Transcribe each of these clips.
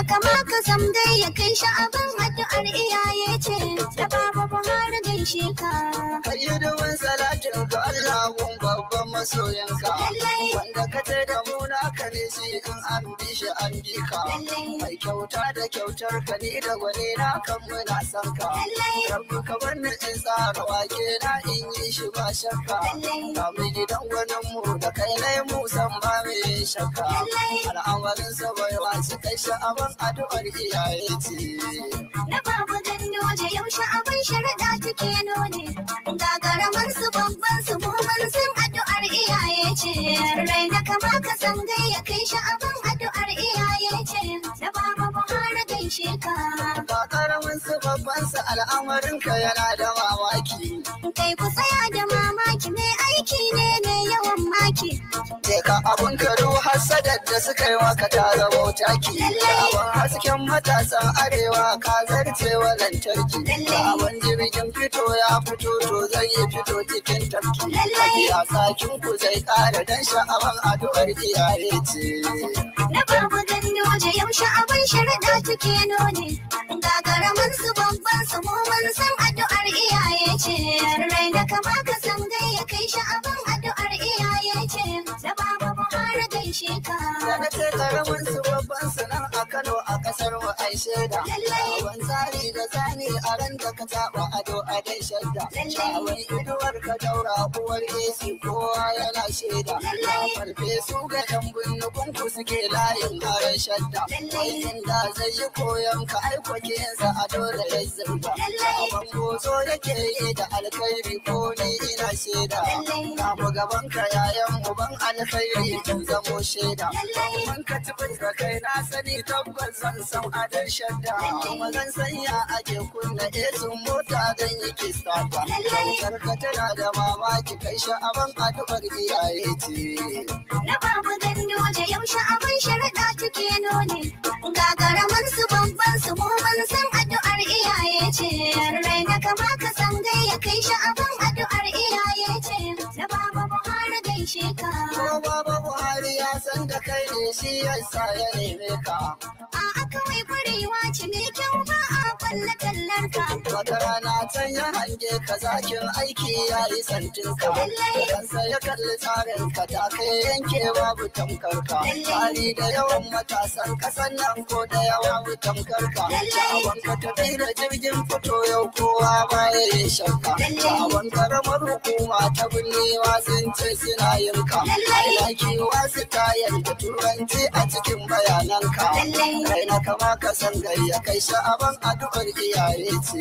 ya kama ka sam ya kai shi abin addu'ar iyaye ce da babu Buhari ka. Kai da wani salatin ga Allahun babban masoyanka. Wanda ka ta da muna ka ne sai in an bi shi an bi ka. Mai kyauta da kyautar ka ni da gwani na kan muna san ka. ka wannan in tsara wake na in yi shi ba shakka. Ka mu gidan gwanin mu da kai na yi musan ba mai shakka. Al'amarin sa bai wace kai sha'aban addu'ar iyaye ce. Na babu dan yaushe abin sharaɗa take ya ne gagaramar su babban su mumin sun addu'ar iyaye ce rai na kama ka san gai ya kai shi abin addu'ar iyaye ce da baba buhari gaishe ka ba su babban su al'amarin ka yana da mamaki kai ku tsaya da mamaki mai aiki ne mai yawan maki ka abun har hasadar da suka yi maka ta zama wuta ki abun hasken matasan arewa ka zarce wa lantarki abun jirgin fito ya fito to zai yi fito cikin tafki a sakin ku zai kara dan sha'awan addu'ar iyaye ce na babu gani waje yaushe abin sharaɗa take nuni gagaraman su babban su mu mun san addu'ar iyaye ce rai da kama ka san ya kai sha'awan Aliya ya ce, da baba Buhari gaishe ka. Na ce karamin su babban sanan a Kano kasar mu shaida Shawar tsari da zani a ran da ka taba ado a dai shadda Shawar iduwar ka daura uwar esi kowa yana shaida Na farfe su ga yan bunnukun ku suke layin kayan shadda Wai inda zai yi koyon ka aiko kinsa a dole ya zirga Shawar yake yi da alkhairi ko ni ina shaida Na gaban ka yayan uban alkhairi kun zamo shaida Kuma ka tabbata kai na sani tabbas zan san adar shadda kuma sanya ake kunna esun mota don yi kistata kyautar ka tana da mamaki kai sha'aban addu'ar iyaye ce na babu gando da yaushe abin sharaɗa take noni ga garaman su babban su mun san addu'ar iyaye ce rai na kama ka san gayya kai sha'aban addu'ar Ko baba Buhari ya san da kai ne shi yasa ya neme ka. A'a kawai kwarewa ce mai kyau ba a kwalla tallar ka. Wata rana can ya hange ka zakin aiki ya yi santin ka. Kansa ya kalli tsarin ka ta kai yanke babu tamkar ka. da yawan matasan kasan nan ko da yawa babu tamkar ka. ka tafi da jirgin fito yau kowa ba ya yi shakka. wanka karamar hukuma ta binnewa wasan ce suna yi Lallai! ina su tayar da turanci a cikin bayananka kai na kama ka san ya kai sha'aban addu'ar iyaye ce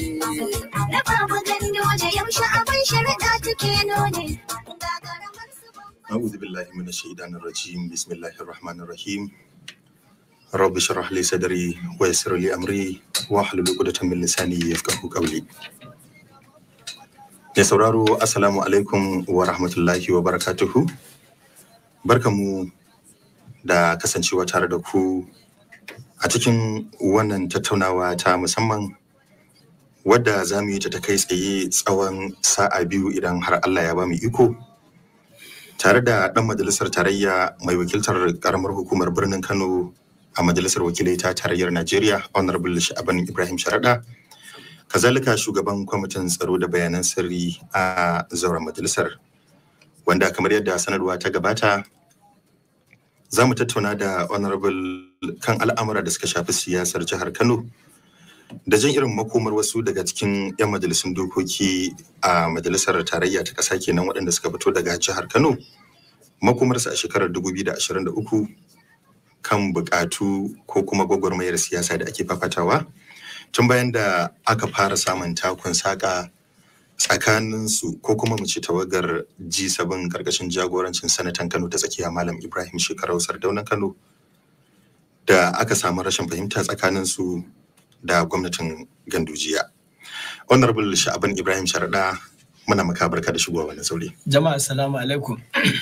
na babu gandoje yaushe abin sharaɗa take nune أعوذ بالله من الشيطان الرجيم بسم الله الرحمن الرحيم رب اشرح لي صدري ويسر لي أمري واحلل عقدة من لساني يفقهوا قولي Mai sauraro Assalamu alaikum wa rahmatullahi wa barakatuhu. Barkamu da kasancewa tare da ku a cikin wannan tattaunawa ta musamman wadda za mu yi ta kai tsaye tsawon sa'a biyu idan har Allah ya ba mu iko. Tare da ɗan majalisar tarayya mai wakiltar ƙaramar hukumar birnin Kano a majalisar wakilai ta tarayyar Najeriya, Honorable Sha'aban Ibrahim Sharaɗa. kazalika shugaban kwamitin tsaro da bayanan sirri a zauren majalisar wanda kamar yadda sanarwa ta gabata za mu tattauna da honorable kan al'amura da suka shafi siyasar jihar kano da jan irin makomar wasu daga cikin 'yan majalisun dokoki a majalisar tarayya ta kasa kenan waɗanda suka fito daga jihar kano makomarsa a shekarar 2023 kan buƙatu ko kuma gwagwarmayar siyasa da ake fafatawa tun bayan da aka fara samun takun saka tsakanin su ko kuma mu ci tawagar G7 karkashin jagorancin sanatan Kano ta tsakiya Malam Ibrahim Shekarau Sardaunan Kano da aka samu rashin fahimta tsakanin su da gwamnatin Gandujiya. Honorable Sha'aban Ibrahim Sharaɗa muna maka barka da shigowa wani sauri. Jama'a assalamu alaikum.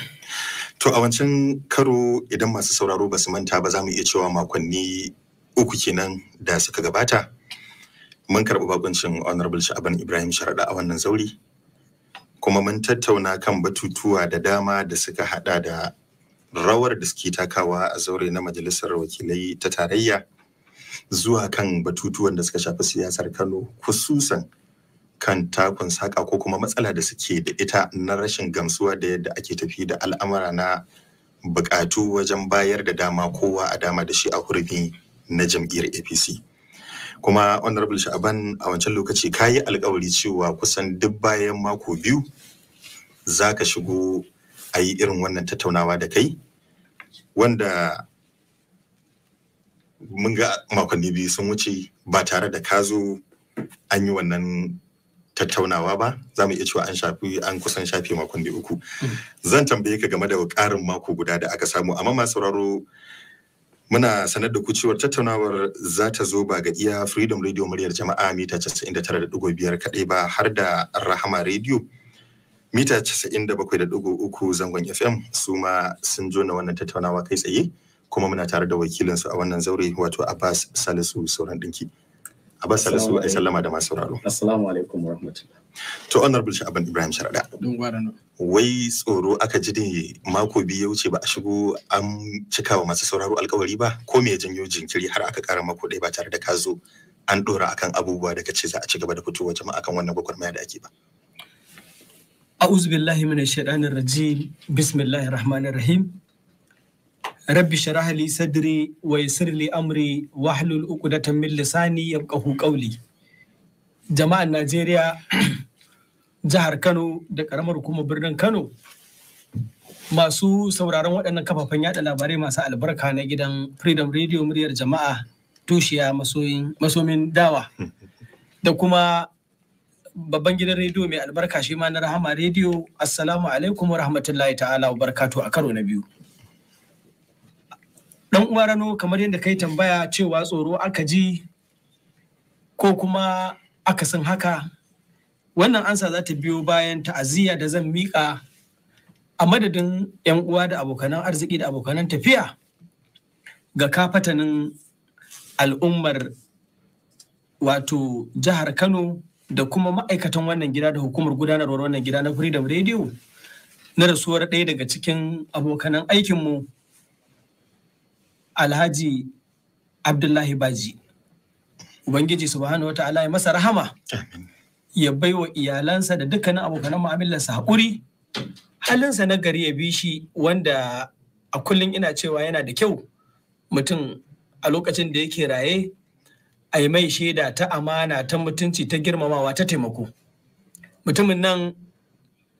To a wancan karo idan masu sauraro ba su manta ba za mu iya cewa makonni uku kenan da suka gabata mun karɓi bakuncin honorable sha'aban ibrahim sharaɗa a wannan zauri kuma mun tattauna kan batutuwa da dama da suka haɗa da rawar da suke takawa a zaure na majalisar wakilai ta tarayya zuwa kan batutuwan da suka shafi siyasar kano kususan kan takun saƙa ko kuma matsala da suke da ita na rashin gamsuwa da yadda ake tafi da al'amura na buƙatu wajen bayar da dama kowa a dama da shi a hurfi na jam'iyyar apc kuma honorable sha'aban a wancan lokaci ka yi alkawari cewa kusan duk bayan mako biyu za ka shigo a yi irin wannan tattaunawa da kai wanda mun ga makonni biyu sun wuce ba tare da ka zo an yi wannan tattaunawa ba za mu iya cewa an shafi an kusan shafe makonni uku hmm. zan tambaye ka game da ƙarin mako guda da aka samu amma masu sauraro Muna sanar da kucewar tattaunawar za ta zo ba ga iya Freedom Radio muryar jama'a mita 99.5 kaɗai ba har da Rahama Radio mita 97.3 zangon FM su ma sun jona wannan tattaunawa kai tsaye kuma muna tare da wakilinsu a wannan zaure wato Abbas Salisu sauran ɗinki. a basa da su a sallama da masu raro. Assalamu alaikum wa rahmatullah. To Honorable Sha'aban Ibrahim Sharada. Wai tsoro aka ji dai mako biyu ya wuce ba a shigo an cika wa masu sauraro alkawari ba ko me ya janyo jinkiri har aka kara mako ɗaya ba tare da ka zo an ɗora akan abubuwa da kace za a ci gaba da fitowa jama'a kan wannan gwagwarmaya da ake ba. A'udhu billahi minash shaitanir rajim. Bismillahir rahmanir rahim. rabbi sharahali sadri wa yassir amri amri wahlul uqdatan min lisani yafqahu qawli jama'an Najeriya jihar Kano da karamar hukumar birnin Kano masu sauraron waɗannan kafafen yada labarai masu albarka na gidan Freedom Radio muryar jama'a tushiya masomin dawa da kuma babban gidan rediyo mai albarka shi ma na rahama rediyo assalamu alaikum wa rahmatullahi ta'ala wa barkatu a karo na biyu dan uwa rano kamar yadda kai tambaya cewa tsoro aka ji ko kuma aka san haka wannan ansa za ta biyo bayan ta'aziyya da zan miƙa a madadin 'yan uwa da abokanan arziki da abokanan tafiya ga kafatanin al'ummar wato jihar kano da kuma ma'aikatan wannan gida da hukumar gudanarwar wannan gida na freedom radio na rasuwar ɗaya daga cikin abokanan aikinmu alhaji abdullahi baji ubangiji subhanahu ta'ala ya masa rahama ya bai wa iyalansa da dukkanin abokanan mu'amalarsa haƙuri halinsa na gari ya bi shi wanda a kullum ina cewa yana da kyau mutum a lokacin da yake raye a yi mai shaida ta amana ta mutunci ta girmamawa ta taimako mutumin nan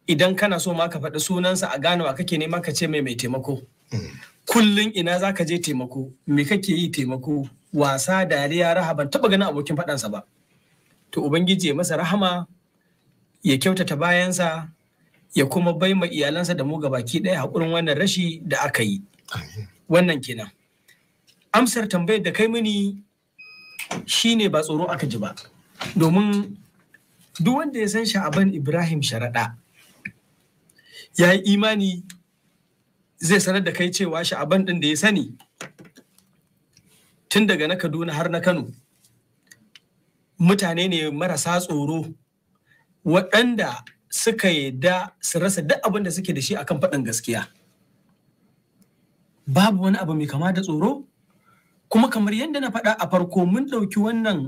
idan kana so ma ka faɗi sunansa a gane wa kake nema ka ce mai mai taimako mm. kullum ina za ka je taimako me kake yi taimako wasa dariya raha ban taba ganin abokin faɗansa ba to ubangiji ya masa rahama ya kyautata bayansa ya kuma bai ma iyalansa da mu baki ɗaya haƙurin wannan rashi da aka yi wannan kenan amsar tambayar da kai mini shine ba tsoro aka ji ba domin duk wanda ya san sha'aban ibrahim sharaɗa ya yi imani zai sanar da kai cewa shi a ɗin da ya sani tun daga na kaduna har na kano mutane ne marasa tsoro waɗanda suka da su rasa duk abin da suke da shi akan faɗin gaskiya babu wani abu mai kama da tsoro kuma kamar yadda na faɗa a farko mun ɗauki wannan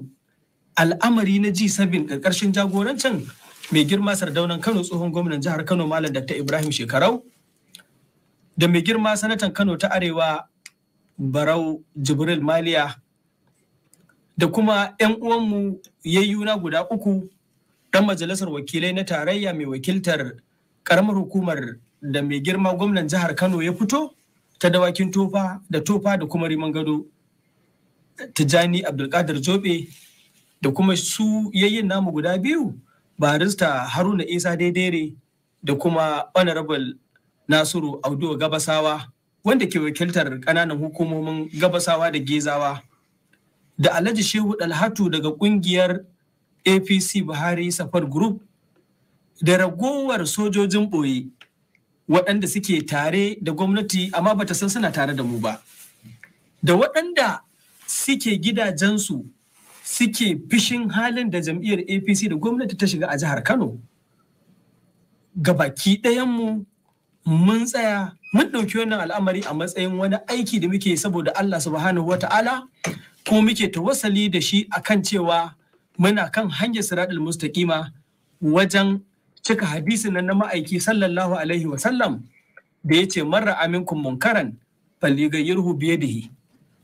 al'amari na G7 ƙarƙashin jagorancin mai girma sardaunan Kano tsohon gwamnan jihar Kano Malam Dr. Ibrahim Shekarau da mai girma sanatan Kano ta Arewa Barau Jibril Maliya da kuma 'yan uwanmu yayyuna guda uku ɗan majalisar wakilai na tarayya mai wakiltar ƙaramar hukumar da mai girma gwamnan jihar Kano ya fito ta dawakin tofa da tofa da kuma riman gado tijani Abdulkadir Jobe da kuma su yayin namu guda biyu barista Haruna Isa Daidere da kuma Honorable Nasiru Audu Gabasawa wanda ke wakiltar ƙananan hukumomin Gabasawa da Gezawa da Alhaji Shehu Dalhatu daga ƙungiyar APC Buhari Safar Group da ragowar sojojin ɓoye waɗanda suke tare da gwamnati amma bata san suna tare da mu ba. Da waɗanda suke gidajensu suke fishin halin da jam'iyyar APC da gwamnati ta shiga a jihar Kano. Ga baki ɗayanmu mun tsaya mun ɗauki wannan al'amari a matsayin wani aiki da muke saboda Allah subhanahu wa ta'ala ko muke tawassali da shi akan cewa muna kan hanyar siratul mustaqima wajen cika hadisin nan na ma'aiki sallallahu alaihi wa sallam da ya ce marra aminkum munkaran falyughayyirhu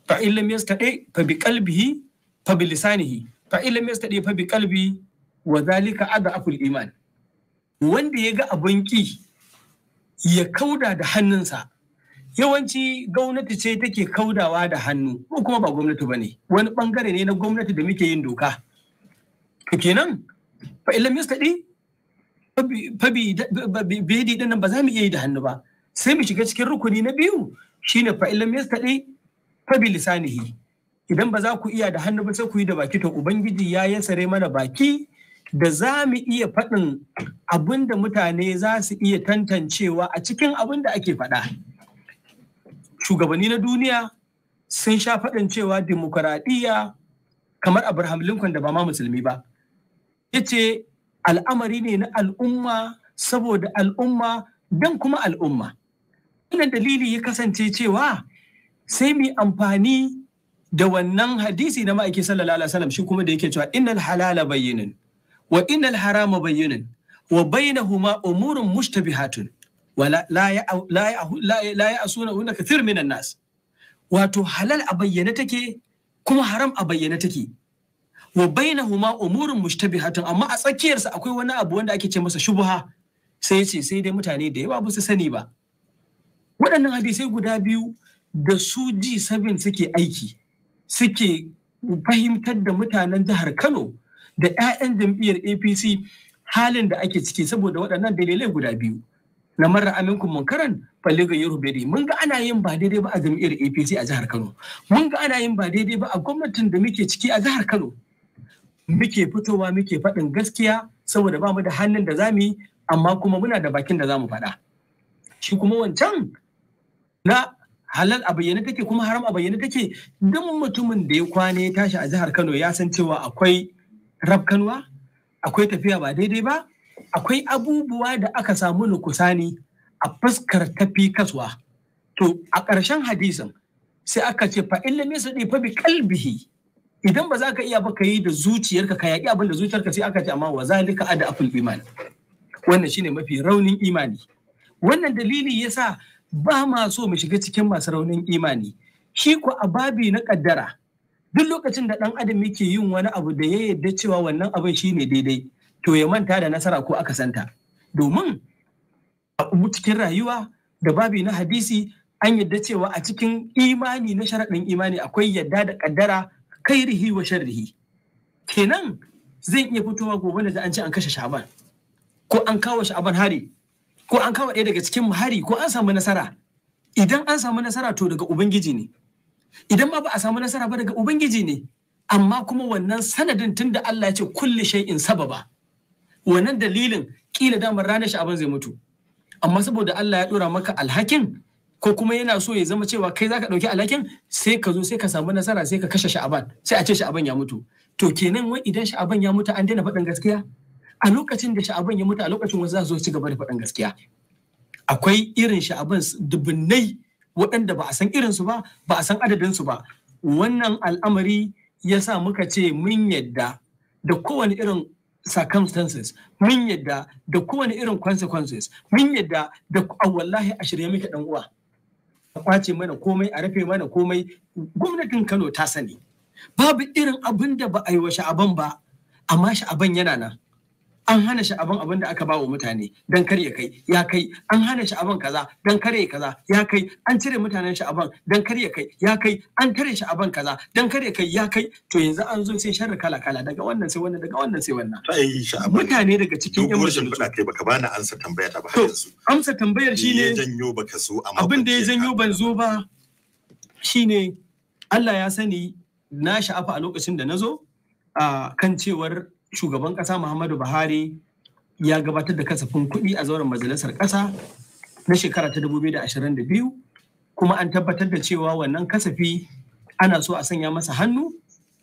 fa in lam yastati fa bi fa iman wanda ya ga abun ki ya kauda da hannunsa yawanci gwamnati ce take kaudawa da hannu ko kuma ba gwamnati ba ne wani bangare ne na gwamnati da muke yin doka kenan fa ilan yastadi fa bi nan ba za mu iya yi da hannu ba sai mu shiga cikin rukuni na biyu shine fa ilan yastadi fa lisanihi idan ba za ku iya da hannu ba sai ku yi da baki to ubangiji ya yasare mana baki da za mu iya faɗin abin da mutane za su iya tantancewa a cikin abin da ake faɗa. Shugabanni na duniya sun sha faɗin cewa dimokuraɗiyya kamar Abraham Lincoln da ba ma musulmi ba. Ya ce al'amari ne na al'umma saboda al'umma don kuma al'umma. Wannan dalili ya kasance cewa sai mu amfani da wannan hadisi na ma'aikin sallallahu alaihi wasallam shi kuma da yake cewa innal halala bayyinun wa innal harama bayyinun wa bainahuma umurun mushtabihatun wa la ya asuna hunna kathir minan nas wato halal a bayyane take kuma haram a bayyane take wa bainahuma umurun mushtabihatun amma a tsakiyarsa akwai wani abu wanda ake ce masa shubha sai ce sai dai mutane da yawa ba su sani ba waɗannan hadisai guda biyu da su ji 7 suke aiki suke fahimtar da mutanen jihar Kano da 'ya'yan jam'iyyar apc halin da ake ciki saboda waɗannan dalilai guda biyu na marar aminkum munkaran Yoruba yorubedi mun ga ana yin ba daidai ba a jam'iyyar apc a jihar kano mun ga ana yin ba daidai ba a gwamnatin da muke ciki a jihar kano muke fitowa muke faɗin gaskiya saboda ba mu da hannun da za mu yi amma kuma muna da bakin da za mu faɗa shi kuma wancan na halal a bayyane take kuma haram a bayyane take duk mutumin da ya kwana ya tashi a jihar kano ya san cewa akwai rafkanuwa akwai tafiya ba daidai ba akwai abubuwa da aka samu lukusani a fuskar tafi kaswa to a ƙarshen hadisin sai aka ce fa illam sadi fa bi qalbihi idan ba za ka iya ba ka yi da zuciyarka ka yaƙi abin da zuciyarka sai aka ce amma wa zalika ada aful iman wannan shine mafi raunin imani wannan dalili yasa ba ma so mu shiga cikin masu raunin imani shi ko a babi na kaddara duk lokacin da ɗan adam yake yin wani abu da ya yarda cewa wannan abin ne daidai to ya manta da nasara ko aka santa domin a cikin rayuwa da babi na hadisi an yarda cewa a cikin imani na sharaɗin imani akwai yadda da ƙaddara rihi wa sharrihi kenan zan iya fitowa gobe da an ce an kashe shaban ko an kawo shaban hari ko an kawo ɗaya daga cikin hari ko an samu nasara idan an samu nasara to daga ubangiji ne idan ma ba a samu nasara ba daga ubangiji ne amma kuma wannan sanadin tun da Allah ya ce kulli shay'in sababa wannan dalilin kila damar ranar sha'aban zai mutu amma saboda Allah ya dora maka alhakin ko kuma yana so ya zama cewa kai zaka dauki alhakin sai ka zo sai ka samu nasara sai ka kashe sha'aban sai a ce sha'aban ya mutu to kenan wai idan sha'aban ya mutu an daina faɗin gaskiya a lokacin da sha'aban ya mutu a lokacin wasu za su ci gaba da faɗin gaskiya akwai irin sha'aban dubunnai waɗanda ba a san irinsu ba ba a san adadinsu ba wannan al'amari ya sa muka ce mun yadda da kowane irin circumstances mun yadda da kowane irin consequences mun yadda da wallahi a shirya muke dan uwa a kwace mana komai a rufe mana komai gwamnatin Kano ta sani babu irin abin da ba a yi wa sha'aban ba amma sha'aban yana nan an hana shi abin abin da aka ba wa mutane don kar ya kai ya kai an hana shi abin kaza don kar ya kaza ya kai an cire mutanen shi abin don kar ya kai ya kai an tare shi abin kaza don kar ya kai ya kai to yanzu an zo sai sharri kala kala daga wannan sai wannan daga wannan sai wannan mutane daga cikin yan mutane ba kai baka bani amsa tambaya ta ba har yanzu amsa tambayar shine ya janyo baka so amma abin da ya janyo ban zo ba shine Allah ya sani na sha'afa a lokacin da na zo kan cewar shugaban ƙasa Muhammadu Buhari ya gabatar da kasafin kuɗi a zauren majalisar ƙasa na shekara ta 2022 kuma an tabbatar da cewa wannan kasafi ana so a sanya masa hannu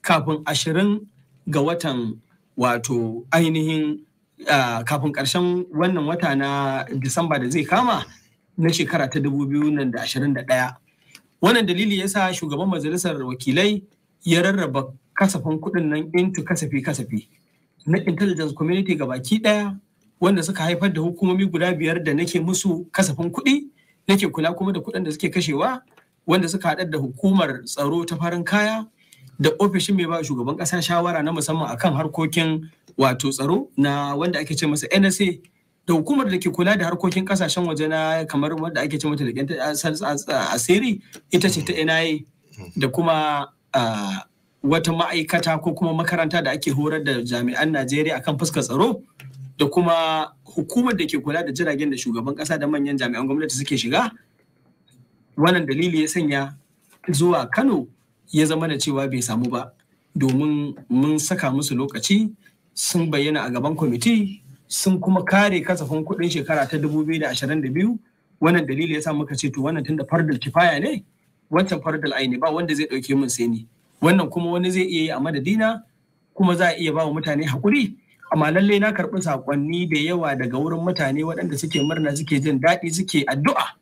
kafin ashirin ga watan wato ainihin kafin ƙarshen wannan wata na Disamba da zai kama na shekara ta 2021. Wannan dalili ya sa shugaban majalisar wakilai ya rarraba kasafin kuɗin nan into kasafi-kasafi. na intelligence community ga baki ɗaya wanda suka haifar da hukumomi guda biyar da nake musu kasafin kuɗi nake kula kuma da kuɗin da suke kashewa wanda suka haɗar da hukumar tsaro ta farin kaya da ofishin mai ba shugaban ƙasa shawara na musamman akan harkokin wato tsaro na wanda ake ce masa NSA da hukumar da ke kula da harkokin kasashen waje na kamar wanda ake ce mata da asiri ita ce ta NIA da kuma wata ma'aikata ko kuma makaranta da ake horar da jami'an Najeriya akan fuskar tsaro da kuma hukumar da ke kula da jiragen da shugaban kasa da manyan jami'an gwamnati suke shiga wannan dalili ya sanya zuwa Kano ya zama da cewa bai samu ba domin mun saka musu lokaci sun bayyana a gaban kwamiti sun kuma kare kasafin kuɗin shekara ta 2022 wannan dalili ya sa muka ce to wannan tunda fardal kifaya ne wancan fardal aini ba wanda zai ɗauke mun sai ni wannan kuma wani zai iya yi a madadina kuma za a iya ba wa mutane haƙuri amma lallai na karɓi saƙonni da yawa daga wurin mutane waɗanda suke murna suke jin daɗi suke addu'a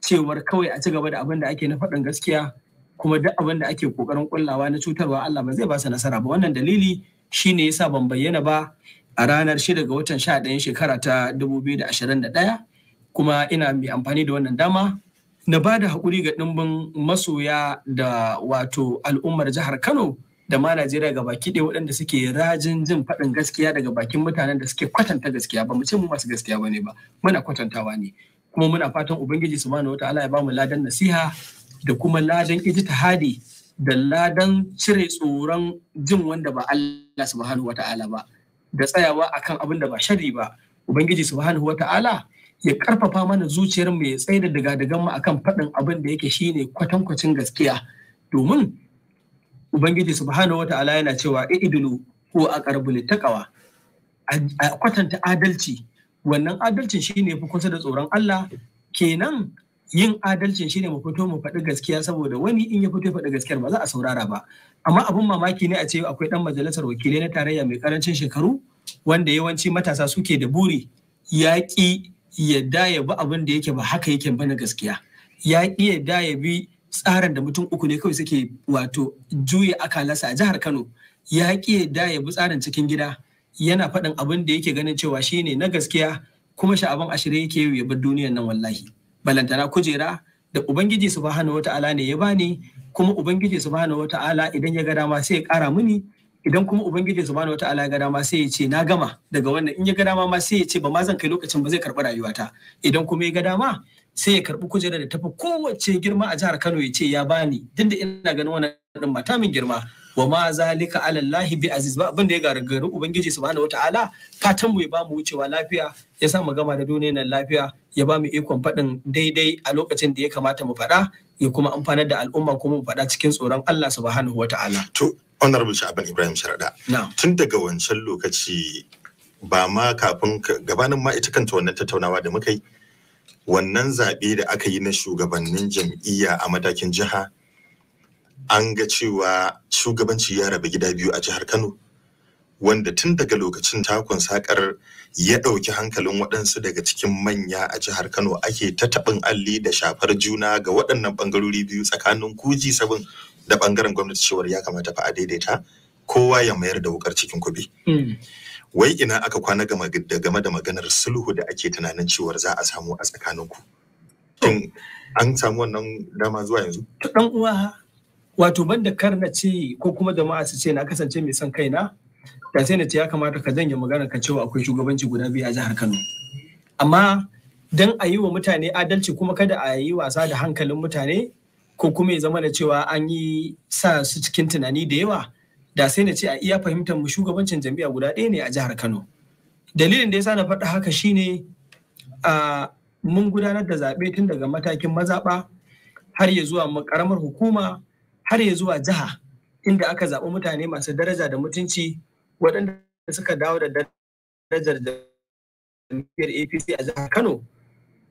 cewar kawai a ci gaba da abin da ake na faɗin gaskiya kuma duk abin da ake ƙoƙarin ƙullawa na cutarwa Allah ba zai ba su nasara ba wannan dalili shine yasa ban bayyana ba a ranar 6 ga watan 11 shekara ta 2021 kuma ina mai amfani da wannan dama na ba da haƙuri ga ɗimbin masoya da wato al'ummar jihar Kano da ma Najeriya ga baki ɗaya waɗanda suke rajin jin faɗin gaskiya daga bakin mutanen da suke kwatanta gaskiya ba mu ce mu masu gaskiya ba ne ba muna kwatantawa ne kuma muna fatan Ubangiji subhanahu wataala ya bamu ladan nasiha da kuma ladan ijtihadi da ladan cire tsoron jin wanda ba Allah subhanahu wataala ba da tsayawa akan abin da ba shari ba Ubangiji subhanahu wataala ya karfafa mana zuciyar mu ya tsaye da dagadagan mu akan faɗin abin da yake shine kwatankwacin gaskiya domin ubangiji subhanahu wata'ala yana cewa i'dilu ko a karbuli a kwatanta adalci wannan adalcin shine fi kusa da tsoron Allah kenan yin adalcin shine mu fito mu faɗi gaskiya saboda wani in ya fito faɗi gaskiyar ba za a saurara ba amma abin mamaki ne a ce akwai dan majalisar wakilai na tarayya mai karancin shekaru wanda yawanci matasa suke da buri yaƙi yadda ya bi abin da yake ba haka yake ba na gaskiya ya ƙi yadda ya bi tsarin da mutum uku ne kawai suke wato juya akalasa a jihar Kano ya ƙi yadda ya bi tsarin cikin gida yana faɗin abin da yake ganin cewa shi ne na gaskiya kuma sha'aban ashirin yake ya bar duniyar nan wallahi balantana kujera da ubangiji subhanahu wata'ala ne ya bani kuma ubangiji subhanahu wata'ala idan ya ga dama sai ya kara mini idan kuma ubangiji subhanahu wataala ya ga dama sai ya ce na gama daga wannan in ya ga dama ma sai ya ce ba ma zan kai lokacin ba zai karɓi rayuwata idan kuma ya ga dama sai ya karɓi kujerar da tafi kowace girma a jihar Kano ya ce ya bani dinda ina ganin wannan din mata min girma wa ma zalika ala Allah bi aziz ba abin da ya garin ubangiji subhanahu wataala fatan mu ya bamu wucewa lafiya ya sa mu gama da duniyar nan lafiya ya ba mu ikon faɗin daidai a lokacin da ya kamata mu faɗa ya kuma amfanar da al'umma kuma mu faɗa cikin tsoron Allah subhanahu wataala to honorable sha'aban ibrahim sharada tun daga wancan lokaci ba ma kafin gabanin ma ita kanta wannan tattaunawa da muka yi wannan zaɓe da aka yi na shugabannin jam'iyya a matakin jiha an ga cewa shugabanci ya rabu gida biyu a jihar kano wanda tun daga lokacin takon sakar ya ɗauki hankalin waɗansu daga cikin manya a jihar kano ake ta taɓin alli da shafar juna ga waɗannan ɓangarori biyu tsakanin kuji sabon da bangaren gwamnati cewar ya kamata fa a daidaita kowa ya mayar da wukar cikin kubi. Hmm. Wai ina aka kwana game da maganar sulhu da ake tunanin cewar za a samu a tsakaninku. Tun an samu wannan dama zuwa yanzu? to ɗan uwa wato banda kar na ce ko kuma jama'a su ce na kasance mai son kaina da sai na ce ya kamata ka zanya magana ka cewa akwai shugabanci guda biyu a jihar Kano. Amma dan a yi wa mutane adalci kuma kada a yi wasa da hankalin mutane ko kuma ya zama da cewa an yi sa su cikin tunani da yawa da sai na ce a iya fahimtar mu shugabancin jami'a guda ɗaya ne a jihar Kano. Dalilin da ya sa na faɗa haka shi ne mun gudanar da zaɓe tun daga matakin mazaɓa har ya zuwa ƙaramar hukuma har ya zuwa jiha inda aka zaɓi mutane masu daraja da mutunci waɗanda suka dawo da darajar jam'iyyar APC a jihar Kano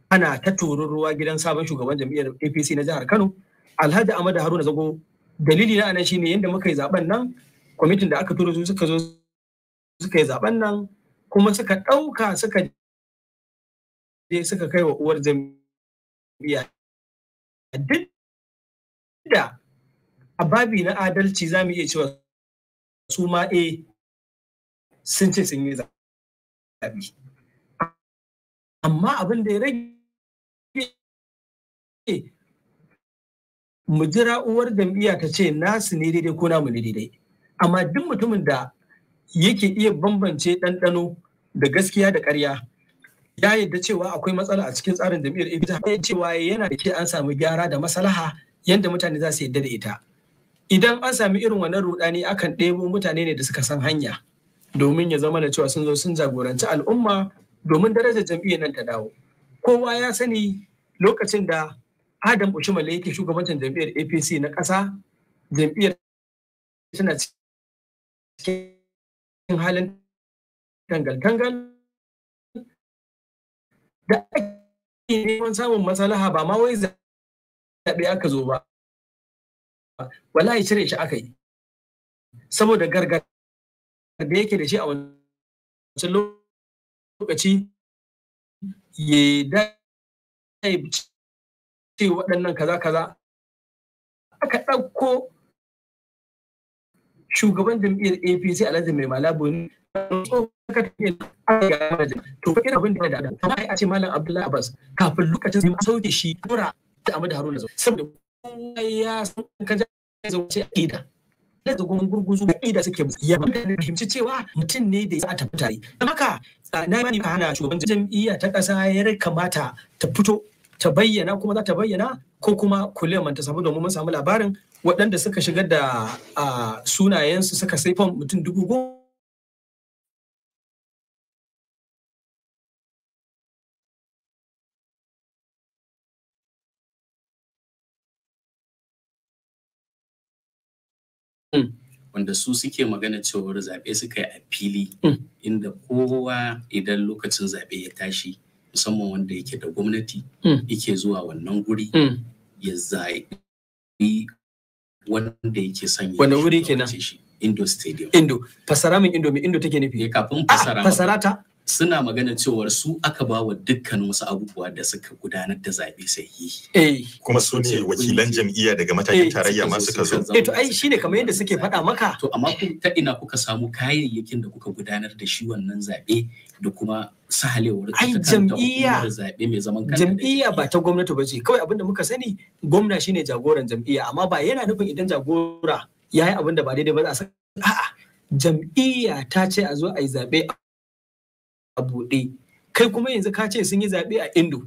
ana ta tururuwa gidan sabon shugaban jam'iyyar APC na jihar Kano alhaji amadu haruna zago dalili na anan shine yanda muka yi zaben nan kwamitin da aka turo su suka zo suka yi zaben nan kuma suka ɗauka suka je suka kai wa uwar jam'iyya duk da a babi na adalci za mu iya cewa su ma e sun ce sun yi zaɓi amma abin da ya rage mu jira uwar jam'iyya ta ce nasu ne daidai ko namu ne daidai amma duk mutumin da yake iya bambance ɗanɗano da gaskiya da ƙarya ya yadda cewa akwai matsala a cikin tsarin jam'iyyar ita ya cewa yana da ke an samu gyara da maslaha yadda mutane za su yadda da ita idan an sami irin wannan rudani akan ɗebo mutane ne da suka san hanya domin ya zama da cewa sun zo sun jagoranci al'umma domin darajar jam'iyyar nan ta dawo kowa ya sani lokacin da Adam Oshimale yake shugabancin jam'iyyar APC na ƙasa jam'iyyar tana cikin halin tangal-tangal da ake neman samun masalaha ba ma wai zaɓe aka zo ba wallahi cire shi aka yi saboda gargar da yake da shi a wancan lokaci ya da ce waɗannan kaza kaza aka ɗauko shugaban jam'iyyar apc alhaji mai malabo ne to fa irin abin da da amma a ce malam abdullahi abbas kafin lokacin sai sauke shi ta amma da amadu haruna zau saboda kuma ya san ka ja zau ce aqida da zagon gurguzu da aqida suke ya fahimci cewa mutum ne da za a tafi tare ka na mani ka hana shugaban jam'iyya ta ƙasa ya kamata ta fito ta bayyana kuma za ta bayyana ko kuma kuliyaman ta samu domin mun samu labarin waɗanda suka shigar da sunayensu suka saifan mutum dubu wanda su suke magana cewar zaɓe suka yi a fili hmm. inda kowa idan lokacin zaɓe ya tashi musamman wanda yake da gwamnati hmm. yake zuwa wannan guri hmm. ya zaɓi wanda yake son wani wuri kenan indo stadium indo fasara min indo me indo take nufi eh, kafin ah, fasara ta suna magana cewar su aka ba wa dukkan wasu abubuwa da suka gudanar da zaɓe sahihi. Eh. Kuma su ne wakilan jam'iyya daga matakin eh. tarayya ma suka zo. Eh to ai shine kamar yadda suke faɗa maka. To amma ta ina kuka samu kayayyakin da kuka gudanar da shi wannan zaɓe da kuma sahalewar ta jam'iyya zaɓe mai zaman kanta. Jam'iyya ba ta gwamnati ba ce kawai abinda muka sani gwamna shine jagoran jam'iyya amma ba yana nufin idan jagora ya yi abinda ba daidai ba za a san a'a jam'iyya ta ce a zo a yi zaɓe a buɗe kai kuma yanzu ka ce sun yi zaɓe a indo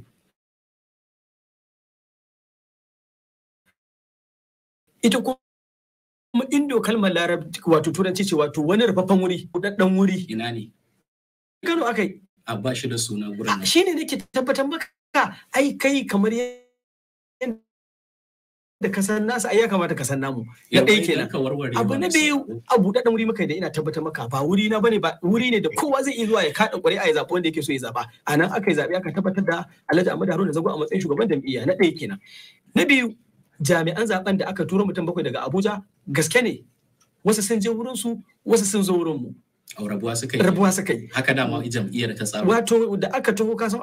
ita kuma indo kalmar larabci wato turanci ce wato wani rufaffen wuri ɗan wuri ina ne kano akai a ba shi da suna gurin shi ne nake tabbatar maka ai kai kamar da ka san nasa ai ya kamata ka san namu ya dai kenan abu na biyu a buɗe wuri muka da ina tabbatar maka ba wuri na bane ba wuri ne da kowa zai iya zuwa ya kaɗa ƙuri'a a zaɓi wanda yake so ya zaɓa a nan aka yi zaɓe aka tabbatar da Alhaji Ahmad Haruna Zago a matsayin shugaban jam'iyya na ɗaya kenan na biyu jami'an zaben da aka tura mutum bakwai daga Abuja gaske ne wasu sun je wurin su wasu sun zo wurin mu rabuwa suka yi rabuwa suka yi haka dama jam'iyyar ta tsaro wato da aka tuhu kasan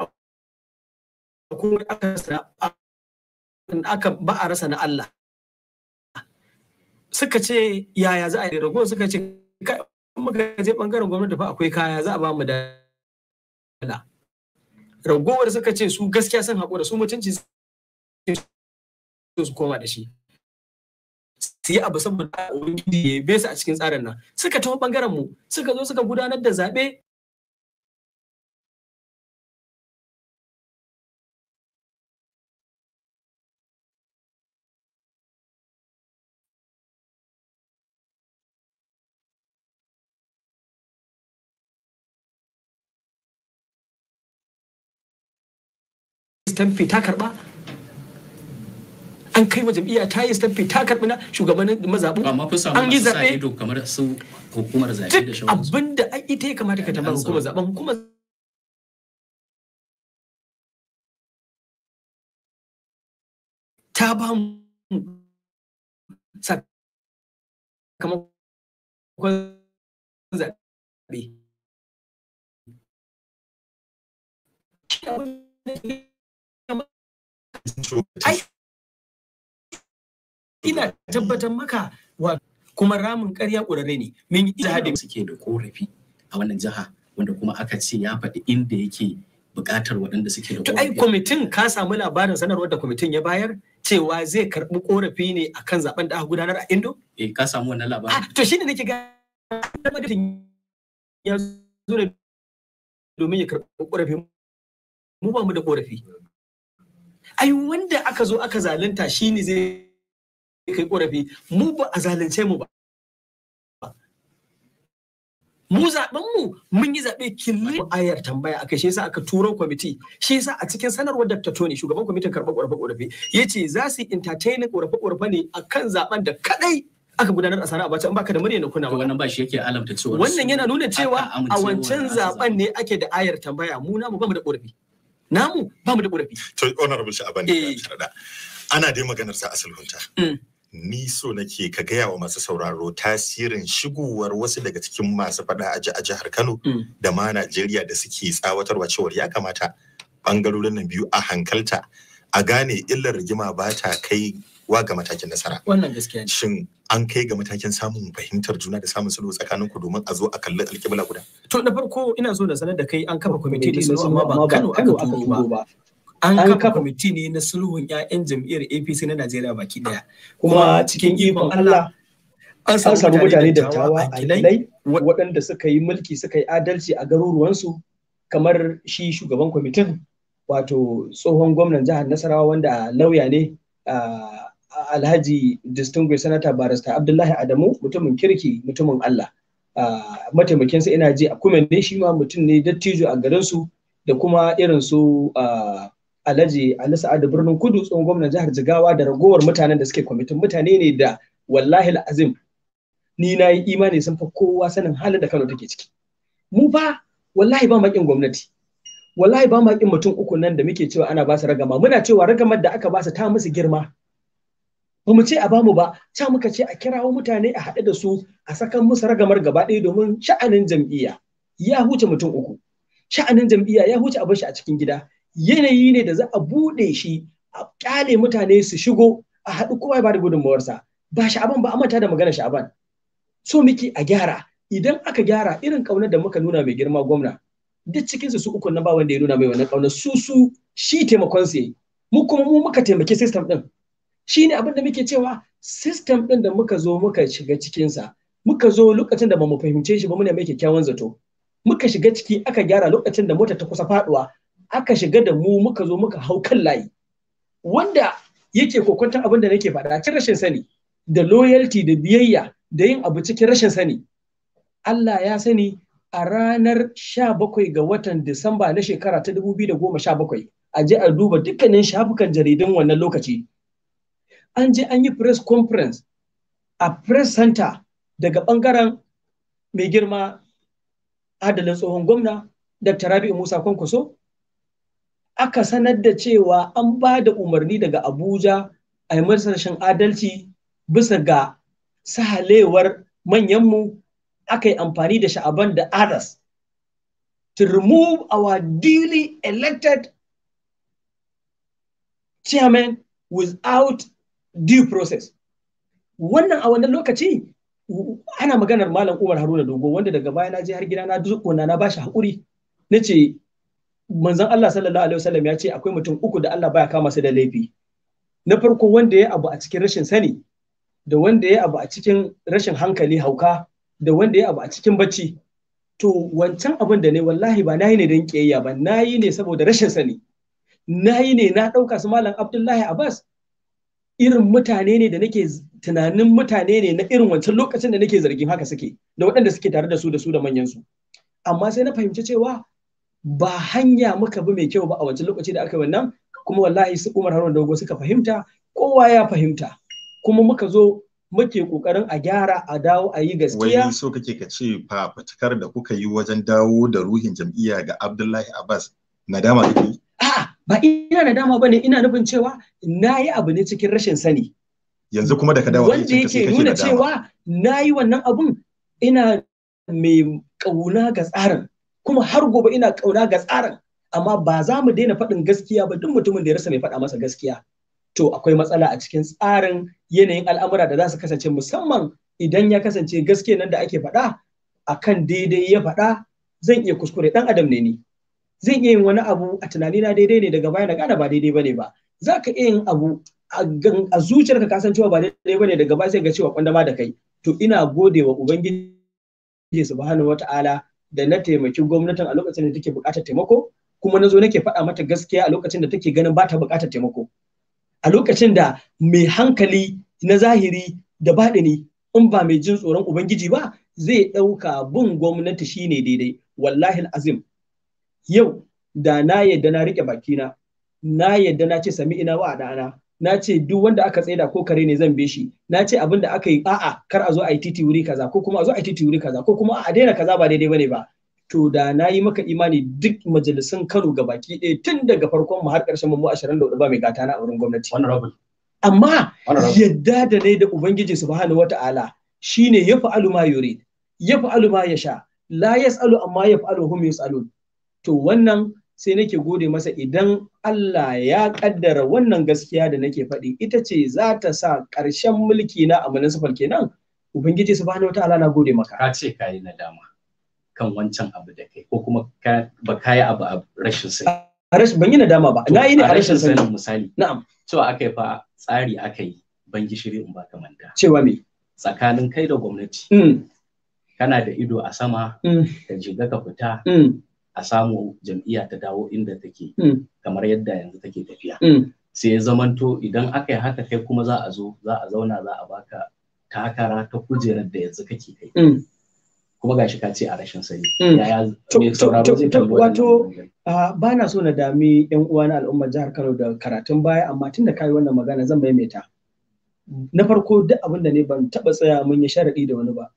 akwai aka aka ba a rasa na Allah suka ce yaya za a yi rago suka ce muka je bangaren gwamnati fa akwai kaya za a ba mu da ragowar suka ce su gaskiya sun haƙura su mutunci su koma da shi su yi abu saboda ubangiji ya bai su a cikin tsarin nan suka taho bangaren mu suka zo suka gudanar da zaɓe stamfi ta karba an kai wa jam'iyya ta yi stamfi ta karbi na shugabannin mazaɓu an yi zaɓe kamar su hukumar zaɓe da shawararsu abinda ita ya kamata ka tambar hukumar zaɓen hukumar ta ba mu sakamakon zaɓe. ai ina tabbatar maka wa kuma ramin ƙarya ƙurare ne min yi da suke da korafi a wannan jiha wanda kuma aka ce ya faɗi inda yake buƙatar waɗanda suke da korafi. ai kwamitin ka samu labarin sanarwar da kwamitin ya bayar cewa zai karɓi korafi ne a kan zaɓen da aka gudanar a indo? eh ka samu wannan labarin. Ah, to shine nake ga ya zo domin ya karɓi korafi mu ba mu da korafi ai wanda aka zo aka zalunta shi ne zai kai korafi mu ba a zalunce mu ba mu zaben mu mun yi zaɓe kille ayar tambaya aka shi yasa aka turo kwamiti shi yasa a cikin sanarwar Dr. Tony shugaban kwamitin karɓar ƙorafe ƙorafe ce za su entertain ƙorafe ƙorafe ne akan zaben da kaɗai aka gudanar a sana a bata in baka da murya na kuna wannan ba shi yake alamta cewa wannan yana nuna cewa a wancan zaben ne ake da ayar tambaya mu namu mu ba mu da korafi. namu ba mu da ƙorafi. To honorable Sha'aban ne da eh. ana dai maganar sa asulhunta. Mm. Ni so nake ka gaya wa masu sauraro tasirin shigowar wasu daga cikin masu faɗa aji a jihar Kano mm. da ma Najeriya da suke tsawatarwa cewar ya kamata bangarorin nan biyu a hankalta a gane illar rigima ba ta kai wa ga matakin nasara wannan gaskiya shin an kai ga matakin samun fahimtar juna da samun sulhu tsakanin ku domin a zo a kalli alƙibla guda to na farko ina so na sanar da kai an kafa kwamiti da sulhu amma ba Kano aka tuno ba an kafa kwamiti ne na sulhun 'ya'yan jam'iyyar APC na Najeriya baki daya kuma cikin ikon Allah an samu mutane da tawa a lai waɗanda suka yi mulki suka yi adalci a garuruwansu kamar shi shugaban kwamitin wato tsohon gwamnan jihar nasarawa wanda lauya ne ah, alhaji distinguished senator barista abdullahi adamu mutumin kirki mutumin allah mataimakinsa ina ji a kuma ne shi ma mutum ne dattijo a garinsu da kuma irin su alhaji ali sa'adu birnin kudu tsohon gwamnan jihar jigawa da ragowar mutanen da suke kwamitin mutane ne da wallahi azim ni na yi imani sun fa kowa sanin halin da kano take ciki mu ba, wallahi ba makin gwamnati wallahi ba makin mutum uku nan da muke cewa ana ba su ragama muna cewa ragamar da aka ba su ta musu girma ba mu ce a bamu ba ca muka ce a kirawo mutane a haɗu da su a sakan musu ragamar gaba ɗaya domin sha'anin jam'iyya ya huce mutum uku sha'anin jam'iyya ya huce abin shi a cikin gida yanayi ne da za a buɗe shi a ƙyale mutane su shigo a haɗu kowa ba da gudunmawarsa ba sha'aban ba mata da magana sha'aban so muke a gyara idan aka gyara irin ƙaunar da muka nuna mai girma gwamna duk cikin su uku na ba wanda ya nuna mai wannan ƙaunar su su shi taimakon su mu kuma mu muka taimaki system ɗin. shine abin da muke cewa system ɗin da muka zo muka shiga cikinsa muka zo lokacin da ba mu fahimce shi ba muna mai kyakkyawan zato muka shiga ciki aka gyara lokacin da mota ta kusa faduwa aka shiga da mu muka zo muka hau kan layi wanda yake kokonta abin da nake faɗa cikin rashin sani da loyalty da biyayya da yin abu cikin rashin sani Allah ya sani a ranar 17 ga watan Disamba na shekara ta 2017 a je a duba dukkanin shafukan jaridun wannan lokaci an je an yi press conference a press center daga bangaren mai girma adalin tsohon gwamna dr rabi'u musa kwankwaso aka sanar da cewa an ba da umarni daga abuja a yi rashin adalci bisa ga sahalewar manyanmu aka yi amfani da sha'aban da others to remove our duly elected chairman without due process wannan a wannan lokaci ana maganar malam Umar Haruna Dogo wanda daga baya na je har gida na dukkona na ba haƙuri hakuri ce manzon Allah sallallahu alaihi wasallam ya ce akwai mutum uku da Allah baya kama su da laifi na farko wanda ya abu a cikin rashin sani da wanda ya abu a cikin rashin hankali hauka da wanda ya abu a cikin bacci to wancan abin da ne wallahi ba nayi ne don kiyayya ba nayi ne saboda rashin sani nayi ne na ɗauka su malam Abdullahi Abbas irin mutane ne da nake tunanin mutane ne na irin wancan lokacin da nake zargin haka suke da waɗanda suke tare da su da su da manyansu amma sai na fahimci cewa ba hanya muka bi mai kyau ba a wancan lokaci da aka yi wannan kuma wallahi su Umar Haruna Dogo suka fahimta kowa ya fahimta kuma muka zo muke kokarin a gyara a dawo a yi gaskiya wai so kake ka ce fafutukar da kuka yi wajen dawo da ruhin jam'iyya ga Abdullahi Abbas nadama kake ba ina da dama bane ina nufin cewa na yi abu ne cikin rashin sani yanzu kuma daga dawa wanda yake nuna cewa na yi wannan abun ina mai kauna ga tsarin kuma har gobe ina kauna ga tsarin amma ba za mu daina faɗin gaskiya ba duk mutumin da ya rasa mai faɗa masa gaskiya to akwai matsala a cikin tsarin yanayin al'amura da za su kasance musamman idan ya kasance gaskiya nan da ake faɗa akan daidai ya faɗa zan iya kuskure ɗan adam ne ni zan iya yin wani abu a tunanina daidai ne daga baya na gane ba daidai bane ba za ka iya yin abu a zuciyarka ka san cewa ba daidai bane daga baya sai ga cewa kwandama da kai to ina gode wa ubangiji subhanahu wataala da na taimaki gwamnatin a lokacin da take buƙatar taimako kuma na zo nake faɗa mata gaskiya a lokacin da take ganin ba ta buƙatar taimako a lokacin da mai hankali na zahiri da baɗi ne in ba mai jin tsoron ubangiji ba zai ɗauka bin gwamnati shine daidai wallahi azim yau da na yadda na rike bakina na yadda na ce sami ina wa ɗana na ce duk wanda aka tsaida ko kare ne zan beshi na ce abin da aka yi a'a kar a zo a yi titi wuri kaza ko kuma a zo a yi titi wuri kaza ko kuma a daina kaza ba daidai bane ba to da na yi maka imani duk majalisun Kano ga baki ɗaya tun daga farkon mu har ƙarshen mu 24 ba mai gata na a wurin gwamnati amma yadda da ne da ubangiji subhanahu wata'ala shine ya alu ma yurid ya alu ma yasha la yas'alu amma ya alu hum yas'alun to wannan sai nake gode masa idan Allah ya kaddara wannan gaskiya da nake faɗi ita ce za ta sa ƙarshen mulki na a municipal kenan ubangiji subhanahu wataala na gode maka ka ce yi nadama kan wancan abu da kai ko kuma ba kayi abu a rashin A rashin ban yi nadama ba na yi ne a rashin sani misali na'am cewa aka yi fa tsari aka yi ban gishiri in baka manta cewa me tsakanin kai da gwamnati mm. kana da ido a sama mm. ka jiga ka fita mm. a samu jam'iyya ta dawo inda take hmm. kamar yadda yanzu take tafiya hmm. sai ya zamanto idan aka yi haka kai kuma za a zo za a zauna za a baka takara ta kujerar da yanzu kake kai hmm. kuma gashi ka ce a rashin sani wato ba na so na dami yan uwa na al'ummar jihar Kano da karatun baya amma tun da kai wannan magana zan maimaita na farko duk abin da ne ban taba tsaya mun yi sharadi da wani ba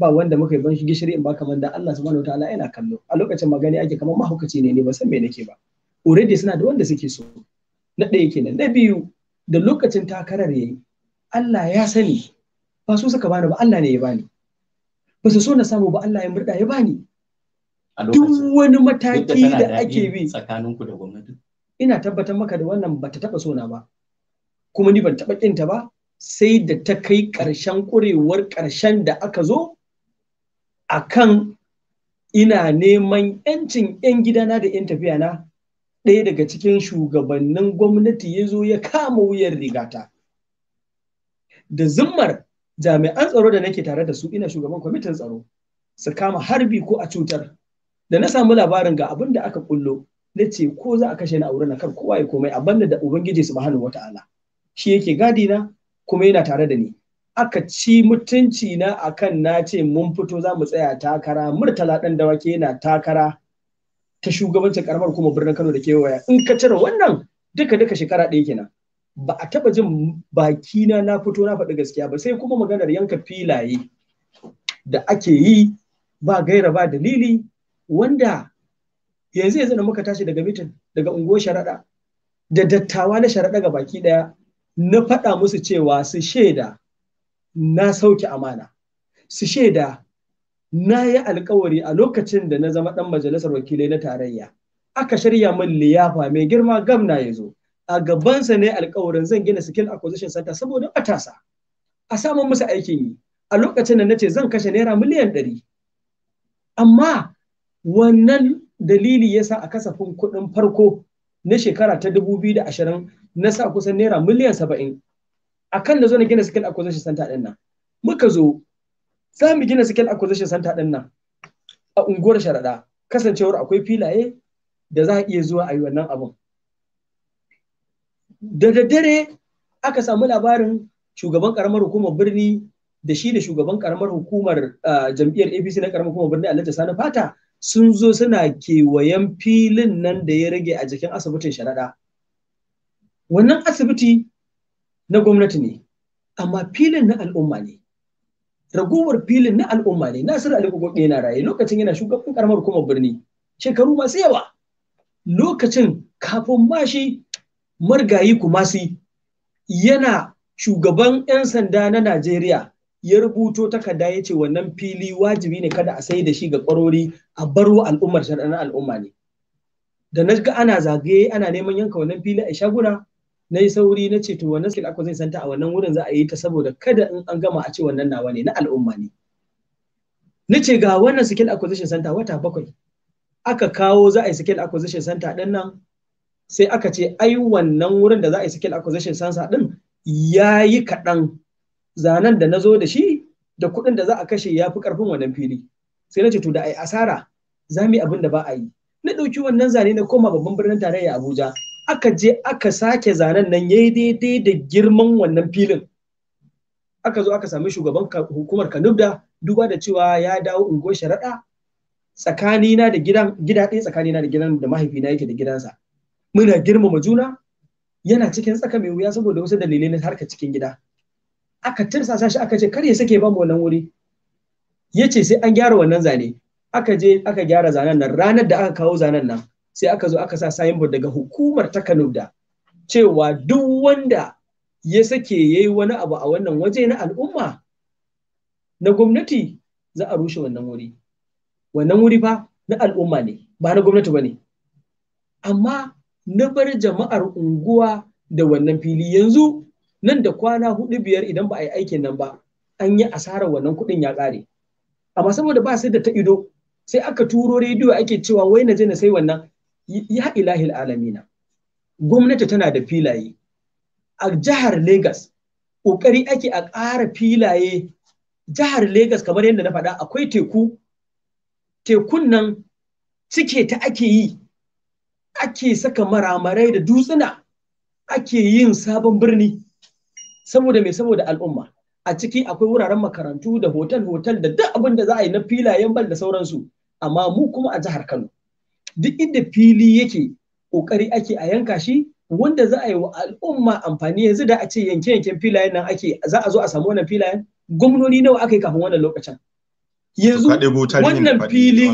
ba wanda muka yi ban shi gishiri in ba kamar da Allah subhanahu wataala yana kallo a lokacin magani ake kamar mahaukaci ne ne ba san me nake ba already suna da wanda suke so na ɗaya kenan na biyu da lokacin takarar yayi Allah ya sani ba su suka bani ba Allah ne ya bani ba su so na samu ba Allah ya murda ya bani duk wani mataki da ake bi tsakaninku da gwamnati ina tabbatar maka da wannan bata taba sona ba kuma ni ban taba kinta ba sai da ta kai ƙarshen ƙurewar ƙarshen da aka zo A kan ina neman yancin 'yan gidana da 'yan tafiya na ɗaya daga cikin shugabannin gwamnati ya zo ya kama wuyar rigata da zimmar jami'an tsaro da nake tare da su ina shugaban kwamitin tsaro su kama harbi ko a cutar da na samu labarin ga abin da aka kullo na ce ko za a kashe ni a wurin kar kowa ya komai a banda da ubangiji subhanahu wata'ala shi yake gadi na kuma yana tare da ni aka ci mutunci na akan na ce mun fito za mu tsaya takara murtala ɗan dawake yana takara ta shugabancin karamar kuma birnin kano da kewaya in ka cire wannan duka duka shekara ɗaya kenan ba a taba jin bakina na fito na faɗi gaskiya ba sai kuma maganar yanka filaye da ake yi ba gaira ba dalili wanda yanzu yanzu da muka tashi daga mitin daga unguwar sharaɗa da dattawa na sharaɗa ga baki ɗaya na faɗa musu cewa su shaida na sauke amana su shaida na yi alkawari a lokacin da na zama ɗan majalisar wakilai na tarayya aka shirya min liyafa mai girma gamna ya zo a gabansa ne alkawarin zan gina skill acquisition center saboda matasa a samun musu aikin yi a lokacin da na ce zan kashe naira miliyan ɗari amma wannan dalili ya sa a kasafin kuɗin farko na shekara ta dubu biyu 2020 na sa kusan naira miliyan saba'in akan da zo na gina skill acquisition center din nan muka zo za mu gina skill acquisition center din nan a unguwar sharaɗa kasancewar akwai filaye da za a iya zuwa a yi wannan abun da daddare aka samu labarin shugaban karamar hukumar birni da shi da shugaban karamar hukumar jam'iyyar apc na karamar hukumar birni alhaji sani fata sun zo suna kewayen filin nan da ya rage a jikin asibitin sharaɗa wannan asibiti na gwamnati ne amma filin na al'umma ne ragowar filin na al'umma ne nasiru ali ne yana raye lokacin yana shugaban karamar hukumar birni shekaru masu yawa lokacin kafin mashi margayi kumasi yana shugaban 'yan sanda na najeriya ya rubuto takarda ya ce wannan fili wajibi ne kada a sai da shi ga kwarori a baro al'ummar na al'umma ne da na ga ana zagaye ana neman yanka wannan fili a shaguna na yi sauri na ce to wannan skill acquisition santa a wannan wurin za a yi ta saboda kada in an gama a ce wannan nawa ne na al'umma ne nace ce ga wannan skill acquisition center wata bakwai aka kawo za a yi skill acquisition center din nan sai aka ce ai wannan wurin da za a yi skill acquisition center din ya yi kaɗan zanen da na zo da shi da kuɗin da za a kashe ya fi ƙarfin wannan fili sai na ce to da ai asara za mu yi abin da ba a yi na ɗauki wannan zane na koma babban birnin tarayya abuja aka je aka sake zanen nan yayi daidai da girman wannan filin aka zo aka sami shugaban hukumar kanubda duba da cewa ya dawo unguwar sharaɗa tsakanina da gidan gida ɗaya tsakanina da gidan da mahaifina yake da gidansa muna girmama juna yana cikin tsaka mai wuya saboda wasu dalilai na harka cikin gida aka tirsa sashi aka ce kar ya sake ba mu wannan wuri ya ce sai an gyara wannan zane aka je aka gyara zanen nan ranar da aka kawo zanen nan sai aka zo aka sa signboard daga hukumar ta Kano da cewa duk wanda ya sake yayi wani abu a wannan waje na al'umma na gwamnati za a rushe wannan wuri wannan wuri fa na al'umma ne ba na gwamnati bane amma na bar jama'ar unguwa da wannan fili yanzu nan da kwana hudu biyar idan ba a yi aikin nan ba an yi asarar wannan kuɗin ya ƙare amma saboda ba sai da ta ido sai aka turo rediyo ake cewa wai na je na sai wannan ya ilahil alamina gwamnati tana da filaye a jihar Legas ƙoƙari ake a ƙara filaye jihar Legas kamar yadda na faɗa akwai teku tekun nan cike ta ake yi ake saka maramarai da dutsuna ake yin sabon birni saboda mai saboda al'umma a ciki akwai wuraren makarantu da hotel-hotel da duk abin da za a yi na filayen bal da sauransu amma mu kuma a jihar Kano duk inda fili yake kokari ake a yanka shi wanda za a yi wa al'umma amfani yanzu da a ce yanke-yanken filayen nan ake za a zo a samu wannan filayen gwamnoni nawa aka yi kafin wannan lokacin yanzu wannan filin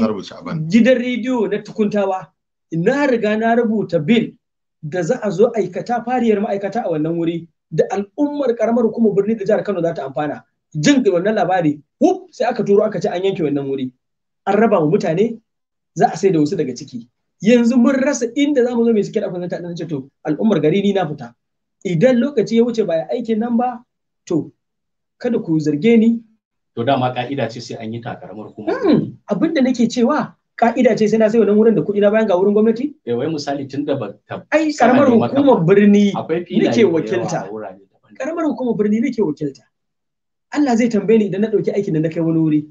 gidan rediyo na tukuntawa na riga na rubuta bil da za a zo aikata fariyar ma'aikata a wannan wuri da al'ummar karamar hukumar birni da jihar kano za ta amfana jin wannan labari hup sai aka turo aka ce an yanke wannan wuri an raba wa mutane za a sai da wasu daga ciki yanzu mun rasa inda za mu zo mai suke da fazanta ɗan ce to al'ummar gari ni na fita idan lokaci ya wuce ba ya aikin nan ba to kada ku zarge ni to dama ka'ida ce sai an yi takaramar kuma hmm, abin da nake cewa ka'ida ce sai na sai wannan wurin da kuɗi na bayan ga wurin gwamnati eh wai misali tun da ba ai karamar hukumar birni nake wakilta karamar hukumar birni nake wakilta Allah zai tambaye ni idan na ɗauki aikin da na kai wani wuri.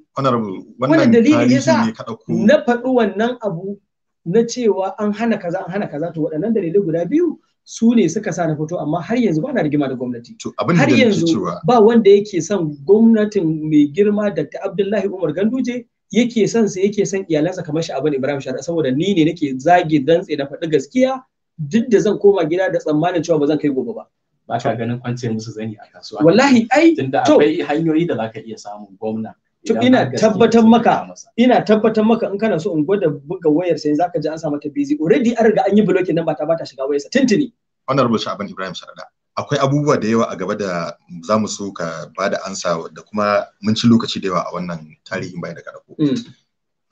Wannan dalili ya sa na faɗi wannan abu na cewa an hana kaza an hana kaza to waɗannan dalilai guda biyu su ne suka sa na fito amma har yanzu ba na rigima da gwamnati. Har yanzu ba wanda yake son gwamnatin mai girma Dr. Abdullahi Umar Ganduje yake son sa yake son iyalansa kamar shi abin Ibrahim Shara saboda ni ne nake zage dantse na faɗi gaskiya duk da zan koma gida da tsammanin cewa ba zan kai gobe ba. ba ka ganin kwance musu zani a kasuwa wallahi ai tunda akwai hanyoyi da zaka iya samun gwamna to ina tabbatar maka ina tabbatar maka in kana so in gwada buga wayar sai zaka ji an sa mata busy already an riga an yi blocking nan ba ta ba ta shiga wayar sa tintini honorable Shaban Ibrahim Sharada akwai abubuwa da yawa a gaba da za mu so ka ba da ansa da kuma mun ci lokaci da yawa a wannan tarihin bai da karako mm.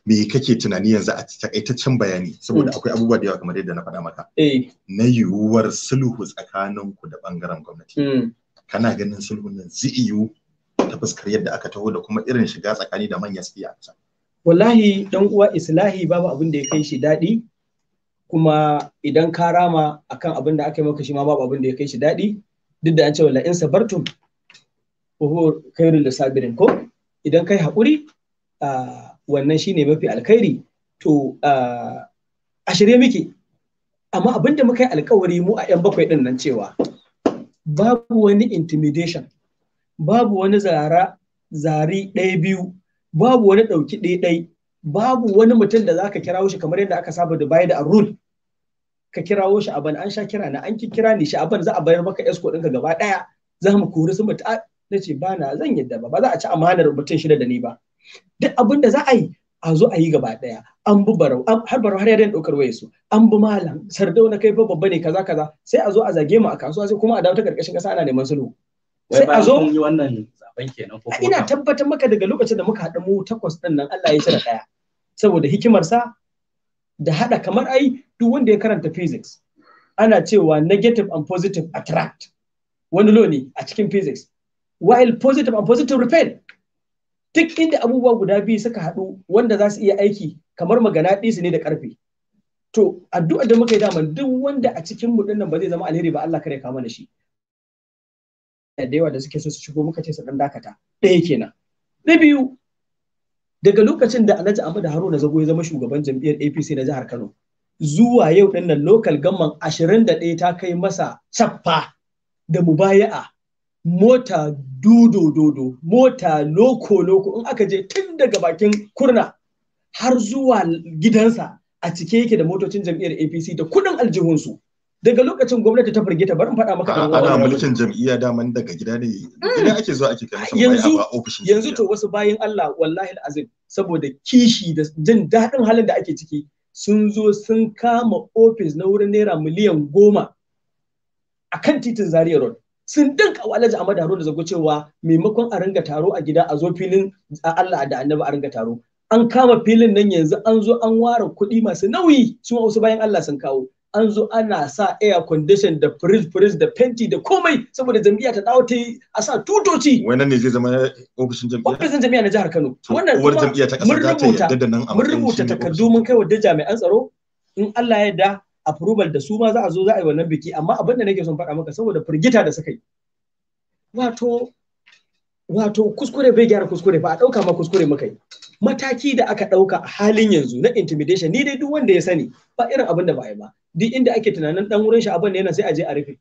me kake tunani yanzu a takaitaccen bayani saboda mm. akwai abubuwa da yawa kamar yadda na faɗa maka eh. na yiwuwar sulhu tsakanin ku da bangaren gwamnati mm. kana ganin sulhu nan zai yiwu ta fuskar yadda aka taho da kuma irin shiga tsakani da manyan suke yi wallahi dan uwa islahi babu abin da ya kai shi daɗi kuma idan ka rama akan abin da aka yi maka shi ma babu abin da ya kai shi daɗi duk da an ce wallahi in sabartum ko khairul sabirin ko idan kai haƙuri ah, wannan shi ne mafi alkhairi to a shirye muke amma abin muka yi alkawari mu a 'yan bakwai din nan cewa babu wani intimidation babu wani zara zari ɗaya biyu babu wani ɗauki ɗaya ɗai babu wani mutum da za ka kirawo shi kamar yadda aka saba da bayan da rule ka kirawo shi aban an sha kira na an kira ni shi aban za a bayar maka esko ɗinka gaba ɗaya za mu kori su mutu na ce ba na zan yadda ba ba za a ci amanar mutum shida da ni ba duk abin da za a yi a zo a yi gaba daya an bi barau har barau har yadda daukar waye su an bi malam sardauna kai fa babba ne kaza kaza sai a zo a zage mu a kasuwa sai kuma a dawo ta karkashin kasa ana neman sulhu sai a zo yi wannan zaben kenan ko ina tabbatar maka daga lokacin da muka haɗa mu takwas din nan Allah ya cire daya saboda hikimar sa da hada kamar ai duk wanda ya karanta physics ana cewa negative and positive attract wani lo ne a cikin physics while positive and positive repel duk inda abubuwa guda biyu suka haɗu wanda za su iya aiki kamar magana su ne da ƙarfe to addu'ar da muka yi daman duk wanda a cikin mu nan ba zai zama alheri ba Allah kare ka mana shi da yawa da suke so su shigo muka ce su ɗan dakata ɗaya kenan na biyu daga lokacin da Alhaji Ahmad Haruna Zago ya zama shugaban jam'iyyar APC na jihar Kano zuwa yau ɗinnan lokal gamman ashirin da ɗaya ta kai masa cappa da mubaya'a mota dudo dodo mota loko loko in aka je tun daga bakin kurna har zuwa gidansa a cike yake da motocin jam'iyyar APC da kudin aljihunsu daga lokacin gwamnati ta firgita barin faɗa maka dan ana mulkin jam'iyya daman daga gida ne gida mm. ake zuwa ake kai ofishin. yanzu to wasu bayan Allah wallahi azim saboda kishi da jin daɗin halin da ake ciki sun zo sun kama ofis na wurin naira miliyan goma a kan titin Zaria Road sun dinka wa Alhaji Ahmad Haruna Zago cewa maimakon a ringa taro a gida a zo filin a Allah da Annabi a ringa taro an kama filin nan yanzu an zo an ware kuɗi masu nauyi su wasu bayan Allah sun kawo an zo ana sa air condition da fridge fridge da fenti da komai saboda jam'iyya ta dawo ta yi a sa tutoci wannan ne zai zama ofishin jam'iyya ofishin jam'iyya na jihar Kano wannan uwar jam'iyya ta kasa ta yadda da a mun rubuta takardu mun kai wa jami'an tsaro in Allah ya yarda approval da su ma za a zo za a yi wannan biki amma abin da nake son faɗa maka saboda firgita da suka yi wato wato kuskure bai gyara kuskure ba a ɗauka ma kuskure muka yi mataki da aka ɗauka a halin yanzu na intimidation ni dai duk wanda ya sani ba irin abin da ba yi ba duk inda ake tunanin ɗan wurin shi abin da yana sai a je a rufe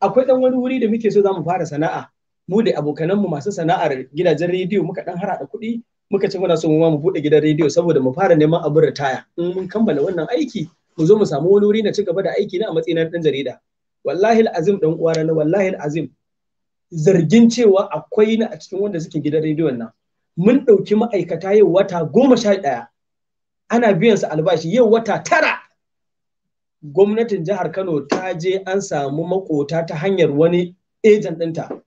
akwai ɗan wani wuri da muke so za mu fara sana'a mu da abokananmu masu sana'ar gidajen rediyo muka dan harada kuɗi muka ce muna so mu ma mu buɗe gidan rediyo saboda mu fara neman abin ritaya in mun kammala wannan aiki mu zo mu samu wani wuri na ci gaba da aiki na a matsayin ɗan jarida wallahi azim dan uwa na wallahi azim zargin cewa akwai na a cikin wanda suke gidan rediyon nan mun ɗauki ma'aikata yau wata goma sha ɗaya ana biyan su albashi yau wata tara gwamnatin jihar Kano ta je an samu makota ta hanyar wani ejan ɗinta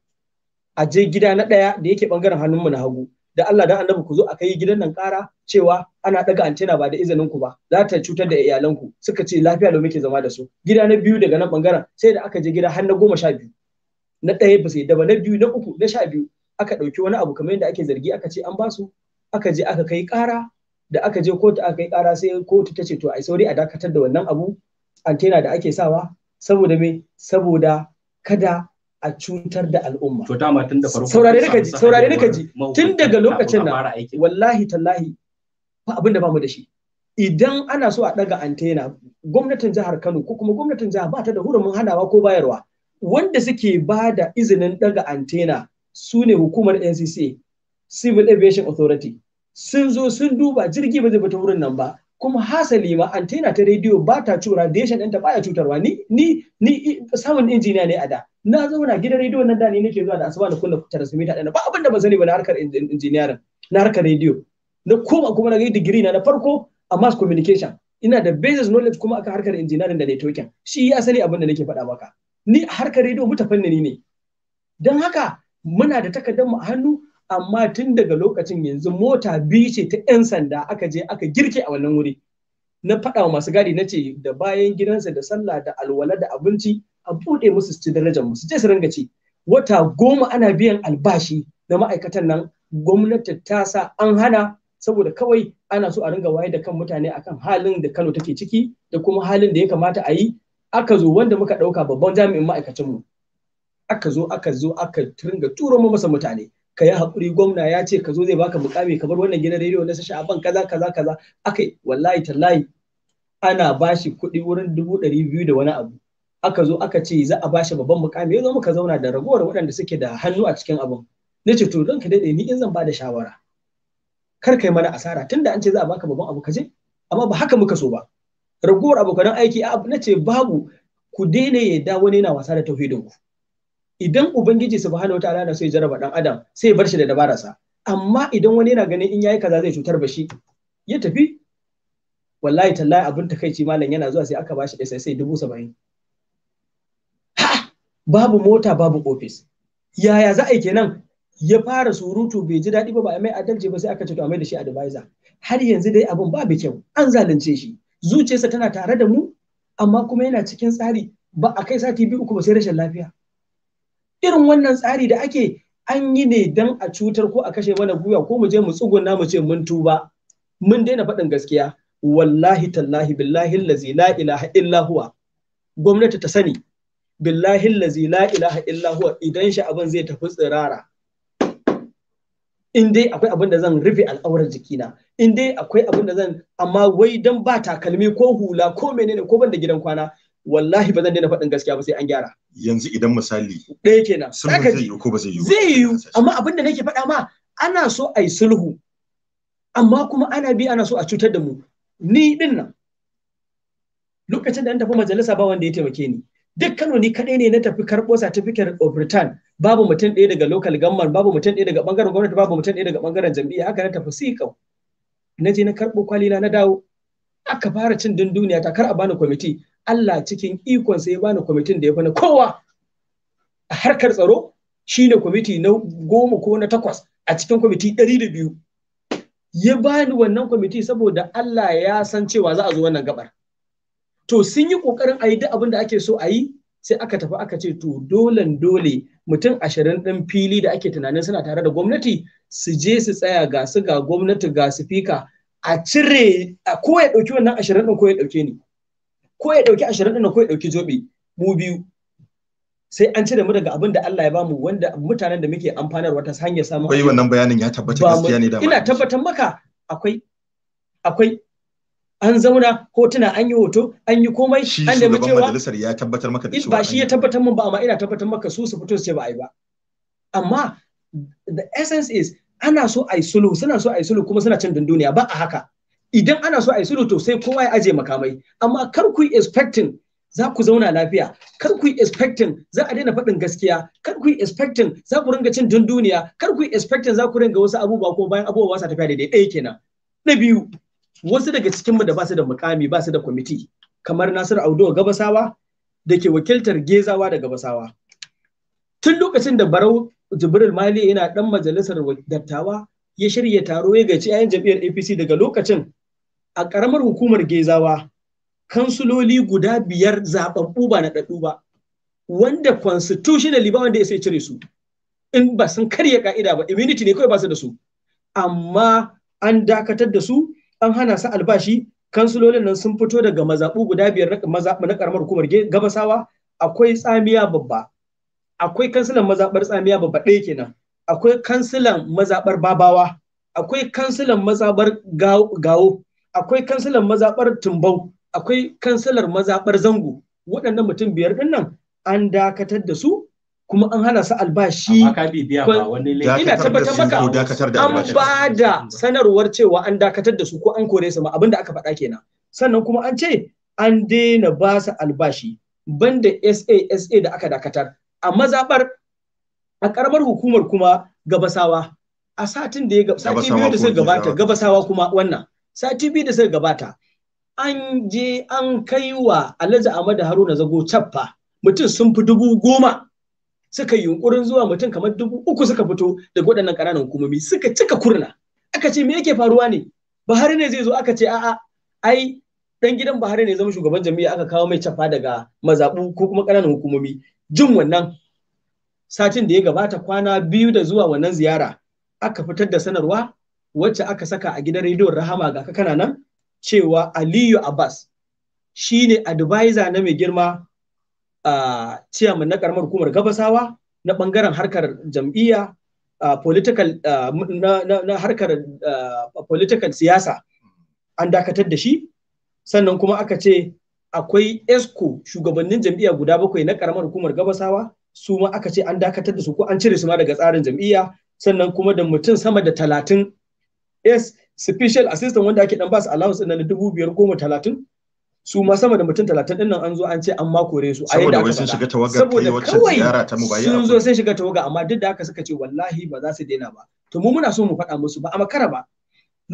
a je gida na ɗaya da yake ɓangaren hannunmu na hagu da Allah dan annabi ku zo a kai gidan nan kara cewa ana daga antena ba da izinin ku ba za ta cutar da iyalanku suka ce lafiya da muke zama da su gida na biyu daga nan bangaren sai da aka je gida har na goma sha biyu na ɗaya ba sai da ba na biyu na uku na sha biyu aka ɗauki wani abu kamar yadda ake zargi aka ce an ba su. aka je aka kai kara da aka je kotu aka kai kara sai kotu ta ce to ai sauri a dakatar da wannan abu antena da ake sawa saboda me saboda kada a cutar da al'umma. To dama tun da farko. Saurare kaji, saurare kaji. Tun daga lokacin nan wallahi tallahi ba abin da bamu da shi. Idan ana so a ɗaga antena gwamnatin jihar Kano ko kuma gwamnatin jihar ba ta da hurumin hanawa ko bayarwa. Wanda suke ba da izinin ɗaga antena su ne hukumar NCC Civil Aviation Authority. Sun zo sun duba jirgi ba zai fita wurin nan ba. kuma hasali ma antena ta rediyo ba ta cu radiation ɗinta baya cutarwa ni ni ni samun injiniya ne a da na zauna gidan rediyo nan da ni nake zuwa da asuba da kunna transmitter ɗin ba abin da ban sani ba na harkar injiniyarin na harkar rediyo na koma kuma na yi digiri na na farko a mass communication ina da basis knowledge kuma akan harkar injiniyarin da networking shi ya sani abin da nake faɗa maka ni harkar rediyo mutafannani ne don haka muna da takardar mu a hannu amma tun daga lokacin yanzu mota biyu ce ta 'yan sanda aka je aka girke a wannan wuri na faɗa wa masu gadi na ce da bayan gidansa da sallah da alwala da abinci a buɗe musu su ci darajar musu je su ringa ci wata goma ana biyan albashi na ma'aikatan nan gwamnati ta sa an hana saboda kawai ana so a ringa wayar da kan mutane akan halin da Kano take ciki da kuma halin da ya kamata a yi aka zo wanda muka ɗauka babban jami'in ma'aikacinmu aka zo aka zo aka ringa turo masa mutane ka yi haƙuri gwamna ya ce ka zo zai baka mukami ka bar wannan gidan rediyo na sashi ban kaza kaza kaza akai wallahi tallahi ana bashi kuɗi wurin dubu ɗari biyu da wani abu aka zo aka ce za a bashi babban mukami ya zo muka zauna da ragowar waɗanda suke da hannu a cikin abin na ce to don ka daɗe ni in zan ba da shawara kar kai mana asara tunda an ce za a baka babban abu ka je amma ba haka muka so ba ragowar abokan aiki a na ce babu ku daina yadda wani yana wasa da da ku idan ubangiji subhanahu wataala na so ya jarraba dan adam sai bar shi da sa. amma idan wani yana ganin in yayi kaza zai cutar ba shi ya tafi wallahi tallahi abin takaici malam yana zuwa sai aka bashi sai sai dubu saba'in babu mota babu ofis yaya za a yi kenan ya fara surutu bai ji daɗi ba ba a mai adalci ba sai aka ce to a mai da shi advisor har yanzu dai abin babu kyau an zalunce shi zuciyarsa tana tare da mu amma kuma yana cikin tsari ba a kai sati biyu uku ba sai rashin lafiya irin wannan tsari da ake an yi ne don a cutar ko a kashe mana guya ko mu je mu tsuguna mu ce mun tuba mun daina faɗin gaskiya wallahi tallahi billahi lazi la ilaha illa gwamnati ta sani billahi lazi la ilaha illa idan shi abin zai tafi tsirara in dai akwai abin da zan rufe al'aurar jikina in dai akwai abin da zan amma wai don ba takalmi ko hula ko menene ko ban da gidan kwana wallahi ba zan daina faɗin gaskiya ba sai an gyara yanzu idan misali ɗaya kenan saka zai yiwu ko ba zai yiwu amma abin da nake faɗa ma ana so a yi sulhu amma kuma ana bi ana so a cutar da mu ni din nan lokacin da an tafi majalisa ba wanda ya taimake ni duk Kano ni kadai ne na tafi karɓo certificate of return babu mutum ɗaya daga local government babu mutum ɗaya daga bangaren gwamnati babu mutum ɗaya daga bangaren jam'iyya haka na tafi sikau na je na karɓo kwalina na dawo aka fara cin dunduniya ta kar a bani kwamiti Allah cikin ikonsa ya bani kwamitin da ya bani kowa a harkar tsaro shine kwamiti na goma ko na takwas a cikin kwamiti ɗari da biyu ya bani wannan kwamiti saboda Allah ya san cewa za a zo wannan gabar to sun yi ƙoƙarin a yi duk abin da ake so a yi sai aka tafi aka ce to dolen dole mutum ashirin ɗin fili da ake tunanin suna tare da gwamnati su je su tsaya ga su ga gwamnati ga su fika a cire a ko ya ɗauki wannan ashirin ɗin ko ya ɗauke ni ko ya dauki ashirin ɗin ko ya dauki zobe mu biyu sai an cire mu daga abin da Allah ya bamu wanda mutanen da muke amfanarwa ta hanyar samun akwai wannan bayanin ya tabbata gaskiya ne da ina tabbatar maka akwai akwai an zauna hotuna an yi hoto an yi komai an da cewa majalisar ya tabbatar maka da ba shi ya tabbatar mun ba amma ina tabbatar maka su su fito su ce ba ai ba amma the essence is ana so ai sulhu suna so ai sulhu kuma suna cin dunduniya ba a haka idan ana so a yi to sai kowa ya aje makamai amma kar ku expecting za ku zauna lafiya kar ku expecting za a daina faɗin gaskiya kar ku expecting za ku ringa cin dunduniya kar ku expecting za ku ringa wasu abubuwa ko bayan abubuwa ba su tafiya daidai ɗaya kenan na biyu wasu daga cikinmu da ba su da mukami ba su da kwamiti kamar Nasiru audu Gabasawa da ke wakiltar Gezawa da Gabasawa tun lokacin da Barau Jibril Mali yana dan majalisar dattawa ya shirya taro ya gaci 'ya'yan jam'iyyar APC daga lokacin a ƙaramar hukumar Gezawa kansuloli guda biyar zaɓen ba na ɗaɗɗu ba wanda constitutionally ba wanda ya sai cire su in ba sun karya ka'ida ba immunity ne kawai ba su da su amma an dakatar da su an hana su albashi kansulolin nan sun fito daga mazaɓu guda biyar na ƙaramar hukumar gabasawa akwai tsamiya babba akwai kansilan mazaɓar tsamiya babba ɗaya kenan akwai kansilan mazaɓar babawa akwai kansilan mazaɓar gawo akwai kansilar mazaɓar tumbau akwai kansilar mazaɓar zango waɗannan mutum biyar ɗin nan an dakatar da su kuma an hana su albashi ina tabbatar maka an ba da sanarwar cewa an dakatar da su ko an kore su ma abinda aka faɗa kenan sannan kuma an ce an daina ba su albashi banda SASA da aka dakatar a mazaɓar a ƙaramar hukumar kuma gabasawa a satin da ya gabata gabasawa kuma wannan sati biyu da suka gabata an je an kai wa alhaji ahmad haruna zago cappa mutum sun fi dubu goma suka yunkurin zuwa mutum kamar dubu uku suka fito daga waɗannan ƙananan hukumomi suka cika kurna aka ce me yake faruwa ne Buhari ne zai zo aka ce a'a ai dan gidan Buhari ne zama shugaban jami'a aka kawo mai cafa daga mazabu ko kuma ƙananan hukumomi jin wannan satin da ya gabata kwana biyu da zuwa wannan ziyara aka fitar da sanarwa wacce aka saka a gidan rediyon rahama ga kana nan cewa aliyu abbas shine advisor na mai girma a na karamar hukumar gabasawa na bangaren harkar jam'iyya political na, harkar political siyasa an dakatar da shi sannan kuma aka ce akwai esco shugabannin jam'iyya guda bakwai na karamar hukumar gabasawa su ma aka ce an dakatar da su ko an cire su ma daga tsarin jam'iyya sannan kuma da mutum sama da talatin yes special assistant wanda ake dan ba su allowance din nan dubu biyar goma talatin su ma sama da mutum talatin din nan an zo an ce an mako su a yadda aka sun shiga tawaga saboda kawai sun zo sun shiga tawaga amma duk da haka suka ce wallahi ba za su daina ba to mu muna so mu faɗa musu ba a makara ba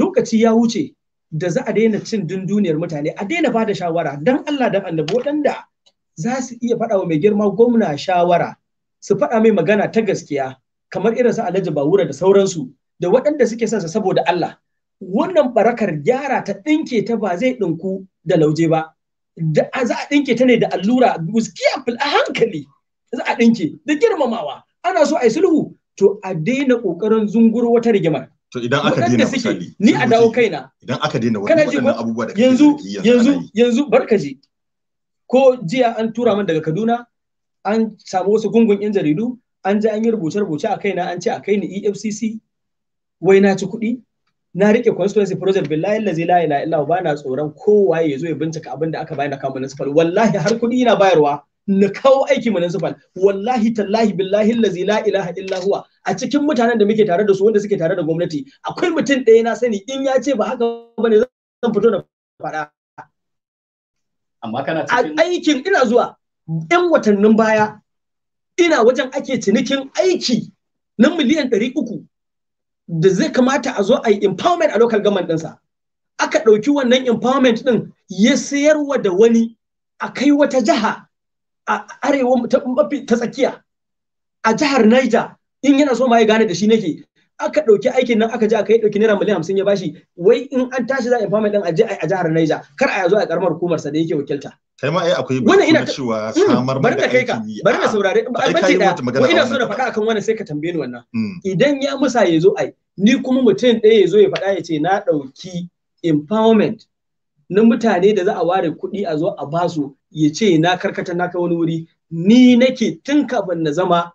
lokaci ya wuce da za a daina cin dunduniyar mutane a daina ba da shawara dan Allah dan annabi waɗanda za su iya faɗa wa mai girma gwamna shawara su faɗa mai magana ta gaskiya kamar irin su Alhaji Bawura da sauransu da waɗanda suke son sa saboda Allah wannan barakar gyara ta ɗinke ta ba zai ɗinku da lauje ba da za a ɗinke ta ne da allura gaskiya a hankali za a ɗinke da girmamawa ana so a yi sulhu to a daina ƙoƙarin zunguro wata rigimar to idan aka daina suke ni a dawo kaina idan aka daina waɗannan abubuwa da yanzu yanzu yanzu barka ji. ko jiya an tura min daga Kaduna an samu wasu gungun yan jaridu an je an yi rubuce-rubuce a kaina an ce a kai ni EFCC wai na ci kuɗi na rike constituency project billahi allazi la ilaha illa ba na tsoron kowa ya zo ya bincika abin da aka bayar na kawo municipal wallahi har kuɗi ina bayarwa na kawo aiki municipal wallahi tallahi billahi allazi la ilaha illa huwa a cikin mutanen da muke tare da su wanda suke tare da gwamnati akwai mutum ɗaya na sani in ya ce ba haka bane zan fito na faɗa amma kana cikin aikin ina zuwa ɗan watannin baya ina wajen ake cinikin aiki na miliyan ɗari uku da zai kamata a zo a yi empowerment a local government ɗinsa aka ɗauki wannan empowerment ɗin ya sayarwa da wani a kai wata jiha a arewa ta tsakiya a jihar Niger in yana so ma ya gane da shi nake aka ɗauki aikin nan aka je aka yi ɗauki naira miliyan hamsin ya bashi wai in an tashi za a fama ɗin aje a jihar Niger kar a yazo a karamar hukumar sa da yake wakilta. Kai ma ai akwai wannan ina cewa mm, samar mai da kai ka bari na ah, saurare ba bace da ina so na faɗa akan wannan sai ka tambaye ni wannan mm. idan ya musa ya zo ai ni kuma mutum ɗaya ya zo ya faɗa ya ce na ɗauki empowerment na mutane da za a ware kuɗi a zo a basu ya ce na karkata na kai wani wuri ni nake tun kafin na zama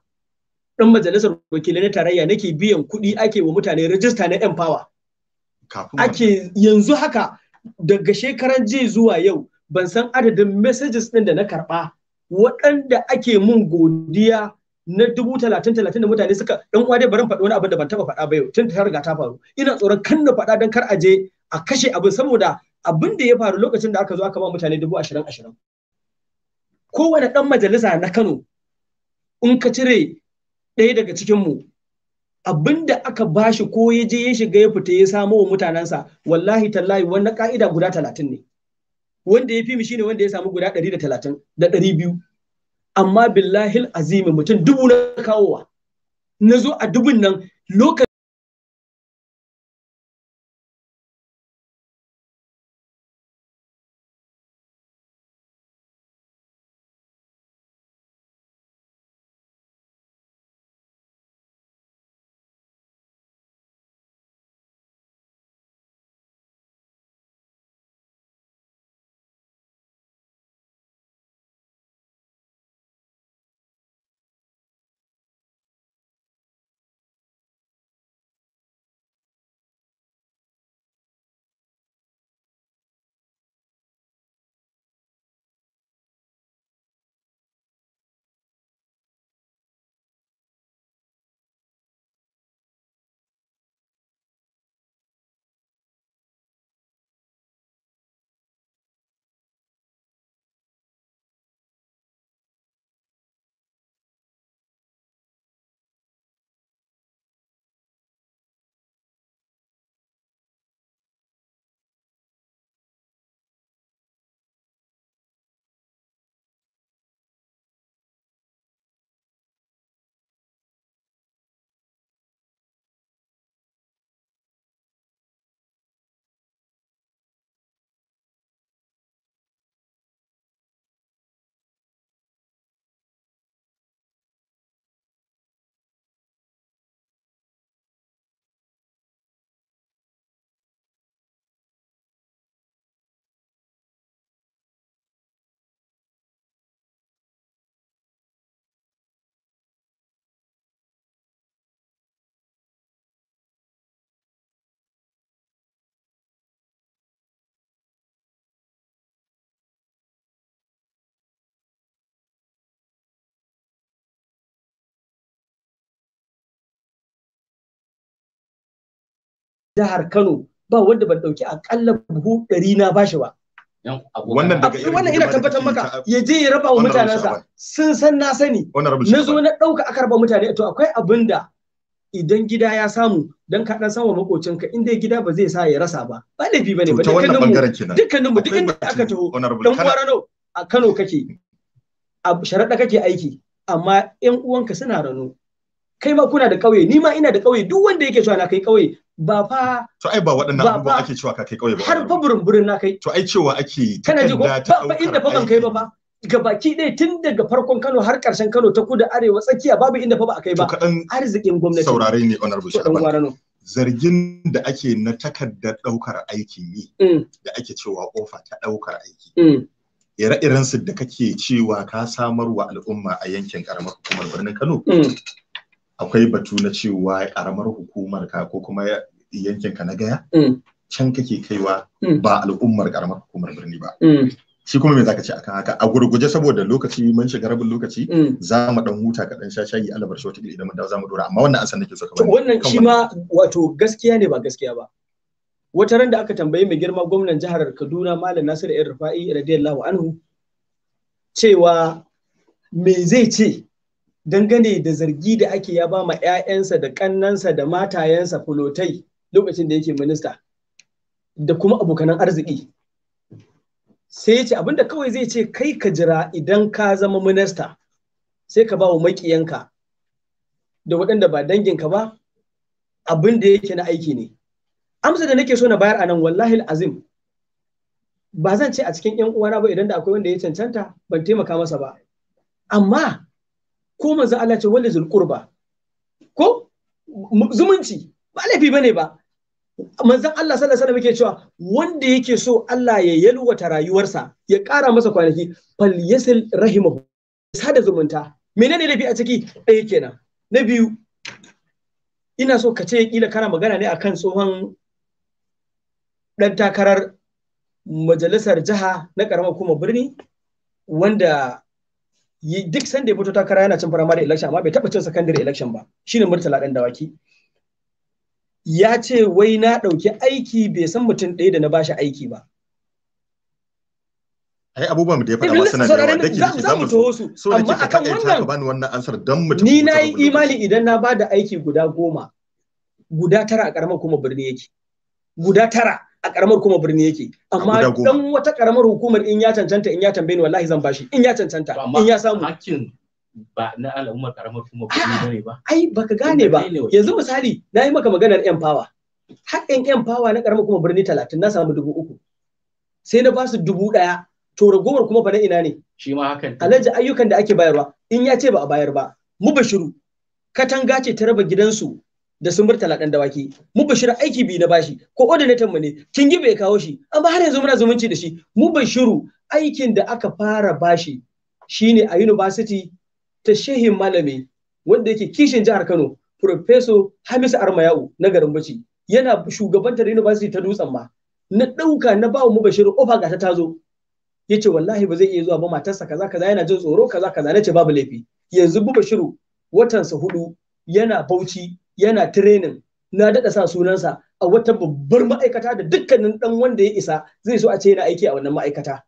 Ɗan majalisar wakilai na tarayya nake biyan kuɗi ake wa mutane rajista na empower ake yanzu haka daga shekaran jiya zuwa yau ban san adadin messages ɗin da na karɓa waɗanda ake mun godiya na dubu talatin talatin da mutane suka dan uwa dai barin faɗi wani abin da ban taɓa faɗa ba yau tun ta riga ta faru ina tsoron kan na faɗa don kar a je a kashe abin saboda abin da ya faru lokacin da aka zo aka ba mutane dubu ashirin ashirin kowane ɗan majalisa na Kano in ka cire ɗaya daga cikinmu abin da aka shi ko ya je ya shiga ya fita ya samo wa mutanensa wallahi tallahi wannan ka'ida guda talatin ne wanda ya fi mu shine wanda ya samu guda ɗari da talatin da ɗari biyu amma billahi azimi mutum dubu na kawowa na zo a dubun nan lokacin jihar Kano ba wanda ban dauki akalla buhu ɗari na bashi ba. Wannan daga irin wannan ina tabbatar maka ya je ya raba wa mutanensa sun san na sani na zo na ɗauka aka raba mutane to akwai abinda idan gida ya samu don ka dan sama makocinka in dai gida ba zai sa ya rasa ba ba laifi bane ba dukkanin mu mu duk inda aka taho dan uwa a Kano kake a sharaɗa kake aiki amma 'yan uwanka suna rano kai ma kuna da ƙauye ni ma ina da ƙauye duk wanda yake so na kai ƙauye ba fa to ai ba waɗannan abubuwa ake cewa ka kai kauye ba har fa burin na kai to ai cewa ake kana ji ko ba inda fa ban kai ba ba gabaki ɗaya tun daga farkon Kano har ƙarshen Kano ta kudu arewa tsakiya babu inda fa ba a kai ba arzikin gwamnati saurare ne honorable Sharban zargin da ake na takardar ɗaukar aikin yi mm. da ake cewa ofa ta ɗaukar aiki mm. ire-irensu da kake cewa ka samarwa al'umma a yankin ƙaramar hukumar birnin Kano mm. akwai batu na cewa karamar hukumar ka ko kuma yankin ka na gaya mm. can kake kaiwa mm. ba al'ummar karamar hukumar birni ba mm. shi kuma me zaka ce akan haka a gurguje saboda lokaci mun shiga rabin lokaci za mu dan huta kaɗan sha shayi alabar shi wataƙila idan mun dawo za mu dora amma wannan an san nake so wannan. wannan shi ma wato gaskiya ne ba gaskiya ba wata ran da aka tambayi mai girma gwamnan jihar Kaduna Malam Nasiru Yan Rufa'i radiyallahu anhu cewa me zai ce dangane da zargi da ake ya ba ma 'ya'yansa da ƙannansa da matayensa fulotai lokacin da yake minista da kuma abokanan arziki sai ya ce abinda kawai zai ce kai ka jira idan ka zama minista sai ka ba wa maƙiyanka da waɗanda ba danginka ba abin da yake na aiki ne amsa da nake so na bayar a nan wallahi azim ba zan ce a cikin 'yan uwana ba idan da akwai wanda ya cancanta ban taimaka masa ba amma ko manzo Allah ce wala zulqurba ko zumunci ba laifi bane ba manzon Allah sallallahu alaihi wasallam cewa wanda yake so Allah ya yalwata rayuwarsa ya ƙara masa kwanaki fal yasil rahimahu sada zumunta menene laifi a ciki ɗaya kenan na biyu ina so ka ce kila kana magana ne akan tsohon ɗan takarar majalisar jiha na ƙaramar kuma birni wanda duk sanda ya fito takara yana cin primary election amma bai taɓa cin secondary election ba shine murtala ɗan dawaki ya ce wai na ɗauki aiki bai san mutum ɗaya da na bashi aiki ba ai abubuwan da ya faɗa masu nan da yawa dake za mu so su amma akan wannan ba ni wannan ansar dan mutum ni nayi imani idan na bada aiki guda goma guda tara a karamar kuma birni yake guda tara a karamar kuma birni yake amma dan wata karamar hukumar in ya cancanta in ya tambaye ni wallahi zan bashi in ya cancanta in ya samu hakkin ba na al'ummar karamar kuma birni bane ba ai baka gane ba yanzu misali na yi maka maganar yan fawa Hakkin yan fawa na karamar kuma birni talatin na samu dubu uku sai na basu dubu ɗaya to ragowar kuma fa na ina ne shi ma hakan alhaji ayyukan da ake bayarwa in ya ce ba a bayar ba mu bashiru katanga ce ta raba gidansu da sun murtala da dawaki mu bashira aiki bi na bashi ko ordinator mu ne kin gi bai kawo shi amma har yanzu muna zumunci da shi mu bashiru aikin da aka fara bashi shine a university ta shehin malami wanda yake kishin jihar Kano professor Hamisu Armayau na garin Bauchi yana shugabantar university ta dutsen ma na dauka na bawa mu bashiru ofa ga ta tazo yace wallahi ba zai iya zuwa ba matarsa kaza kaza yana jin tsoro kaza kaza nace babu laifi yanzu bu bashiru sa hudu yana bauchi yana training na daɗa sa sunansa a wata babbar ma'aikata da dukkanin ɗan wanda ya isa zai so a ce yana aiki a wannan ma'aikata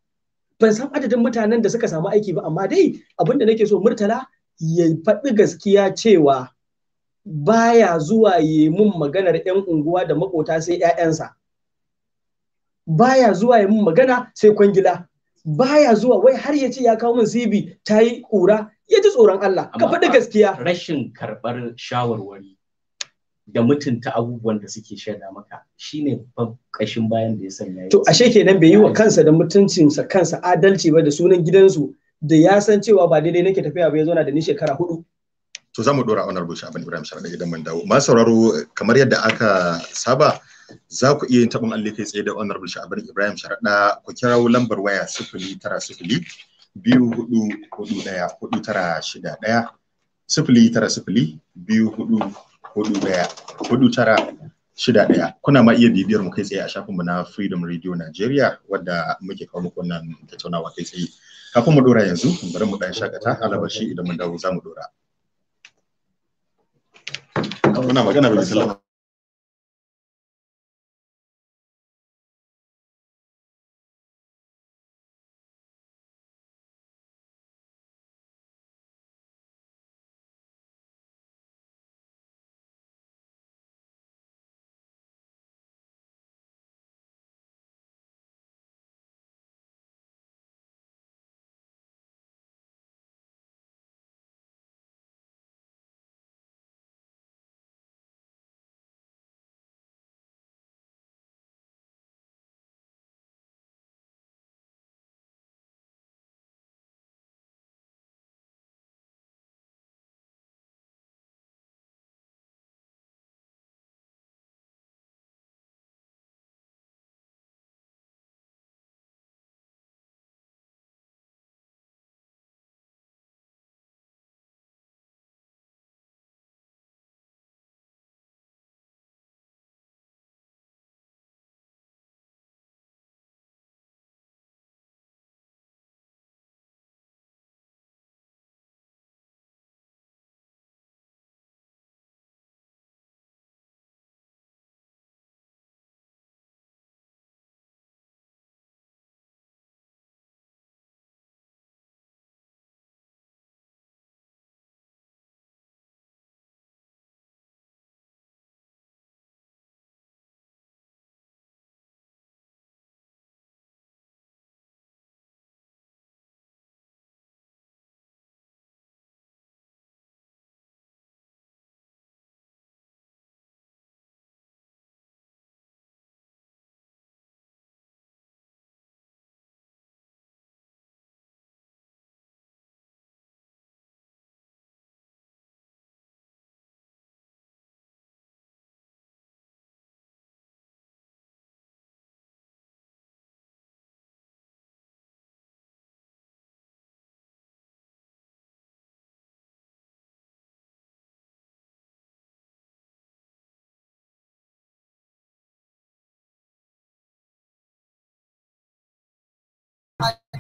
ban san adadin mutanen da suka samu aiki ba amma dai abin da nake so murtala ya faɗi gaskiya cewa baya zuwa yi mun maganar 'yan unguwa da makota sai 'ya'yansa baya zuwa yi mun magana sai kwangila baya zuwa wai har ya ce ya kawo min cv ta yi ƙura ya ji tsoron Allah ka faɗi gaskiya rashin karɓar shawarwari da mutunta abubuwan da suke shaida maka shine kashin bayan da ya sanya to ashe kenan bai yi wa kansa da mutuncinsa kansa adalci ba da sunan gidansu da ya san cewa ba daidai nake tafiya ba ya zauna da ni shekara hudu to za mu dora wannan rubuce abin Ibrahim Sharaɗa idan mun dawo masu sauraro kamar yadda aka saba za ku iya yin taɓin alli kai tsaye da honorable abin ibrahim sharaɗa ku kira lambar waya sifili tara sifili biyu hudu hudu ɗaya hudu tara shida ɗaya sifili tara sifili biyu hudu hudu daya hudu tara shida daya kuna ma iya bibiyar mu kai tsaye a shafinmu na Freedom Radio Nigeria wadda muke kawo muku wannan tattaunawa kai tsaye kafin mu dora yanzu bari mu dan shakata alabashi idan mun dawo za mu dora muna magana sallama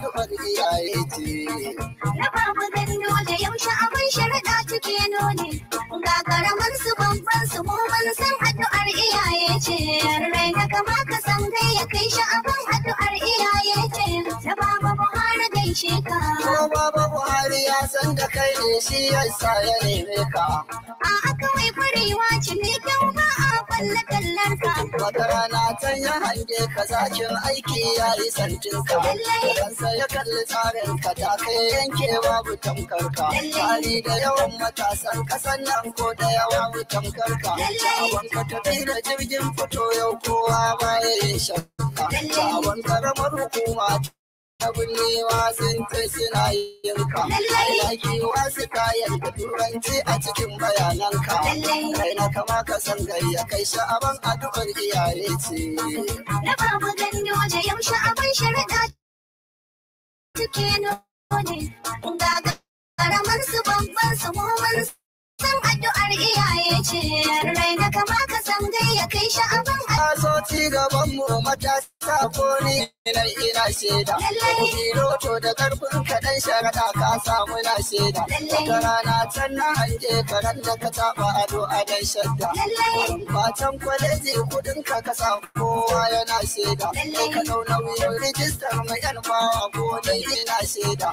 kamar iyaye ce. Raba mu nuna yaushe abin sharaɗa cike nuni, ga karamin su babban su mu mun san addu'ar iyaye ce. Rai na kama ka san ya kai shi abin addu'ar iyaye ce. Raba mu na ka. Ko baba Buhari ya san da kai ne shi ya neme ka. A'a kawai kwarewa ce mai kyau ba a falla kallar ka. Wata rana can ya hange ka zakin aiki ya yi santin ka. Kansa ya kalli tsarin ka ta kai yanke babu tamkar ka. da yawan matasan kasan nan ko da yawa mu tamkar ka. Awon tafi da jirgin fito yau kowa ba ya yi shakka. Awon karamar hukuma Abunnewa sun ce suna wasu kayan turanci a cikin bayananka. kama ka san gari kai sha'aban addu'ar iyaye ce. Na babu gani waje yau sha'aban sharaɗa Ga su addu'ar iyaye ce. na kama ka san gari a kai sha'aban addu'ar. so ci gaban mu matasa. sako ni nan ina shaida noto da karfin kaɗan sharaɗa ka samu na shaida Wata rana can na hange karen da ka taɓa ado a dan shadda Matan kwaleji kuɗin ka ka samu kowa yana shaida Ka ɗau nauyin rijistar mai yan bawa ko dai ina shaida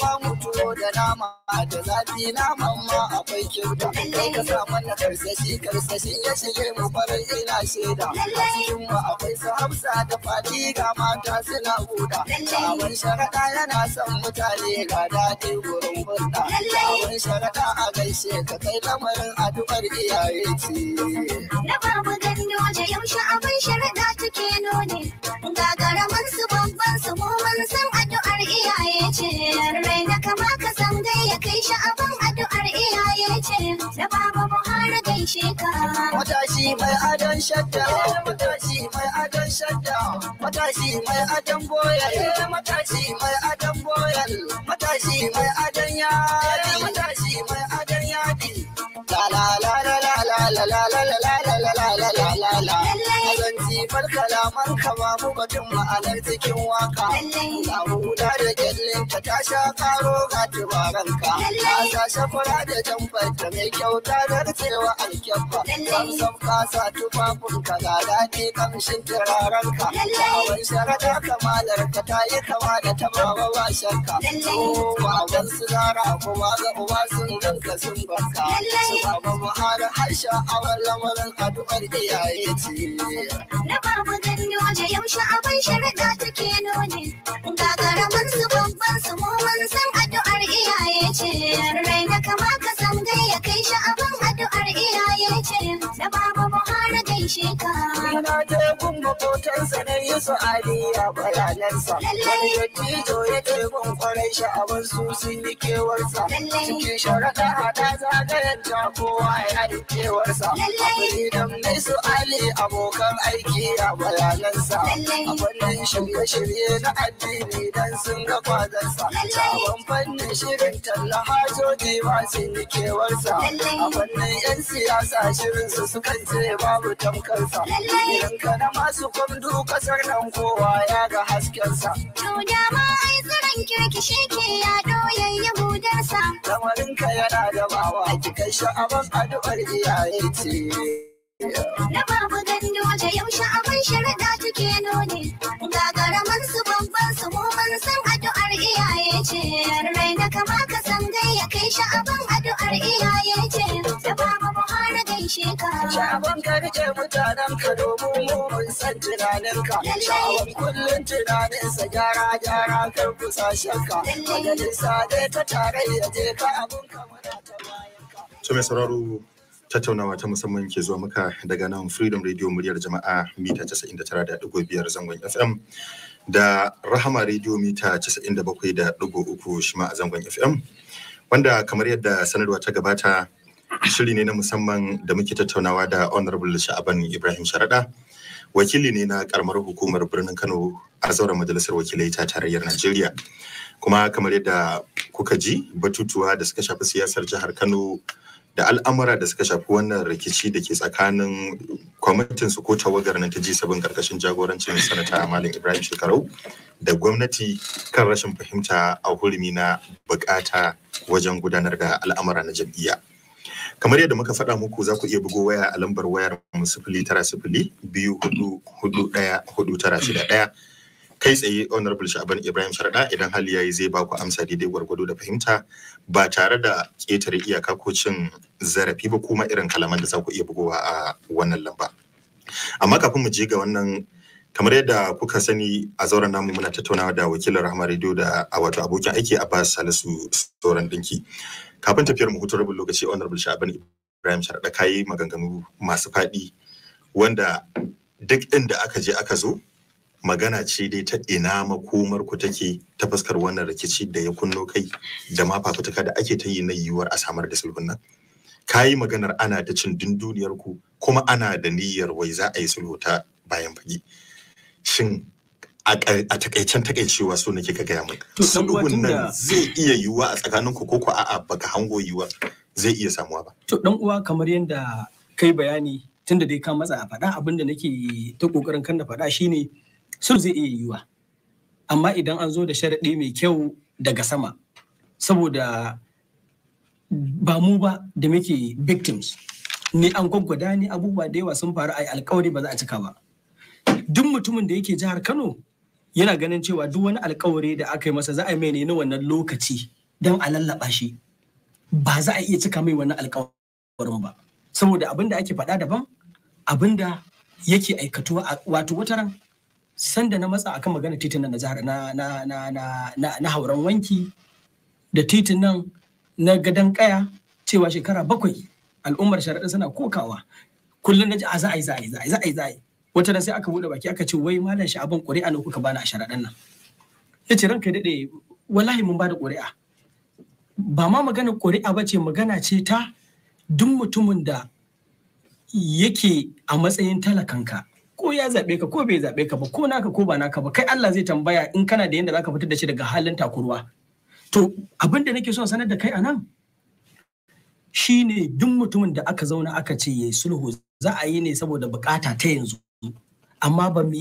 Ba mu tuwo da nama da zafi naman ma akwai kyauta Kai ka sa mana karsashi karsashi ya shige mu farin ina shaida A cikin mu akwai su hafsa da fati ga mata suna huda. Kawun sharaɗa yana son mutane ga daɗi wurin hulɗa. Kawun sharaɗa a gaishe ka kai lamarin addu'ar iyaye ce. Na babu gani yaushe abin sharaɗa take nuni. Ga garaman su babban su mu mun san addu'ar iyaye ce. Rai na kama ka san gayya kai sha abin addu'ar iyaye ce. Na babu gaishe ka. Matashi mai adon shadda, matashi mai adon shadda, matashi mai adon boyal, matashi mai adon boyal, matashi mai adon yadi, matashi mai adon yadi. la la la la la la la la la. Masifar kalaman kama mu batun ma'anar cikin waka. Ga guda da kyallin ta ta sha karo ga tubaran ka. Ka sa shafara da jambar ta mai kyauta da rikewa alkyabba. Samsam ka sa tufafin ka ga daɗi kamshin turaren ka. Kawai sharada kamalar ka ta yi kama da ta bawa washen ka. Kowa oh, wasu zara kuma ga uwa sun ganka sun barka. Su mu har a sha'awar lamarin addu'ar iyaye ce. na babu ganyo je yaushe abin sharaɗa take noni ga su babban su mu mun san addu'ar iyaye ce rai na kama ka san ya kai shi abin addu'ar iyaye ce na babu shi. Ina je gun na yi su Ali a bayanansa. Wani dattijo ya je gun kwarai sha'awar su sun yi kewarsa. Cikin sharaka a ta zagayen ta kowa ya yi kewarsa. Abinan mai su Ali abokan aiki a bayanansa. A wannan shirye-shirye na addini dan sun ga kwazansa. Sabon fannin shirin talla hajoji ba sun yi kewarsa. A wannan 'yan siyasa shirinsu sukan ce babu tamkar. kansa Yanka na masu kwamdu kasar nan kowa ya ga haskensa Tuda ma ai tsiron kirki shi ke yaɗo yayyi Lamarinka yana da bawa kai sha'aban addu'ar iyaye ce Na babu gando da yaushe abin sharaɗa take nuni Ga garaman su bamban su ban san addu'ar iyaye ce Rai na kama ka san ya kai sha'aban addu'ar iyaye ce babu gaishe ka. Sha'aban karje mutanen ka domin mu mun san tunanin ka. Sha'aban kullum tunanin sa gyara gyara kan ku sashen ka. Majalisa dai ta tarayya je ka abun ka mana ta bayan ka. To sauraro tattaunawa ta musamman ke zuwa muka daga nan freedom radio muryar jama'a mita 99.5 zangon fm da rahama radio mita 97.3 shi ma a zangon fm wanda kamar yadda sanarwa ta gabata shiri ne na musamman da muke tattaunawa da honorable sha'aban ibrahim sharaɗa wakili ne na karamar hukumar birnin kano a zauren majalisar wakilai ta tarayyar najeriya kuma kamar yadda kuka ji batutuwa da suka shafi siyasar jihar kano da al'amura da suka shafi wannan rikici da ke tsakanin kwamitin su ko tawagar na ta ji sabon karkashin jagorancin sanata malam ibrahim shekarau da gwamnati kan rashin fahimta a hurumi na bukata wajen gudanar da al'amura na jam'iyya kamar yadda muka faɗa muku za ku iya bugo waya a lambar wayar mu sifili tara sifili biyu hudu hudu ɗaya hudu tara shida ɗaya kai tsaye honorable shaban ibrahim sharaɗa idan hali yayi zai ba ku amsa daidai gwargwado da fahimta ba tare da ƙetare iyaka ko cin zarafi ba kuma irin kalaman da za ku iya bugowa a wannan lamba amma kafin mu je ga wannan kamar yadda kuka sani a zauren namu muna tattaunawa da wakilin rahama radio da wato abokin aiki a ba salisu tsoron ɗinki kafin tafiyar mu hutun rabin lokaci honorable sha'aban ibrahim sharaɗa kayi maganganu masu faɗi wanda duk inda aka je aka zo magana ce dai ta ina makomar ku take ta fuskar wannan rikici da ya kunno kai da ma fafutuka da ake ta yi na yiwuwar a samar da sulhun nan kayi maganar ana ta cin dunduniyar ku kuma ana da niyyar wai za a yi sulhu ta bayan fage shin a takaicen takaicewa so nake ka gaya maka sulhun nan zai iya yiwuwa a tsakanin ku koko a'a baka hango yiwuwa zai iya samuwa ba to dan uwa kamar yadda kai bayani tunda dai ka matsa a faɗa abin da nake ta kokarin kan da faɗa shine sun zai iya yiwuwa amma idan an zo da sharaɗi mai kyau daga sama saboda ba mu ba da muke victims ni an gwaggwada ni abubuwa da yawa sun faru a alkawari ba za a cika ba duk mutumin da yake jihar kano yana ganin cewa duk wani alkawari da aka yi masa za a yi mai ne na wannan lokaci don a lallaba shi ba za a iya cika mai wannan alkawarin ba saboda abin da ake faɗa daban abin da yake aikatuwa wato wata ran sanda na matsa akan magana titin nan na jihar na na na na na, hauran wanki da titin nan na gadan kaya cewa shekara bakwai al'ummar sharaɗin suna kokawa kullum na ji a za a yi za a yi za a yi za a yi wata nan sai aka bude baki aka ce wai malam sha'aban ƙuri'a ne kuka bani a sharaɗan nan ya ce ranka daɗe wallahi mun bada ƙuri'a ba ma magana ƙuri'a ba ce magana ce ta duk mutumin da yake a matsayin talakanka ko ya zaɓe ka ko bai zaɓe ka ba ko naka ko ba naka ba kai Allah zai tambaya in kana da yanda zaka fitar da shi daga halin takurwa to abin da nake so sanar da kai anan shine duk mutumin da aka zauna aka ce yayi sulhu za a yi ne saboda bukata ta yanzu amma ba mu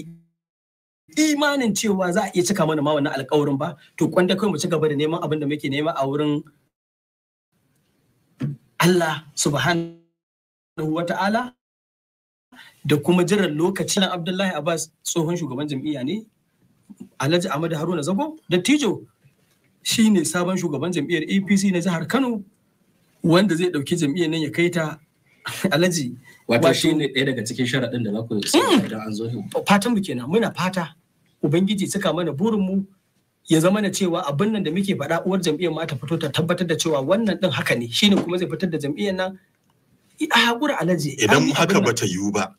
imanin cewa za a iya cika mana ma wannan alkawarin ba to kwanda kai mu ci gaba da neman abin da muke nema a wurin Allah subhanahu wa ta'ala da kuma jiran lokacin Abdullahi Abbas tsohon shugaban jam'iyya ne Alhaji Ahmad Haruna Zago dattijo shi ne sabon shugaban jam'iyyar APC na jihar Kano wanda zai ɗauki jam'iyyar nan ya kai ta Alhaji wato shi ne ɗaya daga cikin sharaɗin da za ku mm. idan an zo fatan mu kenan muna fata ubangiji suka mana burin mu ya zama na cewa abin nan da muke faɗa uwar jam'iyyar ma ta fito ta tabbatar da cewa wannan ɗin haka ne shine kuma zai fitar da jam'iyyar nan a haƙura alaji idan haka ba ta yiwu ba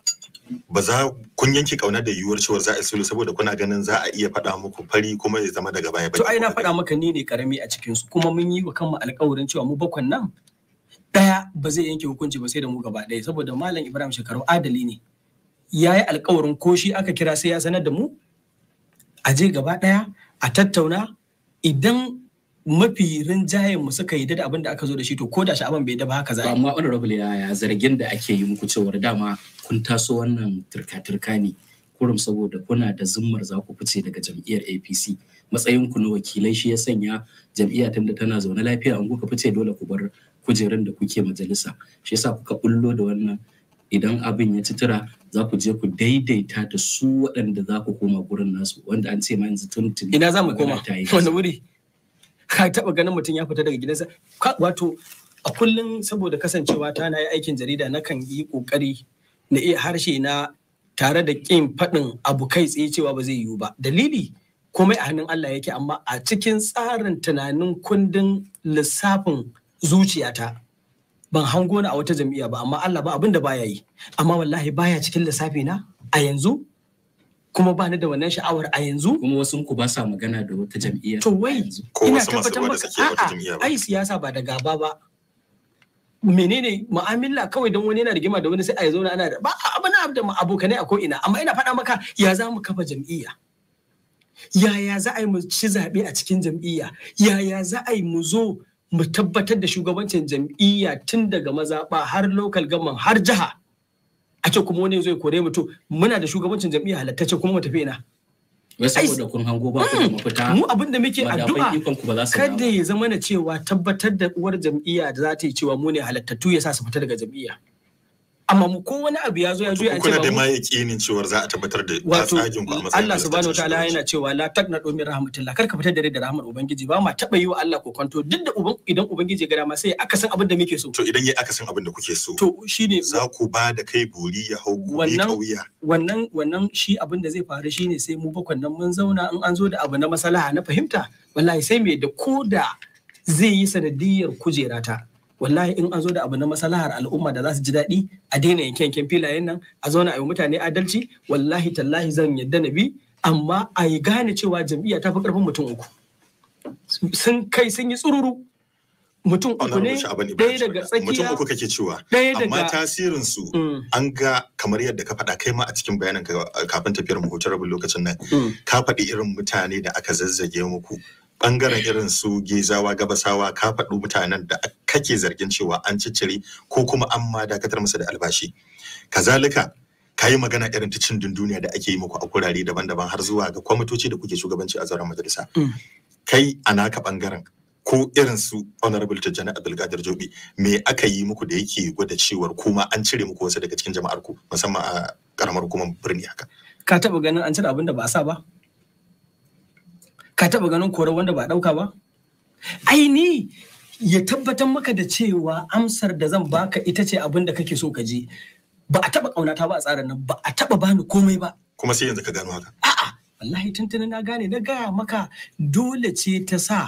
ba za kun yanke kauna da yiwuwar cewa za a sulu saboda kuna ganin za a iya faɗa muku fari kuma ya zama daga baya ba to ai na faɗa maka ni ne karami a cikin su kuma mun yi wa kanmu alƙawarin cewa mu bakwan nan ɗaya ba zai yanke hukunci ba sai da mu gaba ɗaya saboda malam ibrahim shekaru adali ne ya yi alkawarin ko shi aka kira sai ya sanar da mu a je gaba ɗaya a tattauna idan mafi rinjayen mu suka yi da abin da aka zo da shi to ko da sha'aban bai daba haka za amma honorable ya zargin da ake yi muku cewar dama kun taso wannan turka-turka ne kurum saboda kuna da zummar za ku fice daga jam'iyyar apc matsayin ku na wakilai shi ya sanya jam'iyya tun da tana zaune lafiya an kuka fice dole ku bar kujerun da kuke majalisa shi yasa kuka bullo da wannan idan abin ya citira za ku je ku daidaita da su waɗanda za ku koma gurin nasu wanda an ce ma yanzu tuntun ina za mu koma wanda wuri ka taɓa ganin mutum ya fita daga gidansa wato a kullum saboda kasancewa ta na yi aikin jarida na kan yi ƙoƙari na iya harshe na tare da ƙin faɗin abu kai tsaye cewa ba zai yiwu ba dalili komai a hannun Allah yake amma a cikin tsarin tunanin kundin lissafin zuciyata ban hango ni a wata jam'iyya ba amma Allah ba abin da baya yi amma wallahi baya cikin lissafi na a yanzu kuma ba ni da wannan sha'awar a yanzu kuma wasu ku ba sa magana da wata jam'iyya to wai ina tabbatar maka a'a ai siyasa ba da gaba ba menene mu'amala kawai don wani yana rigima da wani sai a zauna ana Ba ba abin da abokanai a ko'ina amma ina faɗa maka ya za mu kafa jam'iyya yaya za a yi mu ci zaɓe a cikin jam'iyya yaya za a yi mu zo mu tabbatar da shugabancin jam'iyya tun daga mazaɓa har lokal gaman har jiha a ce kuma wani zai kore mu to muna da shugabancin jam'iyya halattacce kuma mu tafi ina wai saboda kun hango ba ku da mm, mafita mu abin da muke addu'a kada ya zama na cewa tabbatar da uwar jam'iyya da za ta yi cewa mu ne halattattu ya sa su fita daga jam'iyya amma mu ko wani abu ya zo ya zo ya ce ba da ma yakinin cewar za a tabbatar da tsagin ku a matsayin Allah subhanahu wataala yana cewa la do min rahmatillah karka fitar da rai da rahmar ubangiji ba ma taba yi wa Allah kokonto duk da uban idan ubangiji ga ma sai aka san abin da muke so to idan yayi aka san abin da kuke so to shine za ku ba da kai buri ya hau gobe kauya wannan wannan shi abin da zai faru shine sai mu bakwan nan mun zauna in an zo da abu na masalaha na fahimta wallahi sai me da koda zai yi sanadiyar kujerata wallahi in an zo da abu na masalahar al'umma da za su ji daɗi a daina yanke yanken filayen nan a zauna a yi mutane adalci wallahi tallahi zan yadda na bi amma a yi gane cewa jam'iyya ta fi ƙarfin mutum uku sun kai sun yi tsururu mutum uku ne ɗaya daga tsakiya mutum uku kake cewa amma tasirin su mm. an ga kamar yadda ka faɗa kai ma a cikin bayanin kafin tafiyar mu hutar rabin lokacin nan mm. ka faɗi irin mutane da aka zazzage muku bangaren irin su gezawa gabasawa ka faɗo mutanen da kake zargin cewa an ciccire ko kuma an ma dakatar musu da albashi kazalika ka yi magana irin ta cin da ake yi muku a kurare daban-daban har zuwa ga kwamitoci da kuke shugabanci a zauren majalisa mm. kai a naka bangaren ko irin su honorable tijjani abdulkadir jobi me aka yi muku da yake gwada cewar kuma an cire muku wasu daga cikin jama'ar ku musamman a karamar hukumar birni haka ka taba ganin an cire abin da ba a sa ba ka taba ganin korar wanda ba ɗauka ba aini ya tabbatar maka da cewa amsar da zan baka ita ce abin da kake so ka je. ba a taɓa kaunata ba a tsarin nan ba a taɓa bani komai ba kuma sai yanzu ka gano haka a'a wallahi tuntuni na gane na gaya maka dole ce ta sa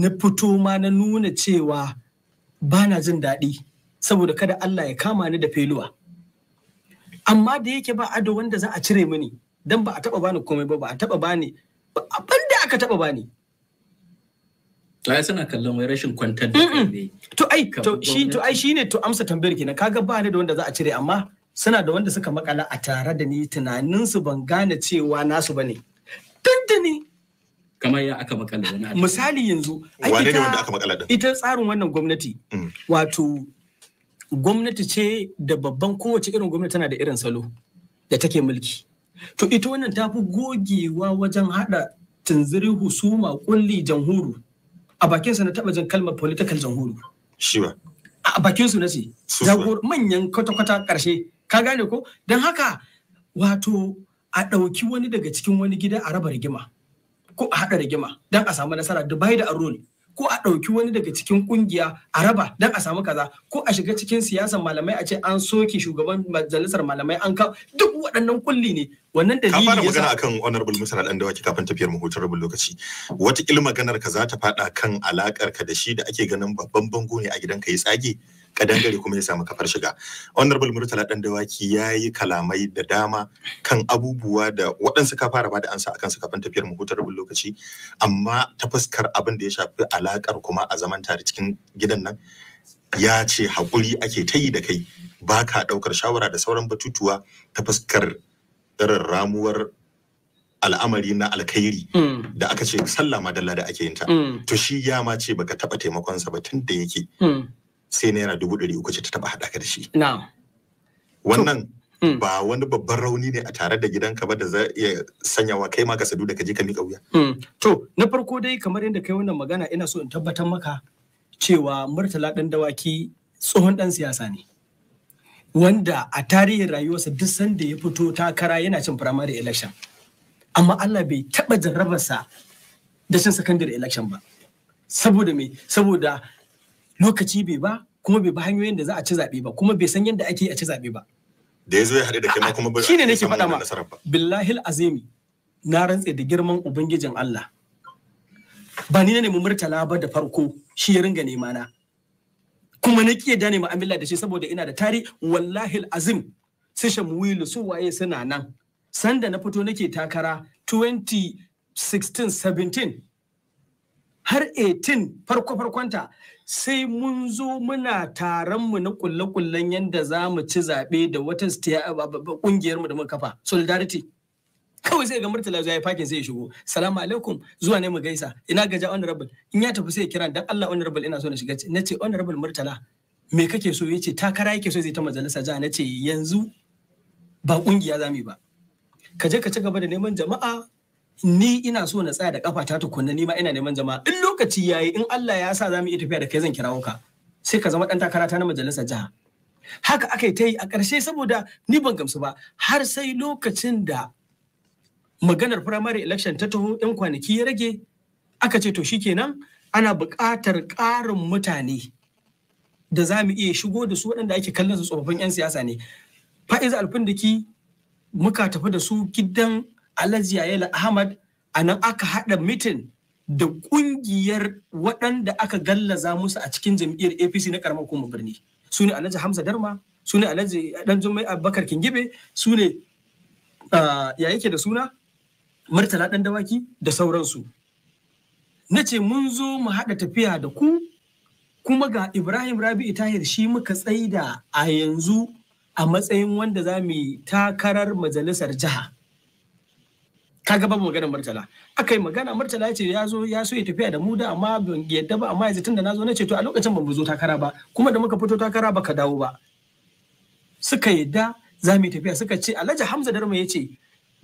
na fito ma na nuna cewa bana jin daɗi saboda kada Allah ya kama ni da feluwa amma da yake ba ado wanda za a cire mini dan ba a taba bani komai ba ba a taɓa bani abin da aka taba bani to ai suna kallon wai rashin kwantar da kai ne to ai to shi to ai shine to amsa tambayar kenan kaga ba ni da wanda za a cire amma suna da wanda suka makala a tare da ni tunanin su ban gane cewa nasu bane tuntuni kamar ya aka makala wani misali yanzu wane ne wanda aka makala din ita tsarin wannan gwamnati mm. wato gwamnati ce da babban kowace irin gwamnati tana da irin salo da take mulki To ita wannan ta fi gogewa wajen haɗa tunziri husuma kulli jamhuru. A bakinsa na taɓa jin kalmar political jamhuru. Shi A bakinsu na ce. Jagor manyan kwata-kwata ƙarshe. Ka gane ko? Don haka wato a ɗauki wani daga cikin wani gida a raba rigima. Ko a haɗa rigima don a samu nasara Dubai da Aroni. ko a ɗauki wani daga cikin ƙungiya a raba don a samu kaza ko a shiga cikin siyasar malamai a ce an soke shugaban majalisar malamai an kawo duk waɗannan kulli ne wannan dalili ka fara magana akan honorable musa dan dawaki kafin tafiyar mu hutar rubun lokaci wata maganar ka za ta faɗa kan alakar ka da shi da ake ganin babban bango ne a gidan ka yi tsage kadangare kuma ya samu kafar shiga honorable murtala dan dawaki ya yi kalamai da dama kan abubuwa da waɗansu ka fara bada ansa akan su kafin tafiyar mu hutar lokaci amma ta fuskar abin da ya shafi alakar kuma a zaman tare cikin gidan nan ya ce haƙuri ake ta yi da kai ba ka ɗaukar shawara da sauran batutuwa ta fuskar irin ramuwar al'amari na alkhairi mm. da aka ce sallah dalla da ake yin ta. Mm. to shi ya ma ce baka taɓa taimakonsa ba tun da yake mm. sai naira dubu ɗari uku ce ta taba haɗa ka da shi. Wannan hmm. ba wani babban rauni ne a tare da gidanka ba da za iya sanyawa kai ma ka sadu da ka je ka miƙa wuya. Hmm. To na farko dai kamar yadda kai wannan magana ina so in tabbatar maka cewa Murtala ɗan dawaki tsohon ɗan siyasa ne. Wanda a tarihin rayuwarsa duk sanda ya fito takara yana cin firamare election. Amma Allah bai taɓa jarrabarsa da cin secondary election ba. Saboda me? Saboda lokaci bai ba kuma bai ba hanyoyin da za a ci zaɓe ba kuma bai san yadda ake a ci zaɓe ba da ya zo ya haɗu da kai kuma bai shine nake faɗa ma billahi azimi na rantse da girman ubangijin Allah ba ni ne mu murtala ba da farko shi ya ringa nema na kuma na kiyaye da ne da shi saboda ina da tari wallahi azim sai wuyi su waye suna nan sanda na fito nake takara 2016 17 har 18 farko farkonta sai mun zo muna taron mu na kulle-kullen yadda za mu ci zaɓe da wata kungiyarmu da muka kafa solidarity kawai sai ga murtala ya fakin sai ya shigo salamu alaikum zuwa ne mu gaisa ina gaja honorable in ya tafi sai ya kira dan Allah honorable ina so na shiga na ce honorable murtala me kake so yace takara yake so zai ta majalisa Za na ce yanzu ba kungiya za mu ba ka je ka ci gaba da neman jama'a ni ina so na tsaya da kafa ta tukunna ni ma ina neman jama'a in lokaci yayi in Allah ya sa za mu iya tafiya da kai zan kirawo ka sai ka zama dan takara ta na majalisar jiha haka aka yi ta yi a ƙarshe saboda ni ban gamsu ba har sai lokacin da maganar primary election ta taho yan kwanaki ya rage aka ce to shikenan ana buƙatar ƙarin mutane da za mu iya shigo da su waɗanda ake kallon su tsofaffin 'yan siyasa ne fa'iz alfindiki muka tafi da su gidan Alhaji Yayela Ahmad a nan aka haɗa mitin da ƙungiyar waɗanda aka gallaza musu a cikin jam'iyyar APC na ƙaramar kuma birni. Su ne Alhaji Hamza Darma, su ne Alhaji Ɗanjummai Abubakar Kingibe, su ne ya yake da suna Murtala Ɗan Dawaki da sauransu. Na ce mun zo mu haɗa tafiya da ku kuma ga Ibrahim Rabi'u Tahir shi muka tsaida a yanzu a matsayin wanda za mu yi takarar majalisar jiha. ta gaba maganar murtala aka yi magana murtala ya ce ya zo ya so ya tafiya da mu da amma ban yadda ba amma yanzu tunda na zo na ce to a lokacin ban zo takara ba kuma da muka fito takara ba ka dawo ba suka yadda za mu tafiya suka ce alhaji hamza darma ya ce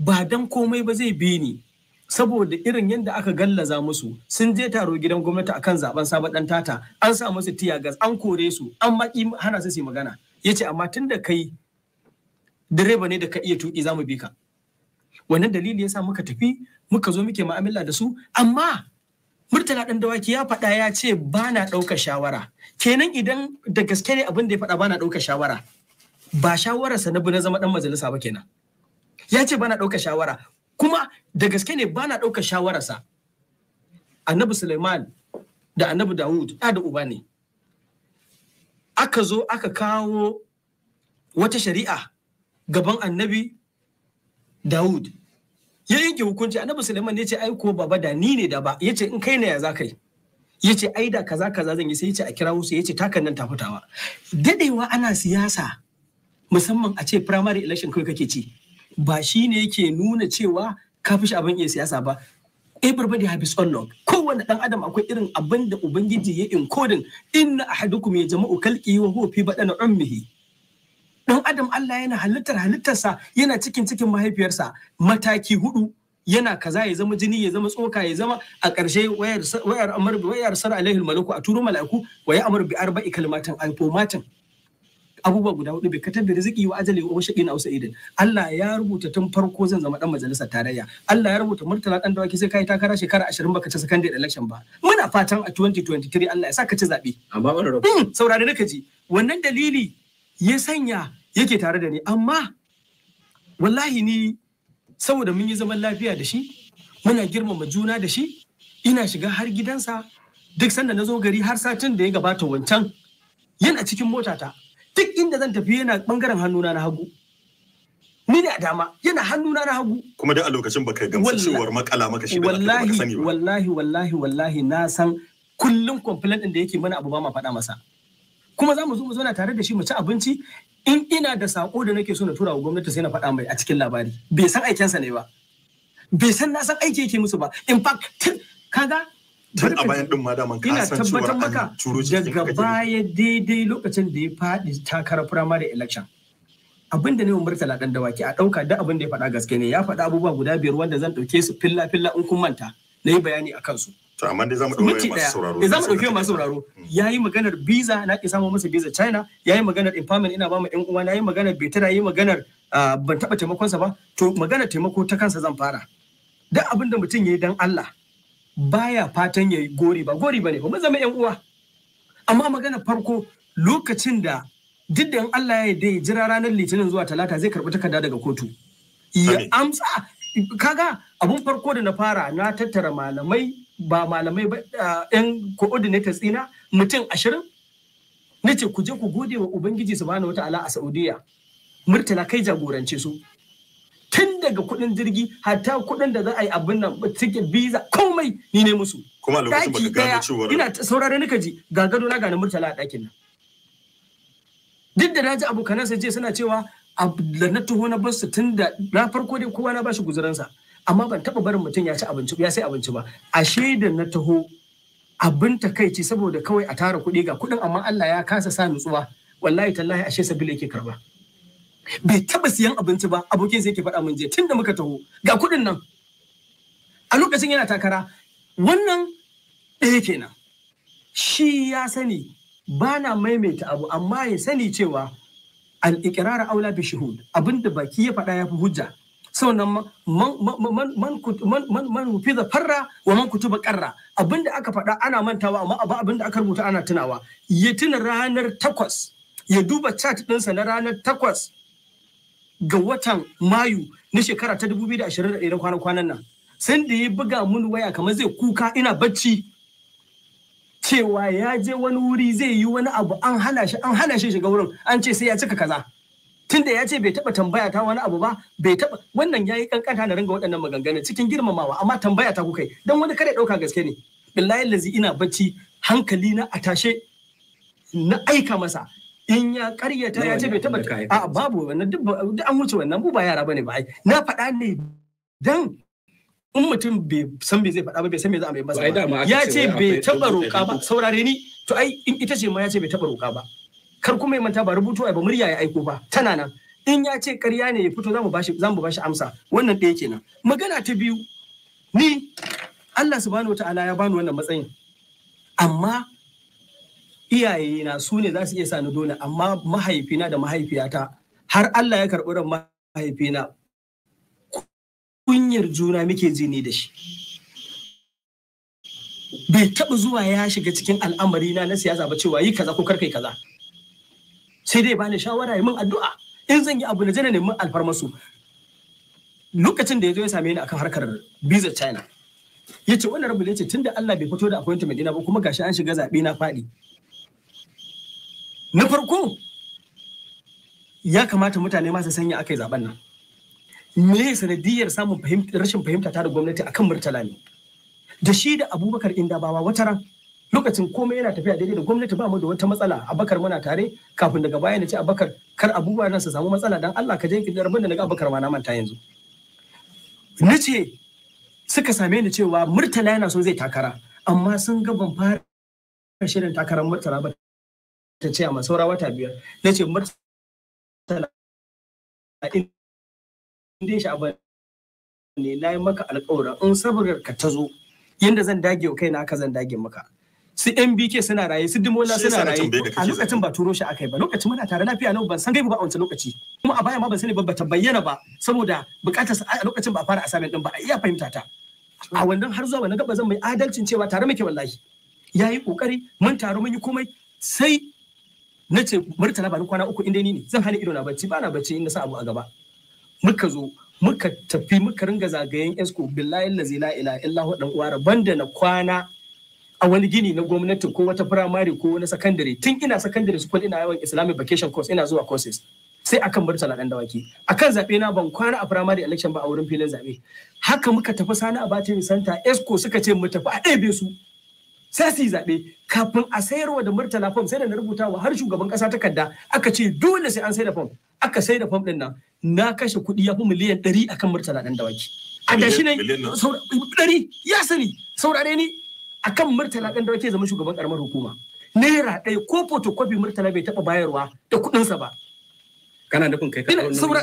ba dan komai ba zai bi ni saboda irin yadda aka gallaza musu sun je taro gidan gwamnati akan zaben sabon dan tata an sa musu tiya gas an kore su an maki hana su su magana ya ce amma tunda kai direba ne da ka iya tuki za mu bi ka wannan dalili yasa muka tafi muka zo muke ma'amala da su amma murtala dan dawaki ya faɗa ya ce ba na ɗaukar shawara kenan idan da gaske ne abin da ya faɗa ba na ɗaukar shawara ba shawararsa na bi na zama dan majalisa ba kenan ya ce ba na ɗaukar shawara kuma da gaske ne ba na ɗaukar shawararsa annabi suleiman da annabi dawud da uba ne aka zo aka kawo wata shari'a gaban annabi Dawud ya yanke hukunci annabi Sulaiman ya ce ai ko baba da ni ne da ba ya ce in kai ne ya za kai ya ce ai da kaza kaza zan yi sai ya ce a kira musu ya ce takan nan ta fitawa dadewa ana siyasa musamman a ce primary election kai kake ci ba shi ne yake nuna cewa ka fi abin iya siyasa ba everybody have his own log kowane dan adam akwai irin abin da ubangiji ya encoding inna ahadukum ya jama'u kalqi wa huwa fi badana ummihi dan adam Allah yana halittar halittarsa yana cikin cikin mahaifiyarsa mataki hudu yana kaza ya zama jini ya zama tsoka ya zama a ƙarshe wayar amar bi wayar sar alaihi malaku a turo malaku wa ya amar bi arba'i kalmatin alfomatin abubuwa guda hudu bai katar da riziki wa ajali wa na ausa idin Allah ya rubuta tun farko zan zama ɗan majalisar tarayya Allah ya rubuta murtala dan dawaki sai kai takara shekara 20 baka ci da election ba muna fatan a 2023 Allah ya saka ci zabe amma wannan hmm, saurare ka ji wannan dalili ya sanya yake tare da ni amma wallahi ni saboda mun yi zaman lafiya da shi muna girmama juna da shi ina shiga har gidansa duk sanda na zo gari har satin da ya gabata wancan yana cikin motata duk inda zan tafi yana bangaren hannuna na hagu ni da dama yana hannuna na hagu kuma da a lokacin kai gamsa cewar makala maka shi wallahi wallahi wallahi wallahi na san kullum complaint din da yake mana abu ba ma faɗa masa kuma za mu zo mu zauna tare da shi mu ci abinci in ina da sako da nake so na tura wa gwamnati sai na faɗa mai a cikin labari bai san aikinsa ne ba bai san na san aiki yake musu ba in fact kaga a bayan din ma ka san cewa tabbatar maka daga baya daidai lokacin da ya faɗi takarar primary election abin da ne murtala da waki a ɗauka da abin da ya faɗa gaske ne ya faɗa abubuwa guda biyar wanda zan ɗauke su filla filla in kun manta na yi bayani a kansu to amma dai zamu dauki masu sauraro eh zamu dauki masu sauraro yayi maganar biza na ke samo masa biza China yayi maganar empowerment ina ba mu ɗan uwa na yi maganar betara yi maganar ah, ban taɓa taimakon sa ba to maganar taimako ta kansa zan fara duk abin da mutum yi dan Allah baya fatan yayi gori ba gori ne ba mun zama ƴan uwa amma maganar farko lokacin da duk da Allah ya dai jira ranar litinin zuwa talata zai karbi takarda daga kotu ya amsa kaga abun farko da na fara na tattara malamai ba malamai ba yan coordinators ɗina mutum ashirin na ce ku je ku gode wa ubangiji su subhanahu wata'ala a saudiya murtala kai jagorance su tun daga kuɗin jirgi hatta kuɗin da za a yi abin nan ticket visa komai ni ne musu kuma lokacin baka ina saurare nika ji gagado na gane murtala a ɗakin nan duk da naji abokanansa je suna cewa na tuho na basu tun da na farko dai kowa na bashi guzuransa amma ban taɓa barin mutum ya ci abinci ya sai abinci ba ashe da na taho abin takaici saboda kawai a tara kuɗi ga kuɗin amma Allah ya kasa sa nutsuwa wallahi tallahi ashe sabila yake karba bai taɓa siyan abinci ba abokin sai yake faɗa mun je tunda muka taho ga kuɗin nan a lokacin yana takara wannan ɗaya kenan shi ya sani ba na maimaita abu amma ya sani cewa al-iqrar aula bi shuhud abinda baki ya faɗa ya fi hujja sannan man hufi wa man kutuba bakarra abinda aka faɗa ana mantawa amma abu abinda aka rubuta ana tunawa ya tuna ranar takwas ya duba chat ɗinsa na ranar takwas ga watan mayu na shekara ta 2021 na kwanan nan sai da ya buga mun waya kamar zai kuka ina bacci cewa ya je wani wuri zai yi wani abu an hana an hana shi shiga wurin an ce sai ya cika kaza tunda ya ce bai taba tambaya ta wani abu ba bai taba wannan yayi kankanta na ringa waɗannan maganganun cikin girmamawa amma tambaya ta kuka yi dan wani kare dauka gaske ne billahi lazi ina bacci hankali na a tashe na aika masa in ya karyata ya ce bai taba a babu wannan duk an wuce wannan mu ba yara bane ba ai na faɗa ne dan in mutum bai san me zai faɗa ba bai san me za a mai masa ya ce bai taba roƙa ba saurare ni to ai in ita ce ma ya ce bai taba roƙa ba kar kuma ya manta ba rubutu ba murya ya aiko ba tana nan in ya ce ƙarya ne ya fito zamu bashi zamu bashi amsa wannan ɗaya kenan magana ta biyu ni Allah subhanahu wataala ya bani wannan matsayin amma iyaye na su ne za su iya sani dole amma mahaifina da mahaifiyata har Allah ya karɓi ran mahaifina kunyar juna muke jini da shi bai taɓa zuwa ya shiga cikin al'amari na na siyasa ba cewa yi kaza ko karkai kaza sai dai bani shawara ya addu'a in zan yi abu na jana neman alfarmasu lokacin da ya zo ya same ni akan harkar visa china ya ce wannan rabu ne ce tunda Allah bai fito da appointment madina ba kuma gashi an shiga zaɓe na faɗi na farko ya kamata mutane masu sanya aka yi zaben nan me sanadiyar samun rashin fahimta ta da gwamnati akan murtala ne da shi da abubakar inda bawa wata ran lokacin komai yana tafiya daidai da gwamnati ba mu da wata matsala abakar muna tare kafin daga baya na ce a bakar kar abubuwa nan su samu matsala dan Allah ka je ki darban da naga abakar ma na manta yanzu ce suka same ni cewa murtala yana so zai takara amma sun ga ban fara shirin takarar murtala ba ta ce amma saura wata biyar na ce murtala in dai shi abin ne na yi maka alƙawura in saburar ka ta zo yadda zan dage kai na haka zan dage maka su MBK suna raye su Dimola suna raye a lokacin ba turo shi akai ba lokacin muna tare lafiya nan ban san gaibu ba a wancan lokaci kuma a baya ma ban sani ba ta bayyana ba saboda bukatar a lokacin ba fara assignment din ba a iya fahimta ta a wannan har zuwa wannan gaba zan mai adalcin cewa tare muke wallahi yayi kokari mun taro mun yi komai sai na ce murtala ba kwana uku inda ni ne zan hana ido na bacci ba na bacci in na sa abu a gaba muka zo muka tafi muka ringa zagayen esco billahi la ila illahu dan uwa banda na kwana a wani gini na gwamnati ko wata firamare ko wani sakandare tun ina sakandare su ina yawan islamic vacation course ina zuwa courses sai akan murtala dan dawaki akan zaɓe na ban kwana a firamare election ba a wurin filin zaɓe haka muka tafi sani a batin santa esco suka ce mu tafi a ɗebe su sai su yi zaɓe kafin a sayarwa da murtala fom sai da na rubuta wa har shugaban kasa takarda aka ce dole sai an sai da fom aka sai da fom ɗin nan na kashe kuɗi ya fi miliyan ɗari akan murtala dan dawaki a da shi ne ya sani saurare ni akan murtala dan dauke zama shugaban karamar hukuma naira ɗaya ko photocopy murtala bai taɓa bayarwa da kuɗinsa ba kana nufin kai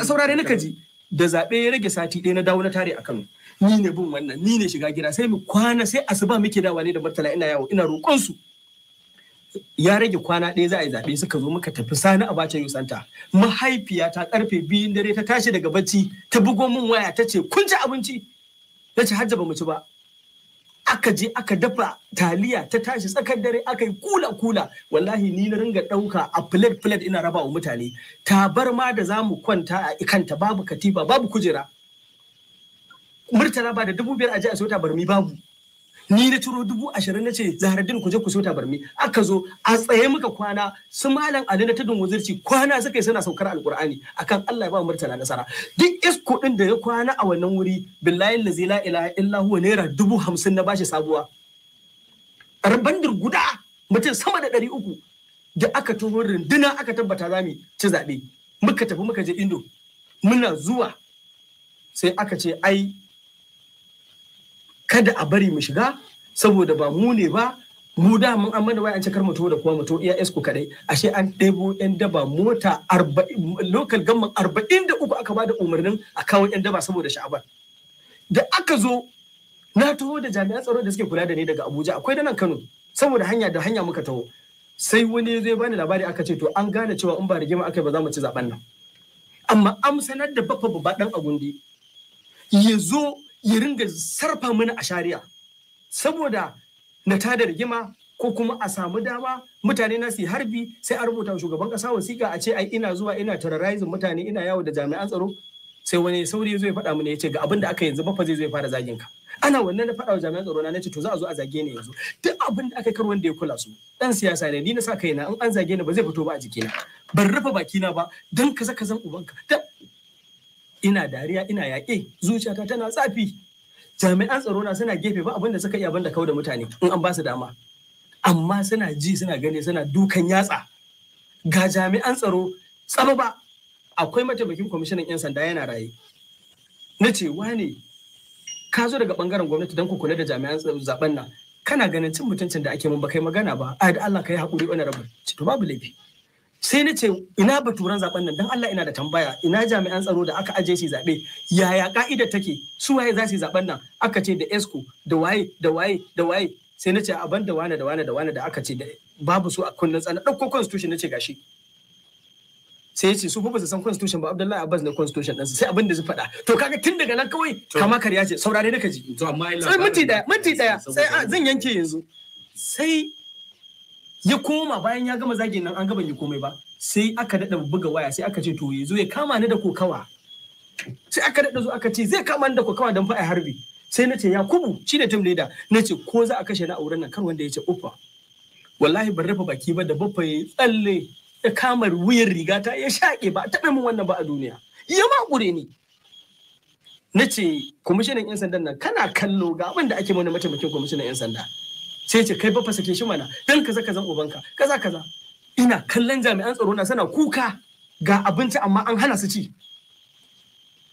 saurare na kaji da zaɓe ya rage sati ɗaya na dawo na tare a Kano ni ne bin wannan ni ne shiga gida sai mu kwana sai asuba muke dawa ne da murtala ina yawo ina roƙon su ya rage kwana ɗaya za a yi zaɓe suka zo muka tafi sani a bacin santa. mahaifiya ta karfe biyun dare ta tashi daga bacci ta bugo min waya ta ce kun ci abinci ta ce hajja ba mu ci ba aka je aka dafa taliya ta tashi tsakar dare aka yi kula kula wallahi ni na ringa ɗauka a plate plate ina raba wa mutane tabarma da za mu kwanta a ikanta babu katifa babu kujera murtala ba da dubu biyar a je a bar mi babu ni na turo dubu ashirin na ce zahardin ku je ku so barmi. aka zo a tsaye muka kwana su malam ali na tudun wazirci kwana suka yi suna saukar alkur'ani akan Allah ya ba murtala nasara duk isko din da ya kwana a wannan wuri billahi lazi la ilaha illa huwa naira dubu hamsin na bashi sabuwa rabandir guda mutum sama da ɗari uku da aka tuho runduna aka tabbata za mu ci zaɓe muka tafi muka je indo muna zuwa sai aka ce ai kada a bari mu shiga saboda ba mu ne ba mu da mun amma mana waya an ce kar mu da kuma mu iya esku kadai ashe an debo yan daba mota 40 local government 43 aka bada umarnin a kawo yan daba saboda sha'aban da aka zo na taho da jami'an tsaro da suke kula da ni daga Abuja akwai da nan Kano saboda hanya da hanya muka taho sai wani zai bani labari aka ce to an gane cewa in ba rigima aka ba za mu ci zaben nan amma amsanar da baffa babba dan agundi ya zo ya ringa sarfa mana a shari'a saboda na tada rigima ko kuma a samu dama mutane na su harbi sai a rubuta shugaban kasa wasiƙa a ce ai ina zuwa ina terrorizing mutane ina yawo da jami'an tsaro sai wani sauri zai faɗa mana ya ce ga abin da aka yanzu fa zai zo fara zagin ka ana wannan na faɗa wa jami'an tsaro na nace to za a zo a zage ni yanzu duk abin da aka kar wanda ya kula su dan siyasa ne ni na sa kaina in an zage ni ba zai fito ba a jikina ban rufe bakina ba dan kaza kazan ubanka ina dariya ina yaƙe zuciyata tana tsafi jami'an tsaro na suna gefe ba abinda suka iya banda kawo da mutane in an basu dama amma suna ji suna gani suna dukan yatsa ga jami'an tsaro tsaro ba akwai mataimakin kwamishinan 'yan sanda yana raye na ce wane ka zo daga bangaren gwamnati don ku kula da jami'an zaben nan kana ganin cin mutuncin da ake mun ba kai magana ba a da Allah ka yi haƙuri wani rabu to babu laifi sai na ce ina baturan zaben nan dan Allah ina da tambaya ina jami'an tsaro da aka aje shi zabe yaya ka'idar take su waye za su zaben nan aka ce da esco da waye da waye da waye sai na ce aban da wane da wane da wane da aka ce da babu su a kunnen tsana dauko constitution na ce gashi sai ya ce su ba su san constitution ba Abdullahi Abbas na constitution ɗansu sai abin da su faɗa to kaga tun daga nan kawai kama kariya ce saurare na ka ji sai minti daya minti daya sai ah, zan yanke yanzu sai ya koma bayan ya gama zagin nan an gaban ya komai ba sai aka dada buga waya sai aka ce to ya zo ya kama ni da kokawa sai aka dada zo aka ce zai kama ni da kokawa dan fa harbi sai na ce kubu shi ne tim leader nace ko za a kashe na a wurin nan kar wanda ya ce uffa wallahi ban rufe baki ba da baffa ya tsalle ya kama wuyan ta ya shaƙe ba taɓa min wannan ba a duniya ya makure ni nace ce kwamishinan 'yan sandan nan kana kallo ga abin da ake mana mataimakin kwamishinan 'yan sanda sai ce kai ba sake shi mana dan kaza kazan ubanka kaza kaza ina kallon jami'an tsaro na sana kuka ga abinci amma an hana su ci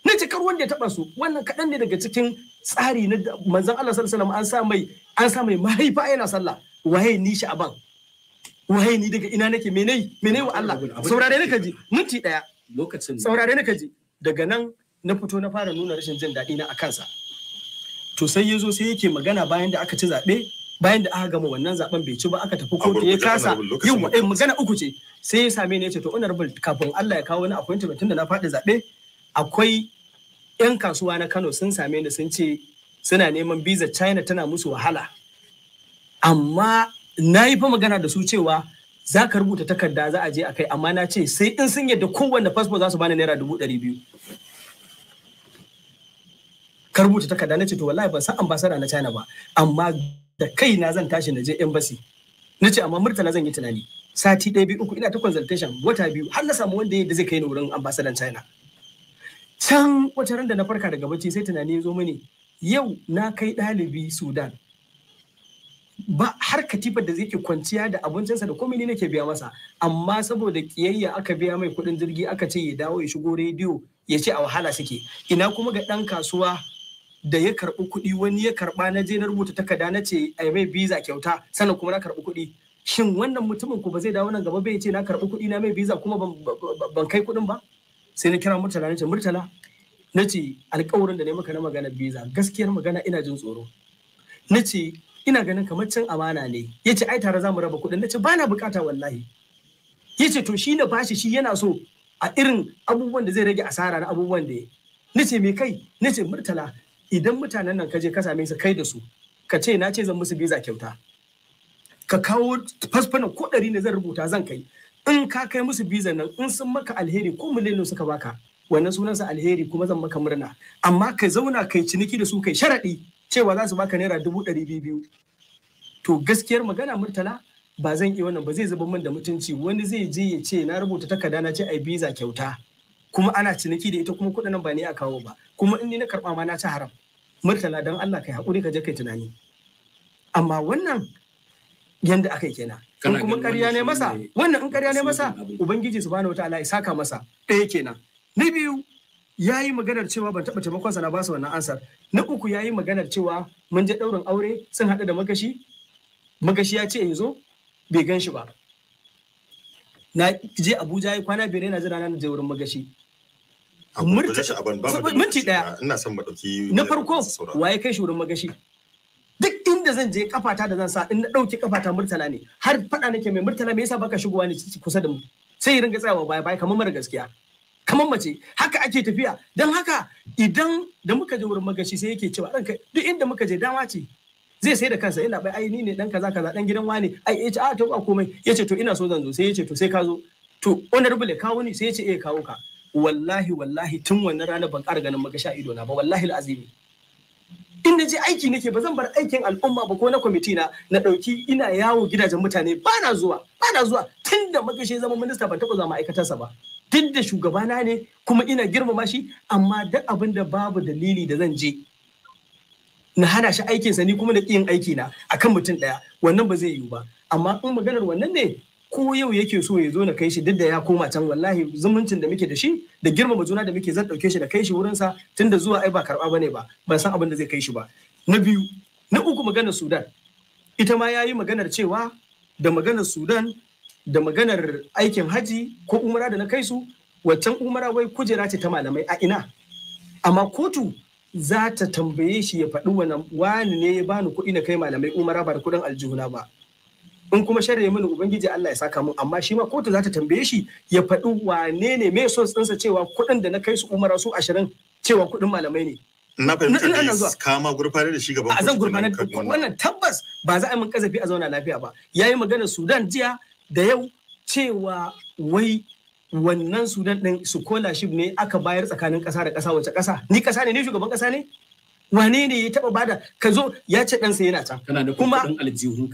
na kar wanda ya taba su wannan kaɗan ne daga cikin tsari na manzon Allah sallallahu alaihi wasallam an sa mai an sa mai mahaifa yana sallah waye ni shi aban waye ni daga ina nake menai menai wa Allah saurare ne kaji minti daya lokacin saurare ne kaji daga nan na fito na fara nuna rashin jin daɗi na a kansa to sai ya zo sai yake magana bayan da aka ci zaɓe bayan da aka gama wannan zaben bai ci ba aka tafi kotu ya kasa yin wa'in eh, magana uku ce sai ya same ni ya ce to honorable kafin Allah ya kawo wani appointment tunda na faɗi zaɓe akwai 'yan kasuwa na Kano sun same ni sun ce suna neman visa China tana musu wahala amma na yi fa magana da su cewa za ka rubuta takarda za a je a kai amma na ce sai in sun yadda kowanne fasfo za su bani naira dubu ɗari biyu ka rubuta takarda na ce to wallahi ban san ambasada na China ba amma da kai na zan tashi na je embassy na ce amma murtala zan yi tunani sati ɗaya biyu uku ina ta consultation wata biyu har na samu wanda yadda zai kai ni wurin ambassador china can wata ran da na farka daga bacci sai tunani ya zo mini yau na kai ɗalibi sudan ba har katifar da zai kwanciya da abincinsa da komai ne nake biya masa amma saboda kiyayya aka biya mai kuɗin jirgi aka ce ya dawo ya shigo rediyo ya ce a wahala suke ina kuma ga ɗan kasuwa da ya karbi kuɗi wani ya karba na je na rubuta takarda na ce yi mai biza kyauta sannan kuma na karɓi kuɗi shin wannan mutumin ku ba zai dawo nan gaba bai ce na karɓi kuɗi na mai biza kuma ban kai kuɗin ba sai na kira murtala na ce murtala na ce alkawarin da ne maka na magana biza gaskiyar magana ina jin tsoro na ce ina ganin kamar cin amana ne ya ce ai tare za mu raba kuɗin na ce bana bukata wallahi ya ce to shi na bashi shi yana so a irin abubuwan da zai rage asara na abubuwan da ya na ce me kai na ce murtala idan mutanen nan ka je ka same su kai da su ka ce na ce zan musu biza kyauta ka kawo fasfanin ko ɗari ne zan rubuta zan kai in ka kai musu biza nan in sun maka alheri ko miliyan suka baka wannan sunansa alheri kuma zan maka murna amma ka zauna kai ciniki da su kai sharaɗi cewa za su baka naira dubu ɗari biyu biyu to gaskiyar magana murtala ba zan iya wannan ba zai zuba min da mutunci wani zai je ya ce na rubuta takarda na ce ai biza kyauta kuma ana ciniki da ita kuma kuɗin nan ba ne a kawo ba kuma in ni na karɓa ma na ci haram murtala don Allah kai haƙuri ka je kai tunani amma wannan yanda aka yi kenan in kuma ƙarya ne masa wannan in ƙarya ne masa ubangiji subhanahu wataala ya saka masa ɗaya kenan na biyu ya yi maganar cewa ban taɓa taimakon sa na ba su wannan ansar na uku ya yi maganar cewa mun je ɗaurin aure sun haɗu da magashi magashi ya ce yanzu bai gan shi ba na je Abuja yi kwana biyar yana jira na je wurin magashi minti ɗaya. ina son ba ɗauki. na farko waye kai shi wurin magashi duk inda zan je kafata da zan sa in na ɗauki kafata murtala ne har faɗa nake mai murtala me yasa baka shigowa ne kusa da mu sai ya ringa tsayawa baya baya kamar mara gaskiya kamar mace haka ake tafiya don haka idan da muka je wurin magashi sai yake cewa ranka duk inda muka je dama ce zai sai da kansa yana bai ai ni ne dan kaza kaza dan gidan wani ai a to ba komai ce to ina so zan zo sai yace to sai ka zo to honorable ka ni sai yace eh kawo ka wallahi wallahi tun wannan rana ban ƙara ganin maka sha ido na ba wallahi azimi in na je aiki nake ba zan bar aikin al'umma ba ko na kwamiti na na dauki ina yawo gidajen mutane ba na zuwa ba na zuwa tun da makashe zama minista ban taɓa zama ma'aikatarsa ba duk da shugabana ne kuma ina girmama shi amma duk abin da babu dalili da zan je na hana shi aikinsa ni kuma da aiki na akan mutum daya wannan ba zai yiwu ba amma in maganar wannan ne ko yau yake so ya zo na kai shi duk da ya koma can wallahi zumuncin da muke da shi da girmama juna da muke zan dauke shi da kai shi wurinsa tunda zuwa ai ba karɓa bane ba ban san abin da zai kai shi ba na biyu na uku maganar sudan ita ma ya yi maganar cewa da maganar sudan da maganar aikin haji ko umara da na kai su waccan umara wai kujera ce ta malamai a ina amma kotu za ta tambaye shi ya faɗi wani wani ne ya bani kuɗi na kai malamai umara ba da kuɗin aljihuna ba in kuma shari'a mini ubangiji Allah ya saka mun amma shi ma kotu za ta tambaye shi ya faɗi wane ne me son tsinsa cewa kuɗin da na kai su umara su ashirin cewa kuɗin malamai ne na fahimta da kama gurfanar da shi gaban a zan gurfanar da wannan tabbas ba za a yi min kazafi a zauna lafiya ba yayi magana Sudan jiya da yau cewa wai wannan sudan ɗin scholarship ne aka bayar tsakanin ƙasa da ƙasa wacce ƙasa ni ƙasa ne ni shugaban ƙasa ne wane ne ya taɓa bada ka zo ya ce ɗansa yana can kuma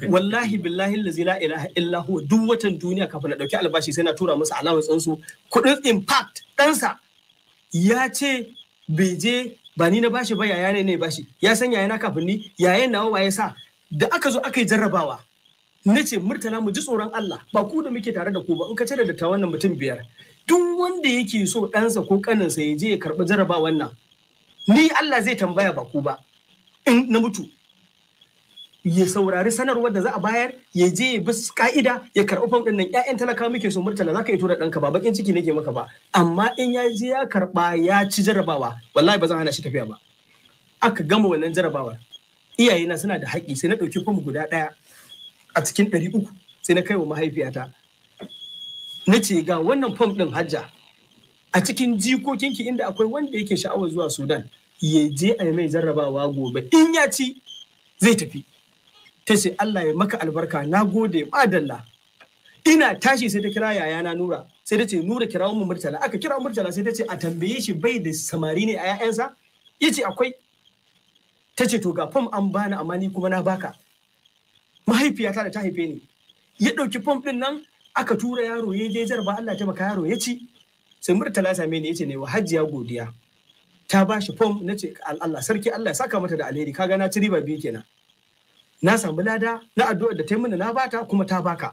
wallahi billahi lazi la ilaha illa huwa duk watan duniya kafin na ɗauki albashi sai na tura masa alawar tsansu kuɗin impact ɗansa ya ce bai je ba ni na bashi ba yaya ne ne bashi ya san yaya kafin ni yayan nawa ya sa da aka zo aka yi jarrabawa na ce murtala mu ji tsoron Allah ba ku da muke tare da ku ba in ka da ta wannan mutum biyar duk wanda yake so ɗansa ko ƙaninsa ya je ya karɓi jaraba wannan ni Allah zai tambaya ba ku ba in na mutu ya saurari sanarwar da za a bayar ya je ya bi ka'ida ya karɓi fam ɗin nan ƴaƴan talakawa muke so murtala za ka yi tura ɗanka ba bakin ciki nake maka ba amma in ya je ya karɓa ya ci jarabawa wallahi ba zan hana shi tafiya ba aka gama wannan jarabawar iyayena suna da haƙƙi sai na ɗauki fam guda ɗaya a cikin ɗari uku sai na kai wa mahaifiyata na ce ga wannan fom ɗin hajja a cikin jikokinki inda akwai wanda yake sha'awar zuwa sudan ya je a mai jarrabawa gobe in ya ci zai tafi ta ce allah ya maka albarka na gode madalla ina tashi sai ta kira yaya na nura sai ta ce nura kira mu murtala aka kira murtala sai ta ce a tambaye shi bai da samari ne a 'ya'yansa ya ce akwai ta ce to ga fom an bani amma ni kuma na baka mahaifiyata da ta haife ni ya ɗauki fom ɗin nan aka tura yaro ya je jarba Allah ta maka yaro ya ci sai murtala same ni yace ne wa hajjiya godiya ta ba shi fom na ce Allah sarki Allah ya saka mata da alheri kaga na ci riba biyu kenan na samu lada na addu'ar da ta mini na bata kuma ta baka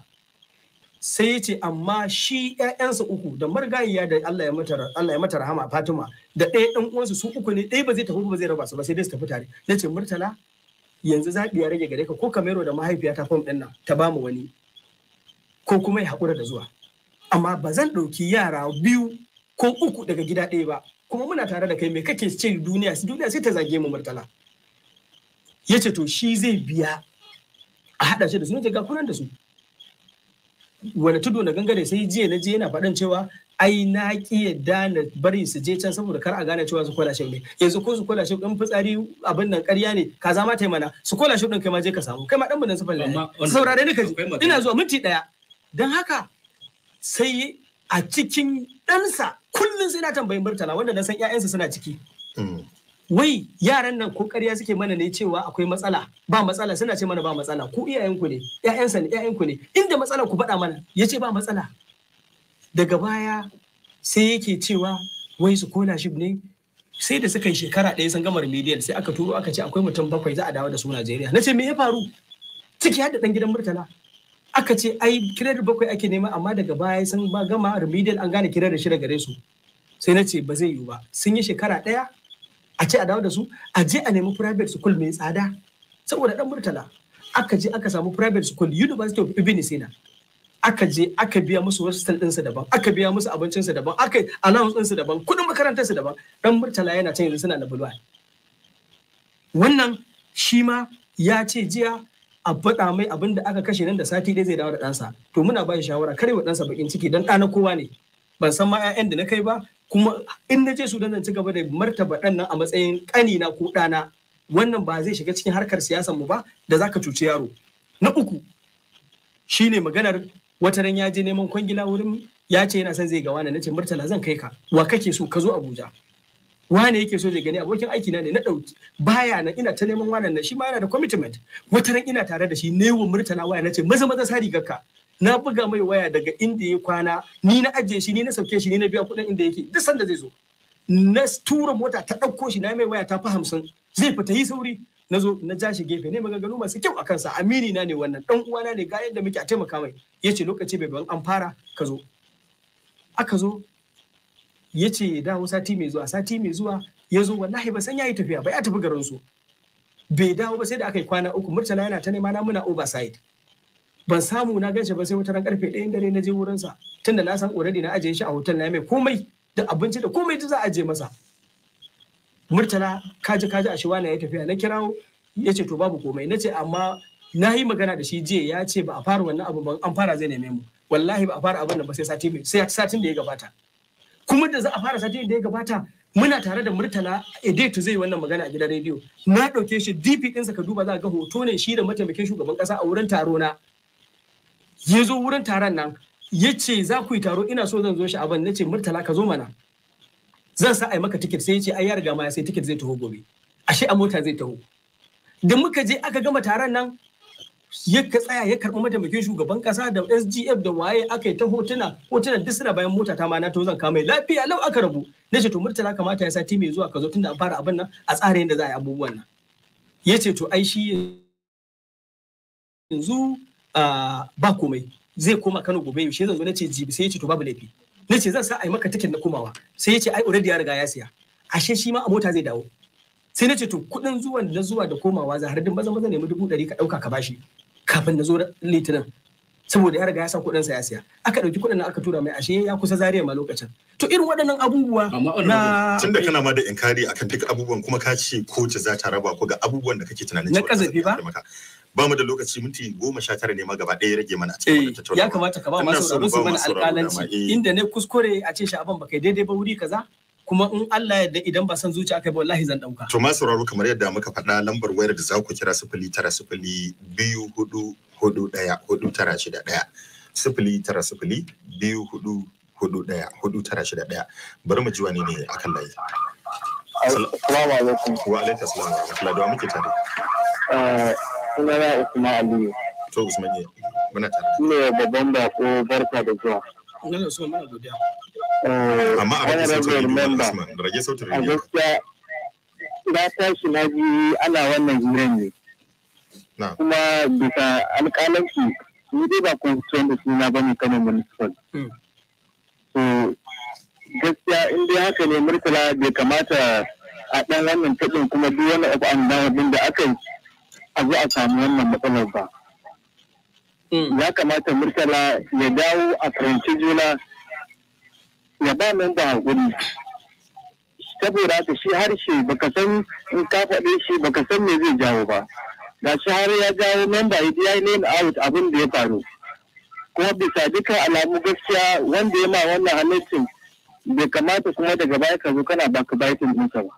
sai ya ce amma shi ƴaƴansa uku da margayiya da Allah ya mata Allah ya mata rahama Fatima da ɗaya ɗan uwansu su uku ne ɗaya ba zai tafi ba zai raba su ba sai dai su tafi tare nace murtala yanzu zaɓi ya rage gare ka ko kamero da mahaifiyata fom ɗin nan ta bamu wani ko kuma ya haƙura da zuwa amma ba zan ɗauki yara biyu ko uku daga gida ɗaya ba kuma muna tare da kai me kake ce duniya duniya sai ta zage mu murtala ya ce to shi zai biya a haɗa shi da su ne ga kunan da su wani tudu na gangare sai jiya na je yana faɗan cewa ai na ki yadda na bari su je can saboda kar a gane cewa su scholarship ne yanzu ko su scholarship din fitsari abin nan ƙarya ne ka za ma ta mana su scholarship din kai ma je ka samu kai ma dan bunan su falle saurare ni ka ji ina zuwa minti daya dan haka sai a cikin ɗansa kullum sai na tambayin murtala wanda na san ƴaƴansa suna ciki hmm. wai yaran nan ko ƙarya suke mana ne cewa akwai matsala ba matsala suna ce mana ba matsala ku iyayenku ne ƴaƴansa ne ku ne inda matsala ku faɗa mana ya ce ba matsala daga baya sai yake cewa wai scholarship ne sai da suka yi shekara ɗaya sun gama rimidiyal. sai aka turo aka ce akwai mutum bakwai za a dawo da su Najeriya na ce me ya faru ciki har da dan gidan Murtala aka ce ai kirar bakwai ake nema amma daga baya sun ba gama remedial an gane kirar da shi daga gare su sai na ce ba zai yiwu ba sun yi shekara ɗaya a ce a dawo da su a je a nemi private school mai tsada saboda dan Murtala aka je aka samu private school University of Ibn Sina aka je aka biya musu hostel ɗinsa daban aka biya musu sa daban aka allowance ɗinsu daban kuɗin makarantarsu daban Ɗan murtala yana can yanzu suna na bulwa wannan shi ma ya ce jiya a faɗa mai abin da aka kashe nan da sati dai zai dawo da ɗansa to muna ba shi shawara kare wa ɗansa bakin ciki dan ɗana kowa ne ban san ma 'ya'yan da na kai ba kuma in na je su dan ci gaba da martaba ɗan nan a matsayin na ko ɗana wannan ba zai shiga cikin harkar siyasar mu ba da zaka cuci yaro na uku shine maganar wata ran ya je neman kwangila wurin ya ce yana son zai ga wani ce murtala zan kai ka wa kake so ka zo Abuja Wani yake so zai gani abokin aiki na ne na dauki baya nan ina ta neman wani na shi ma yana da commitment wata ran ina tare da shi ne wa murtala waya na ce, maza maza sa ka? na buga mai waya daga inda ya kwana ni na ajiye shi ni na sauke shi ni na biya kuɗin inda yake duk sanda zai zo na tura mota ta ɗauko shi na mai waya ta fi hamsin zai fita yi sauri na zo na ja shi gefe ne maganganu masu kyau a kansa amini na ne wannan dan uwana ne ga yadda muke a taimaka mai yace lokaci bai ban an fara ka zo aka zo yace dawo sati mai zuwa sati mai zuwa ya zo wallahi ba san yayi tafiya ba ya tafi garin su bai dawo ba sai da aka yi kwana uku murtala yana ta nema na muna oversight ban samu na shi ba sai wata ran karfe 1 dare na je wurinsa tunda na san already na ajiye shi a hotel na mai komai da abinci da komai da za a je masa murtala kaji kaji a shiwa na ya tafiya na kirawo ya ce to babu komai na ce amma na yi magana da shi jiya ya ce ba a fara wannan abu ba an fara zai neme mu wallahi ba a fara abin nan ba sai sati mai sai satin da ya gabata kuma da za a fara satin da ya gabata muna tare da murtala to zai wannan magana a gidan rediyo na ɗauke shi dp ɗinsa ka duba za ga hoto ne shi da mataimakin shugaban ƙasa a wurin taro na ya zo wurin taron nan ya ce za ku yi taro ina so zan zo shi abin na ce murtala ka zo mana zan sa a yi maka tiket sai ya ce ai ya riga ma sai tiket zai taho gobe ashe a mota zai taho da muka je aka gama taron nan ya tsaya ya karɓi mataimakin shugaban kasa da sgf da waye aka yi ta hotuna hotunan duk suna bayan mota ta ma na to zan kama lafiya lau aka rabu na ce to murtala kamata ya sati mai zuwa ka zo tunda an fara abin nan a tsara yadda za a yi abubuwan nan ya ce to ai shi yanzu ah, ba komai zai koma kano gobe yaushe zan zo na ce jibi sai ya ce to babu laifi na ce zan sa a yi maka tiket na komawa sai ya ce ai already ya riga ya siya ashe shi ma a mota zai dawo sai na ce to kuɗin zuwan na zuwa da komawa za har din maza maza nemi dubu ɗari ka ɗauka ka bashi kafin na zo litinin saboda ya riga ya sa kuɗin sa ya siya aka ɗauki kuɗin nan aka tura mai ashe ya kusa zariya ma lokacin to irin waɗannan abubuwa na tunda kana ma da inkari akan duk abubuwan kuma ka ce ko za ta raba ko ga abubuwan da kake tunanin na kazafi ba ba mu da lokaci minti goma sha tara ne ma gaba ɗaya rage mana a cikin eh, tattaunawa. Ya kamata ka ba masu sauraro su mana alƙalanci eh. inda ne kuskure a ce sha'aban ba kai daidai ba wuri kaza kuma in Allah yadda idan ba san zuciya kai ba wallahi zan dauka. To masu sauraro kamar yadda muka faɗa lambar wayar da za ku kira sifili tara sifili biyu hudu hudu ɗaya hudu tara shida ɗaya sifili tara sifili biyu hudu hudu ɗaya hudu tara shida ɗaya bari mu ji wani ne a kan layi. Assalamu alaikum. Wa alaikum assalam wa rahmatullahi wa muke tare. Eh, sunana Usman Aliyu. To Usman ne eh, muna tare. Ne babban bako barka da zuwa. Nan Usman muna godiya. Eh, Amma a rage Usman, rage A gaskiya na tashi na ji ana wannan jiran ne. Kuma bisa alƙalanci ni dai ba constituent da suna ba ne kamar municipal. Hmm. To gaskiya in dai haka ne Murtala bai kamata a ɗan wannan taɗin kuma duk wani abu an da aka yi a a samu wannan matsalar ba. Hmm. Ya kamata Murtala ya dawo a karanci juna ya ba nan da haƙuri. Saboda ta shi harshe baka san in ka faɗe shi baka san me zai jawo ba. Ga shi har ya jawo memba ya yi name out abin da ya faru. Kuma bisa dukkan alamu gaskiya wanda ya ma wannan halittin bai kamata kuma daga baya ka zo kana baka baitin ɗinsa ba.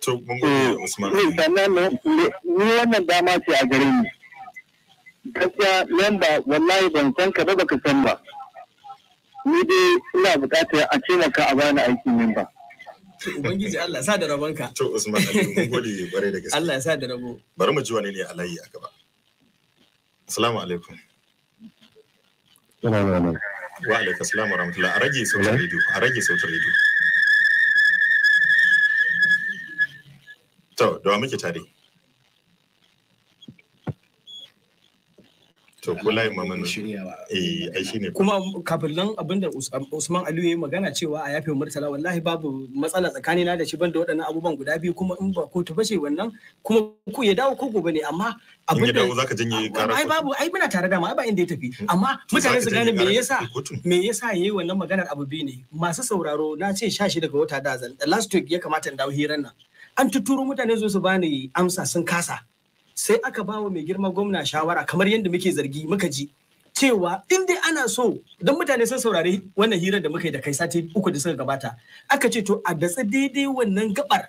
To, mun gode eh, Usman. Eh, ni wannan dama ce a gare ni. Gaskiya lamba wallahi ban san ka ba baka san ba. Ni dai ina buƙatar a taimaka a bani aikin min ba. Ubangiji Allah sa da rabon rabonka. To Usman Ali mun gode bare da gaske. Allah sa da rabo. Bari mu ji wani ne alayi a gaba. Assalamu alaikum. Assalamu alaikum. Wa alaikum assalam wa rahmatullahi. A rage sautin rediyo, a rage sautin rediyo. To, da muke tare. To, kula mamman shiryawa. Eh, ne. Kuma kafin nan abinda Usman Aliyu ya magana cewa a yafe Murtala wallahi babu matsala tsakani na da shi banda waɗannan abubuwan guda biyu kuma in ba ta fashe wannan kuma ku ya dawo ko gobe ne amma abin da zaka janye karatu. ai babu ai muna tare da ma ba inda ya tafi hmm. amma mutane su gane me yasa me yasa yayi wannan maganar abu biyu ne masu sauraro na ce shashi daga wata da zan last week ya kamata in dawo hirar nan an tuturo mutane zo su bani amsa sun kasa sai aka bawa mai girma gwamna shawara kamar yadda muke zargi muka ji cewa in dai ana so don mutane sun saurari wannan hirar da muka yi da kai sati uku da suka gabata aka ce to a datsa daidai wannan gabar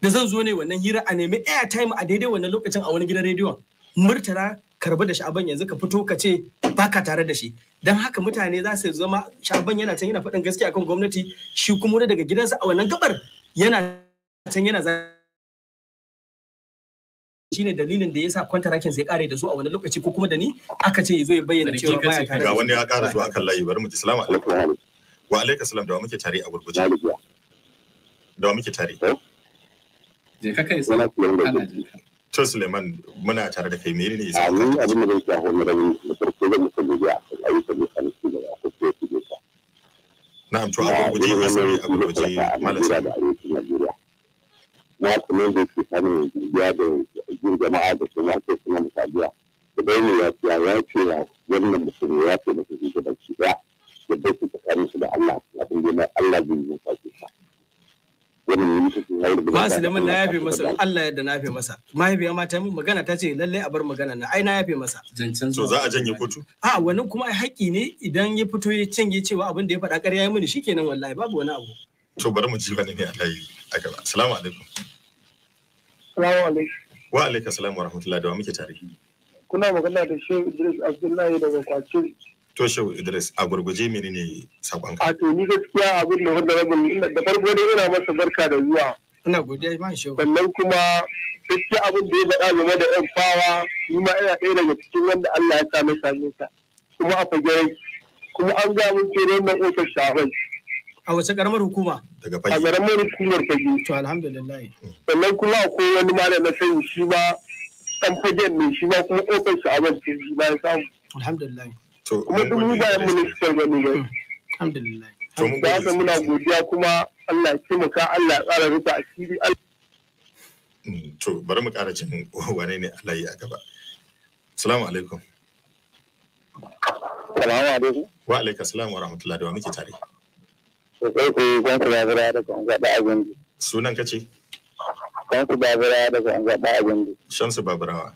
da zan zo ne wannan hira a nemi airtime a daidai wannan lokacin a wani gidan rediyon murtala karba da sha'aban yanzu ka fito ka ce baka tare da shi don haka mutane za su zama sha'aban yana can yana faɗin gaskiya akan gwamnati shi kuma daga gidansa a wannan gabar yana can yana shine dalilin da yasa kwantarakin zai kare da su a wani lokaci ko kuma da ni aka ce zo ya bayyana cewa baya tare ga wani ya kara zuwa kan layi bari mu ji salamu alaikum wa alaikum salam da muke tare a gurguje da muke tare eh? je ka kai sai to Suleiman muna tare da kai menene yasa abin da yake hawo hanyar da farko da mutum da ya da kan shi da na'am to a gurguje a gurguje malam na kuma da ke samun jirgiya da jin jama'a da su na ke suna misaliya da bai ne ya ce ya ce ya wannan musulmi ya ce masa shi gaban shi ba da bai su tsakanin su da Allah abin da na Allah zai yi ke sa. Wannan ne sun hayar da ba su da mun na yafe masa Allah yadda na yafe masa mahaifiya ma ta min magana ta ce lallai a bar magana na ai na yafe masa. To za a janye kotu? A wani kuma haƙƙi ne idan ya fito ya canje cewa abin da ya faɗa ƙarya ya mini shikenan wallahi babu wani abu. to bari mu ji wani ne alayi a gaba assalamu alaikum assalamu alaikum wa alaikum assalam wa rahmatullahi da wa muke tare kuna magana da shehu idris abdullahi daga kwace to shehu idris a gurguje mene ne sakon ka a to ni gaskiya abin da wanda rabin da farko dai ina masa barka da zuwa ina godiya ma shehu sannan kuma gaskiya abin da ya faɗa game da yan fawa ni ma ina ɗaya daga cikin wanda Allah ya sa na same ta kuma a fage kuma an ga mun ce wannan ofis shafai A wace karamar hukuma? Daga A karamar hukumar fage. To alhamdulillah. Sannan kuma akwai wani malam na sayi shi ba dan fagen ne shi ba kuma kofar shi a barci shi ba ya samu. Alhamdulillah. To kuma duk mu ba yan municipal gani ba. Hmm. Alhamdulillah. To mu ba muna godiya kuma Allah ya taimaka Allah ya ƙara rufe asiri hmm, To bari mu ƙara jin wane ne Allah ya gaba. Assalamu alaikum. Salamu alaikum. Wa alaikum salam wa rahmatullahi wa muke tare. Sosai ku kwanku babura daga ungaɓa abin. Sunan ka ce? Kwanku babura daga ungaɓa abin. Shamsu baburawa.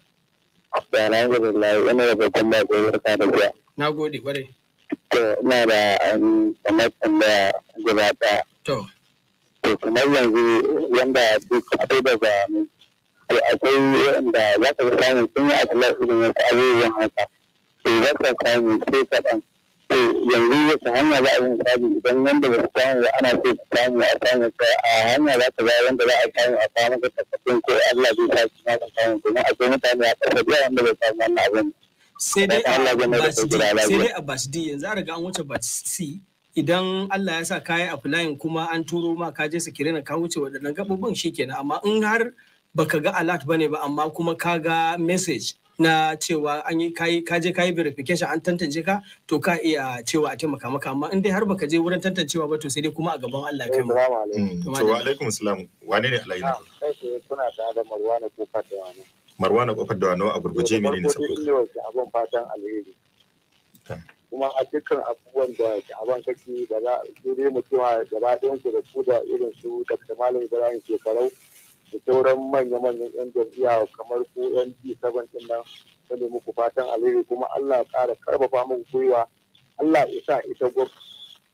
Da alhamdulillah ina da babban bako barka da zuwa. Na gode kwarai. To ina da kamar tambaya guda ɗaya. To. To kamar yanzu wanda duk akwai daga to akwai wanda za ka samu sun yi a kalar irin wasu abubuwan haka. To za ka samu sai kaɗan. yanzu wata hanya za a yi misali idan wanda ba su samu ba ana so su samu a samu ka a hanya za ta zai wanda za a samu a samu ka tabbacin ko Allah zai sa su ma samu domin akwai mutane a ƙasar da wanda ba samu wannan abin. Sai dai a batch yanzu an riga an wuce batch idan Allah ya sa kayi a filayin kuma an turo ma ka je na ka wuce waɗannan gaɓoɓin shi kenan amma in har baka ga alert bane ba amma kuma ka ga message na cewa an yi kayi kaje kayi verification an tantance ka to ka iya cewa a taimaka maka amma in dai har baka je wurin tantancewa ba to sai dai kuma a gaban Allah kai mu mm. to wa alaikum salam wane ne alayi na ah, kuna ta da marwana kofar da wani marwana kofar da wani a gurguje mini ne saboda abun fatan alheri kuma a dukkan abubuwan da abin kake da za a dai mutuwa da gaba ɗayan ku da ku da irin su da malam Ibrahim shekarau da sauran manya-manyan 'yan jam'iyya kamar ko 'yan ji 7 din nan ta muku fatan alheri kuma Allah ya ƙara karfafa muku gwiwa Allah ya sa ita gwab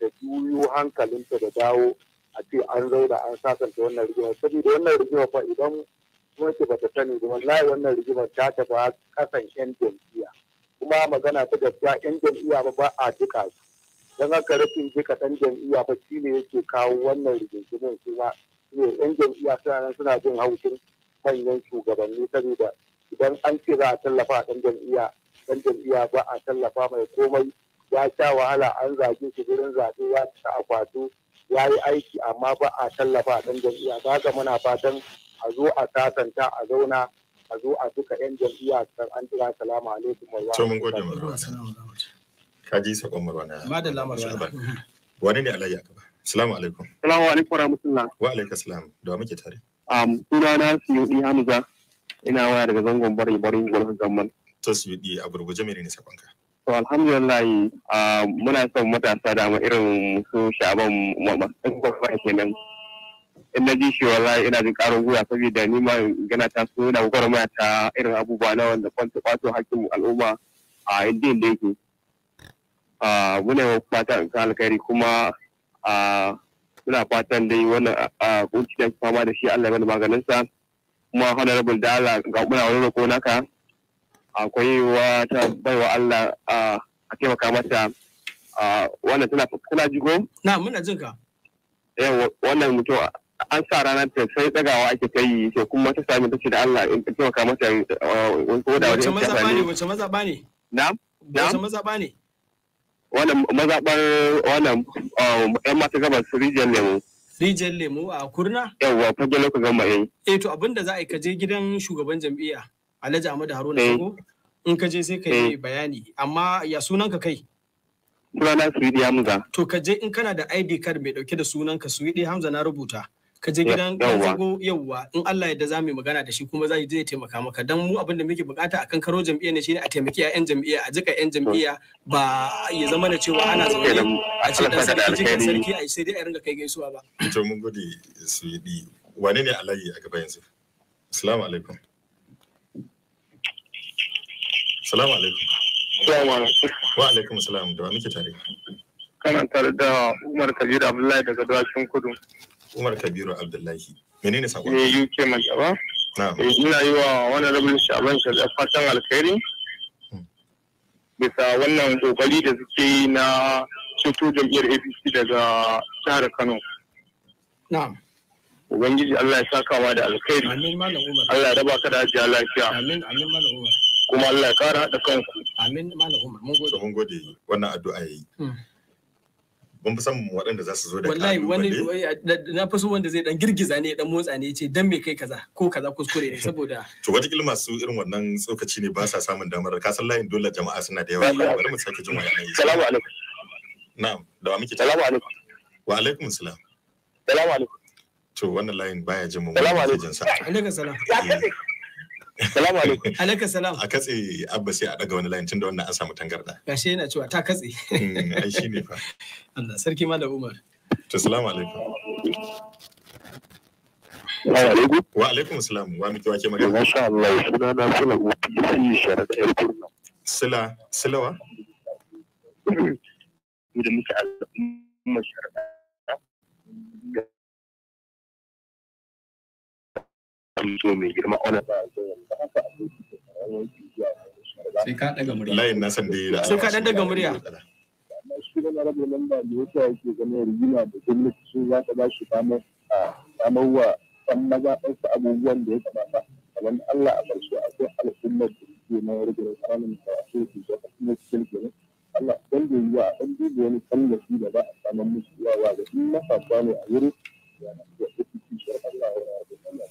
da juyo hankalinta da dawo a ce an zauna an sasanta wannan rigimar saboda wannan rigimar fa idan kuma ba bata sani ba wallahi wannan rigima ta tafi kasan 'yan jam'iyya kuma magana ta gaskiya 'yan jam'iyya ba ba a jika su don haka rashin jika ɗan jam'iyya fa shi ne yake kawo wannan rigingimin yan jam'iyya suna nan suna jin haushin manyan shugabanni saboda idan an ce za a tallafa ɗan jam'iyya ɗan jam'iyya ba a tallafa mai komai ya sha wahala an zage shi gurin zaɓe ya ci akwatu ya yi aiki amma ba a tallafa a ɗan jam'iyya ba ga muna fatan a zo a sasanta a zauna a zo a duka yan jam'iyya kan an jira salamu alaikum wa rahmatullahi wa barakatuh kaji sakon marwana madalla wani ne alayya ka ba Salamu alaikum. Salamu alaikum rahmatullah. Wa alaikum salam. Da muke tare. Um sunana Siyudi Hamza. Ina waya daga zangon bari bari gurin gamman. To Siyudi a gurguje mere ne sakonka? To alhamdulillah um, muna son matasa da mu irin su Shaban Muhammad. In ba kenan. In na ji shi wallahi ina jin karin gwiwa saboda ni ma gana ta so ina gwagwarmaya ta irin abubuwa na wanda kwanta kwato hakkin al'umma a inda yake. Ah, muna fata in alkhairi kuma suna fatan dai wani kunci da fama da shi Allah ya bada maganinsa kuma honorable da Allah ga muna wani roko naka akwai wata baiwa Allah a taimaka mata wannan tana tana jigo na muna jin ka eh wannan mutum an sa ranar ta sai tsagawa ake ta yi sai kuma ta sami ta ce da Allah in taimaka mata eh, wani ko da wani wace ne wace mazaɓa ne na wace mazaɓa ne wannan mazaɓar wannan yan um, mata gabas rijiyar lemu. Rijiyar lemu a kurna? Yawwa fage loka gama yin. Eh to abin da za a yi kaje gidan shugaban jam'iyya Alhaji Ahmadu Haruna eh. Sango in kaje sai ka yi eh. bayani amma ya sunanka kai? Sunana Suwidi Hamza. To kaje in kana da ID card mai ɗauke da sunanka Suwidi Hamza na rubuta. ka je gidan Katsago yawwa in Allah da za mu yi magana da shi kuma zai zai taimaka maka dan mu abin da muke bukata akan karo jam'iyya ne shine a taimaki ƴan jam'iyya a jika ƴan jam'iyya ba ya zama na cewa ana zaune a ce dan sarki jikin sarki a sai dai a ringa kai gaisuwa ba to mun gode su yi wane ne alayi a gaban yanzu assalamu alaikum assalamu alaikum wa alaikum assalam da wa muke tare kana tare da Umar Kabir Abdullahi daga Dawakin Kudu Umar Kabiru Abdullahi. Menene sakon? Eh UK mai gaba. Eh, ina yi wa wannan rabin shaban shi da fatan alkhairi. Hmm. Bisa wannan kokari da suke yi na ceto jam'iyyar APC daga jihar Kano. Na'am. Ubangiji Allah ya sakawa da alkhairi. Amin Malam Umar. Allah ya raba ka da ajiya lafiya. Amin Amin Malam Umar. Kuma Allah ya kara da kanku. Amin Malam Umar. Mun gode. Mun gode. Wannan addu'a yayi. Hmm. ban fi samun waɗanda za su zo da wallahi wani na fi so wanda zai dan girgiza ne dan motsa ne ce dan me kai kaza ko kaza kuskure ne saboda to wata kilma su irin wannan tsokaci ne ba sa samun damar ka san layin dole jama'a suna da yawa bari mu sake jin wannan salamu alaikum na'am da wa muke salamu alaikum wa alaikum salam salamu alaikum to wannan layin baya jin salamu alaikum alaikum salam Salamu alaikum. Alaikum salam. A katse Abba sai a daga wani layin tunda wannan an samu tangarda. Gashi yana cewa ta katse. Hmm, ai shi ne fa. Allah sarki Malam Umar. To salamu alaikum. Wa alaikum salam. Wa muke wake magana. Masha Allah suna na sula OPC sharaɗa yar kurna. Sila, silawa? Da muke al'umma sharaɗa so mai girma ona ba sai ka daga murya layin na san da sai ka dan daga murya shi ne na ba yake yake ganin rigima da gwamnati za ta ba shi wa san maza abubuwan da ya kamata kamar Allah a ƙarshe akwai al'ummar da ke na a kuma cikin Allah da yiwa a ɗan duba wani tallafi da ba a samun musu yawa da in ne a ya Allah ya rabin ba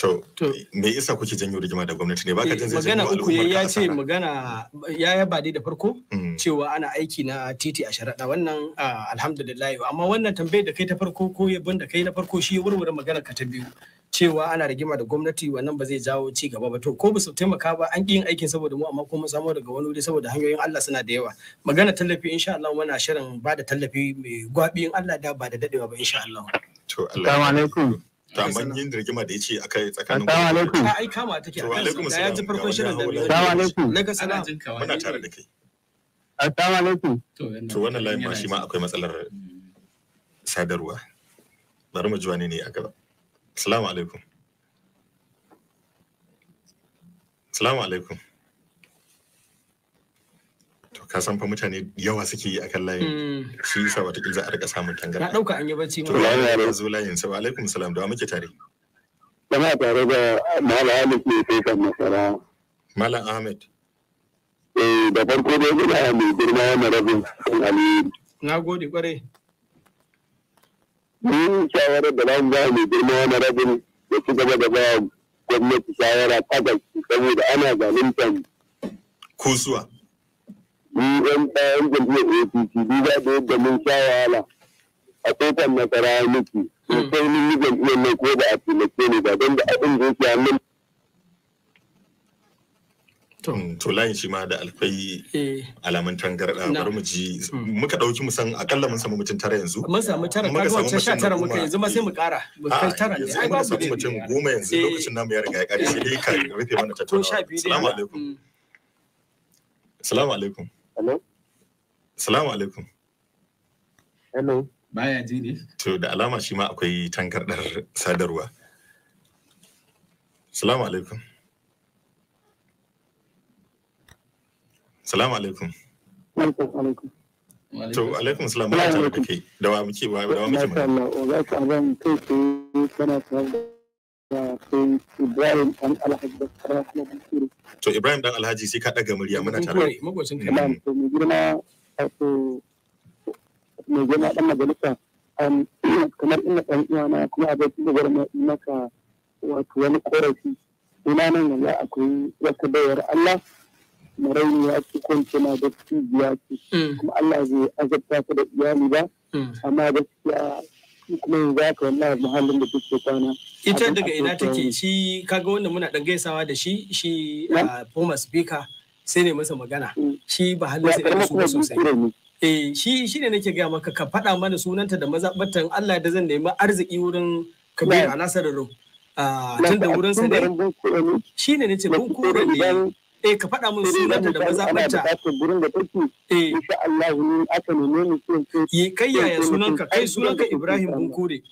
To, me isa kuke janyo rigima da gwamnati ne baka eh, jin zai magana uku ya ce magana ya yaba dai da farko hmm. cewa ana aiki na titi a sharaɗa wannan alhamdulillah amma wannan tambayar da kai ta farko ko yabon da kai na farko shi ya warware magana ka ta biyu cewa ana rigima da gwamnati wannan ba zai jawo ci gaba ba to ko ba su taimaka ba an yin aikin saboda mu amma kuma samu daga wani wuri saboda hanyoyin Allah suna da yawa magana tallafi insha Allah muna shirin ba da tallafi mai gwabi in Allah da ba da dadewa ba insha Allah to alaikum Taman yin rigima da ya ce akai tsakanin Ka su alaikum. Na Muna tare da kai. alaikum. wannan layin ma ma akwai matsalar sadarwa. Bari mu ne a gaba. Assalamu Assalamu alaikum. ka san fa mutane yawa suke yi akan layin hmm. shi yasa wata za a rika samun tangara na dauka an yi bacci mu ya zo layin sa alaikum salam da muke tare Jama'a tare da Malam Ahmed ne sai kan masara. Malam Ahmed. Eh da farko dai ina mai girma na rabin ali Na gode kwarai. Mun shawarar da zan ba mai girma na rabin da ci gaba da ba gwamnati shawara ta gaske saboda ana zaluntar kusuwa. ni yan bayan jam'iyyar apc duba da yadda mun sha wahala a tsofan nasara miki sosai hmm. mun yi jam'iyyar nan ko da a taimake ni ba don da abin da yake hannun to hmm, layin shi ma da alfai eh. alamun tangarɗa bari mu ji hmm. muka ɗauki musan akalla mun samu mutum tara yanzu mun samu tara ka ga wancan sha tara muka yanzu ma sai mu ƙara mu kai ne ai samu mutum goma yanzu eh. lokacin namu ya riga ya ƙare sai dai ka rufe mana tattaunawa assalamu alaikum Salamu alaikum Hello? Salamu alaikum. Hello? Baya ji To da alama shi ma akwai tankardar sadarwa. Salamu alaikum. Salamu alaikum. To alaikum salam ba Dawa muke ba dawa muke ba. Allah, kana Ibrahim dan Alhaji da To Ibrahim dan Alhaji sai ka daga murya muna tare. Magwacin ka. Mm. to mai girma wato mai girma dan majalisa um, kamar ina dan na kuma a bai da gwarma maka wato wani korafi ina nan yanzu akwai wata bayar Allah maraini ya ci kwance na da ce mm. kuma Allah zai azabta ta da iyali ba mm. amma gaskiya shi kuma yanzu halin da kwana. Ita daga ina take shi kaga wanda muna ɗan gaisawa da shi shi former ah, speaker sai ne masa magana mm. shi ba halin sai su sosai. Eh shi ne nake gaya maka ka faɗa mana sunanta da mazaɓatan Allah da zan nemi arziki wurin Kabiru a Nasarar ah, Tun da wurin sa ne. Shi ne nace kun ne. eh ka faɗa mun sunanta da ba za da take eh. insha Allah ne aka neme mu sai sai kai yaya sunanka kai sunanka Ibrahim Bunkure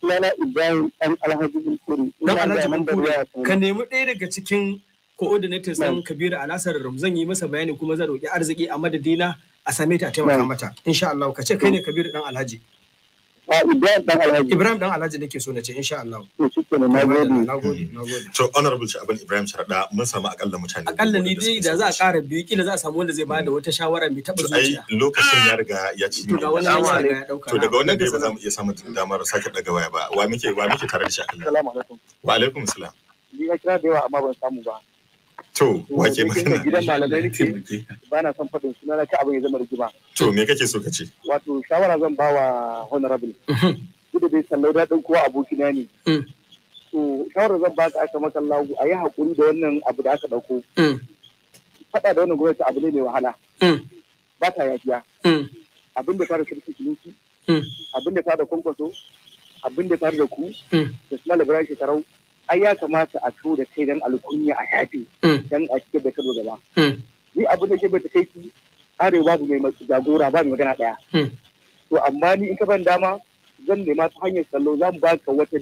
sunana Ibrahim dan Alhaji Bunkure dan Alhaji Bunkure ka nemi ɗaya daga cikin coordinator san Kabiru Alasar zan yi masa bayani kuma zan roƙi arziki a madadina a same ta a taimaka mata insha Allah ka ce kai ne Kabiru dan Alhaji Ah, Ibrahim dan Alhaji. nake so na ce insha Allah. To honorable Shaban Ibrahim Sharada mun samu akalla mutane. Akalla ni dai da za a ƙara biyu kila za a samu wanda zai ba da wata shawara mai taɓa zuciya. Ai lokacin ya riga ya ci. To daga wannan ya ya dauka. To daga wannan dai ba za mu iya samu damar sake daga waya ba. Wa muke wa muke tare da shi akalla. Assalamu alaikum. Wa alaikum assalam. Ni ga kira da yawa amma ban samu ba. To, wake magana. Gidan malamai nake ba na son faɗin suna na ka abin ya zama rigima. To, me kake so ka ce? Wato, shawara zan ba wa honorable. Mhm. Duk dai sallau daɗin kowa abokina ne. Mm. To, shawara zan ba ka aka maka lagu a yi haƙuri da wannan abu da aka ɗauko. Mm. Faɗa da wannan gwamnati abu ne mai wahala. Mm. Ba ta yafiya. Abin da fara sarki kilinki. Abin da fara kwankwaso. Abin da fara da ku. Da suna labarai shekarau. ai ya kamata a tura kai dan alkunya a yafi hmm. dan a cikin da kado gaba hmm. ni abu da ke bata kai ki arewa babu mai jagora ba mai magana daya hmm. to amma ni in ka ban dama zan nema ta hanyar sallo zan ka wata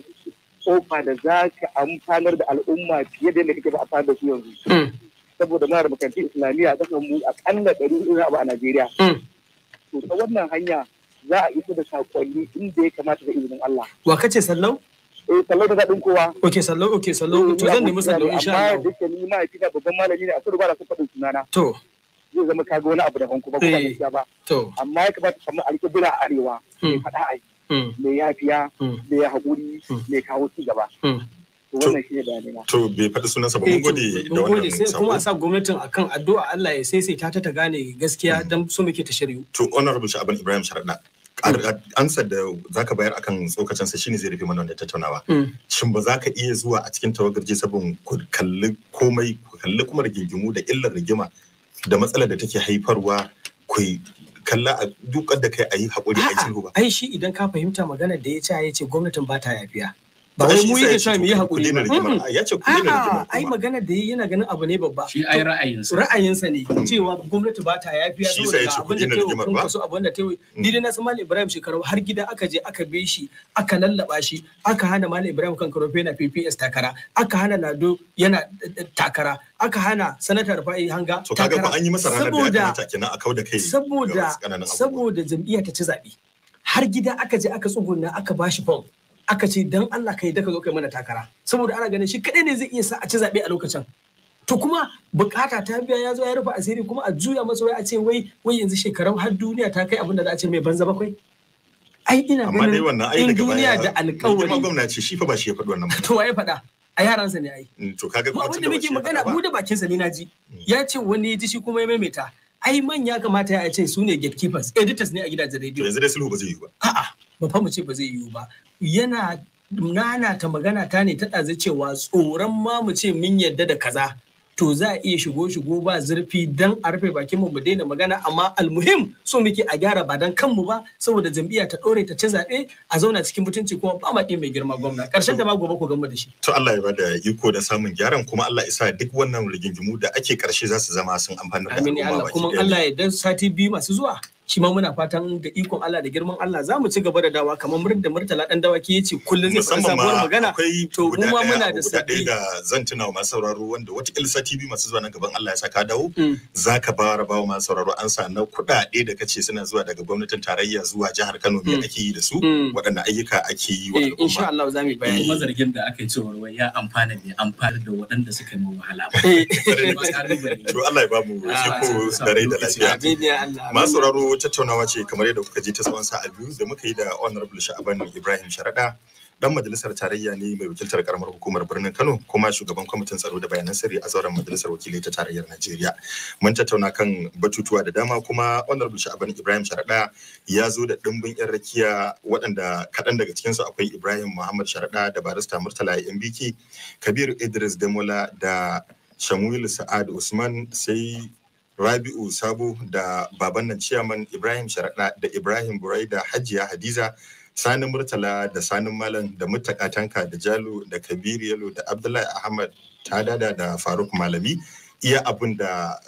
kofa da zaka amfanar da al'umma fiye da yadda kake ba amfanar da su yanzu saboda mara da makarantun islamiyya a kasar mu a kalla ɗari uku a Najeriya to ta wannan hanya za a isa da sakonni inda ya kamata da izinin Allah wa kace sallau eh sallau daga din kowa okay sallau okay sallau eh, to zan nemi sallau insha Allah amma duk ni ma ita babban malami ne a kudu ba da sun faɗin sunana to zai zama kaga wani abu da hanku ba kuma eh, gaskiya ba amma ya kamata kamar alƙibla a arewa mai hmm. faɗa a yi. Hmm. mai yafiya hmm. mai haƙuri mai kawo ci gaba To bai faɗi sunansa ba mun eh, gode da wannan sai kuma a sa gwamnatin akan addu'a Allah ya sai sai ta ta gane gaskiya dan so muke ta shiryu. To honorable Sha'ban Ibrahim Sharada ansar da zaka bayar akan tsokacin sa shine zai rufe mana wannan tattaunawa mm. shin ba za ka iya zuwa a cikin tawagar je sabon ku kalli komai kalli kuma rigingimu da illar rigima da matsalar da take haifarwa ku kalla a dukkan da kai a yi haƙuri a cikin ba. Ai shi idan ka fahimta maganar da ya ce ya ce gwamnatin ba ta yafiya. ba wai mu yake sha mu yi hakuri ba ya ce ku dena ai magana da yi yana ganin abu ne babba shi ai ra'ayinsa ra'ayinsa ne hmm. cewa gwamnati ba ta yafiya saboda abin da tayi kun kaso abin da tayi hmm. ni dai na san Malam Ibrahim shekaru har gida aka je aka bi shi aka lallaba shi aka hana Malam Ibrahim kan karofe na PPS takara aka hana Lado yana eh, eh, takara aka hana sanata fa'i hanga takara an yi masa ranar da kai saboda saboda jam'iyya ta ci zabi har gida aka je aka tsuguna aka bashi bomb aka ce dan Allah ka daka zo kai mana takara saboda ana ganin shi kadai ne zai iya sa a ci zabe a lokacin to kuma bukata ta biya ya zo ya rufe asiri kuma a juya masa wai a ce wai wai yanzu shekarun har duniya ta kai abinda za a ce mai banza bakwai ai ina ganin in duniya da alƙawari kuma gwamnati shi fa ba shi ya faɗi wannan ba to waye faɗa a yaransa ne ai mm, to kaga ko wanda da muke magana mu da bakin sa ne naji mm. ya ce wani ya ji shi kuma ya maimaita ai manya kamata ya ce su ne gatekeepers editors ne a gidajen radio yanzu dai sulhu ba zai yi ba a'a ba fa mu ce ba zai yi ba yana nana ta magana ta ne ta ɗazi cewa tsoron ma mu ce mun yadda da kaza to za a iya shigo shigo ba zurfi dan a rufe bakin mu mu daina magana amma almuhim so muke a gyara ba dan kanmu ba saboda jam'iyya ta ɗore ta ci zaɓe a zauna cikin mutunci kuma ba ma mai girma gwamna ƙarshen da ma gobe ku gama da shi. to Allah ya bada iko da samun gyaran kuma Allah ya sa duk wannan rigingimu da ake ƙarshe za su zama sun amfana da al'umma amin Allah kuma Allah ya dan sati biyu masu zuwa. shi ma muna fatan da ikon Allah da girman Allah za mu ci gaba da dawa kamar murin da Murtala dan dawaki yace kullun zai fara sabuwar magana to mu ma muna da sabbi da zan tuna wa masu sauraro wanda wata Ilsa TV masu zuwa nan gaban Allah ya saka dawo mm. zaka ba raba wa masu sauraro an sa na kuɗaɗe da kace suna zuwa daga gwamnatin tarayya zuwa jihar Kano me mm. ake yi da su mm. waɗanne ayyuka ake yi wa eh, al'umma insha Allah za mu bayani eh, mazargin da aka yi cewa wai ya amfana ne amfana da waɗanda suka yi wahala eh. to Allah ya ba mu shi ah, ko da rai da lafiya masu sauraro tattaunawa ce kamar yadda kuka ji ta tsawon sa'a biyu da muka yi da honorable sha'aban ibrahim sharaɗa dan majalisar tarayya ne mai wakiltar karamar hukumar birnin kano kuma shugaban kwamitin tsaro da bayanan sirri a zauren majalisar wakilai ta tarayyar najeriya mun tattauna kan batutuwa da dama kuma honorable sha'aban ibrahim sharaɗa ya zo da ɗimbin yan rakiya waɗanda kaɗan daga cikinsu akwai ibrahim muhammad sharaɗa da barista murtala mbk kabir idris demola da shamuil sa'ad usman sai rabi'u sabo da baban nan ciyaman ibrahim sharaɗa da ibrahim burai da hajiya hadiza sani murtala da sani malam da mutaka tanka da Jalu da Kabiru yalo da abdullahi ahmad tadada da faruk malami iya abin da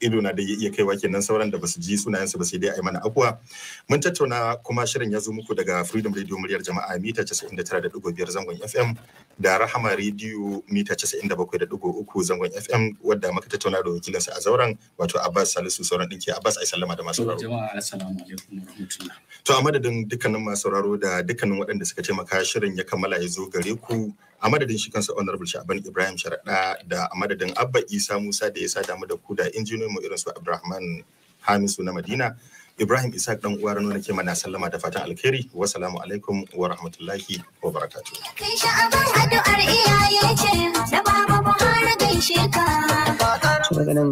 ido na da iya kaiwa kenan sauran da basu ji sunayensu ba sai dai a yi mana akuwa mun tattauna kuma shirin ya zo muku daga freedom radio muryar jama'a mita 99.5 zangon fm da rahama radio mita 97.3 zangon fm wadda muka tattauna da sa a zauren wato abbas salisu sauran ɗinki abbas ai sallama da masu sauraro jama'a assalamu alaikum warahmatullahi to a madadin dukkanin masu sauraro da dukkanin waɗanda suka taimaka shirin ya kammala ya zo gare ku a madadin shi kansa honorable Shaban Ibrahim Sharaɗa da a madadin Abba Isa Musa da ya sa damu da ku da injiniyoyin mu irin su Abdulrahman Hamisu na Madina Ibrahim Isa dan uwa nuna ke mana sallama da fatan alkhairi wa salamu alaikum wa rahmatullahi wa barakatuh kai addu'ar iyaye ce da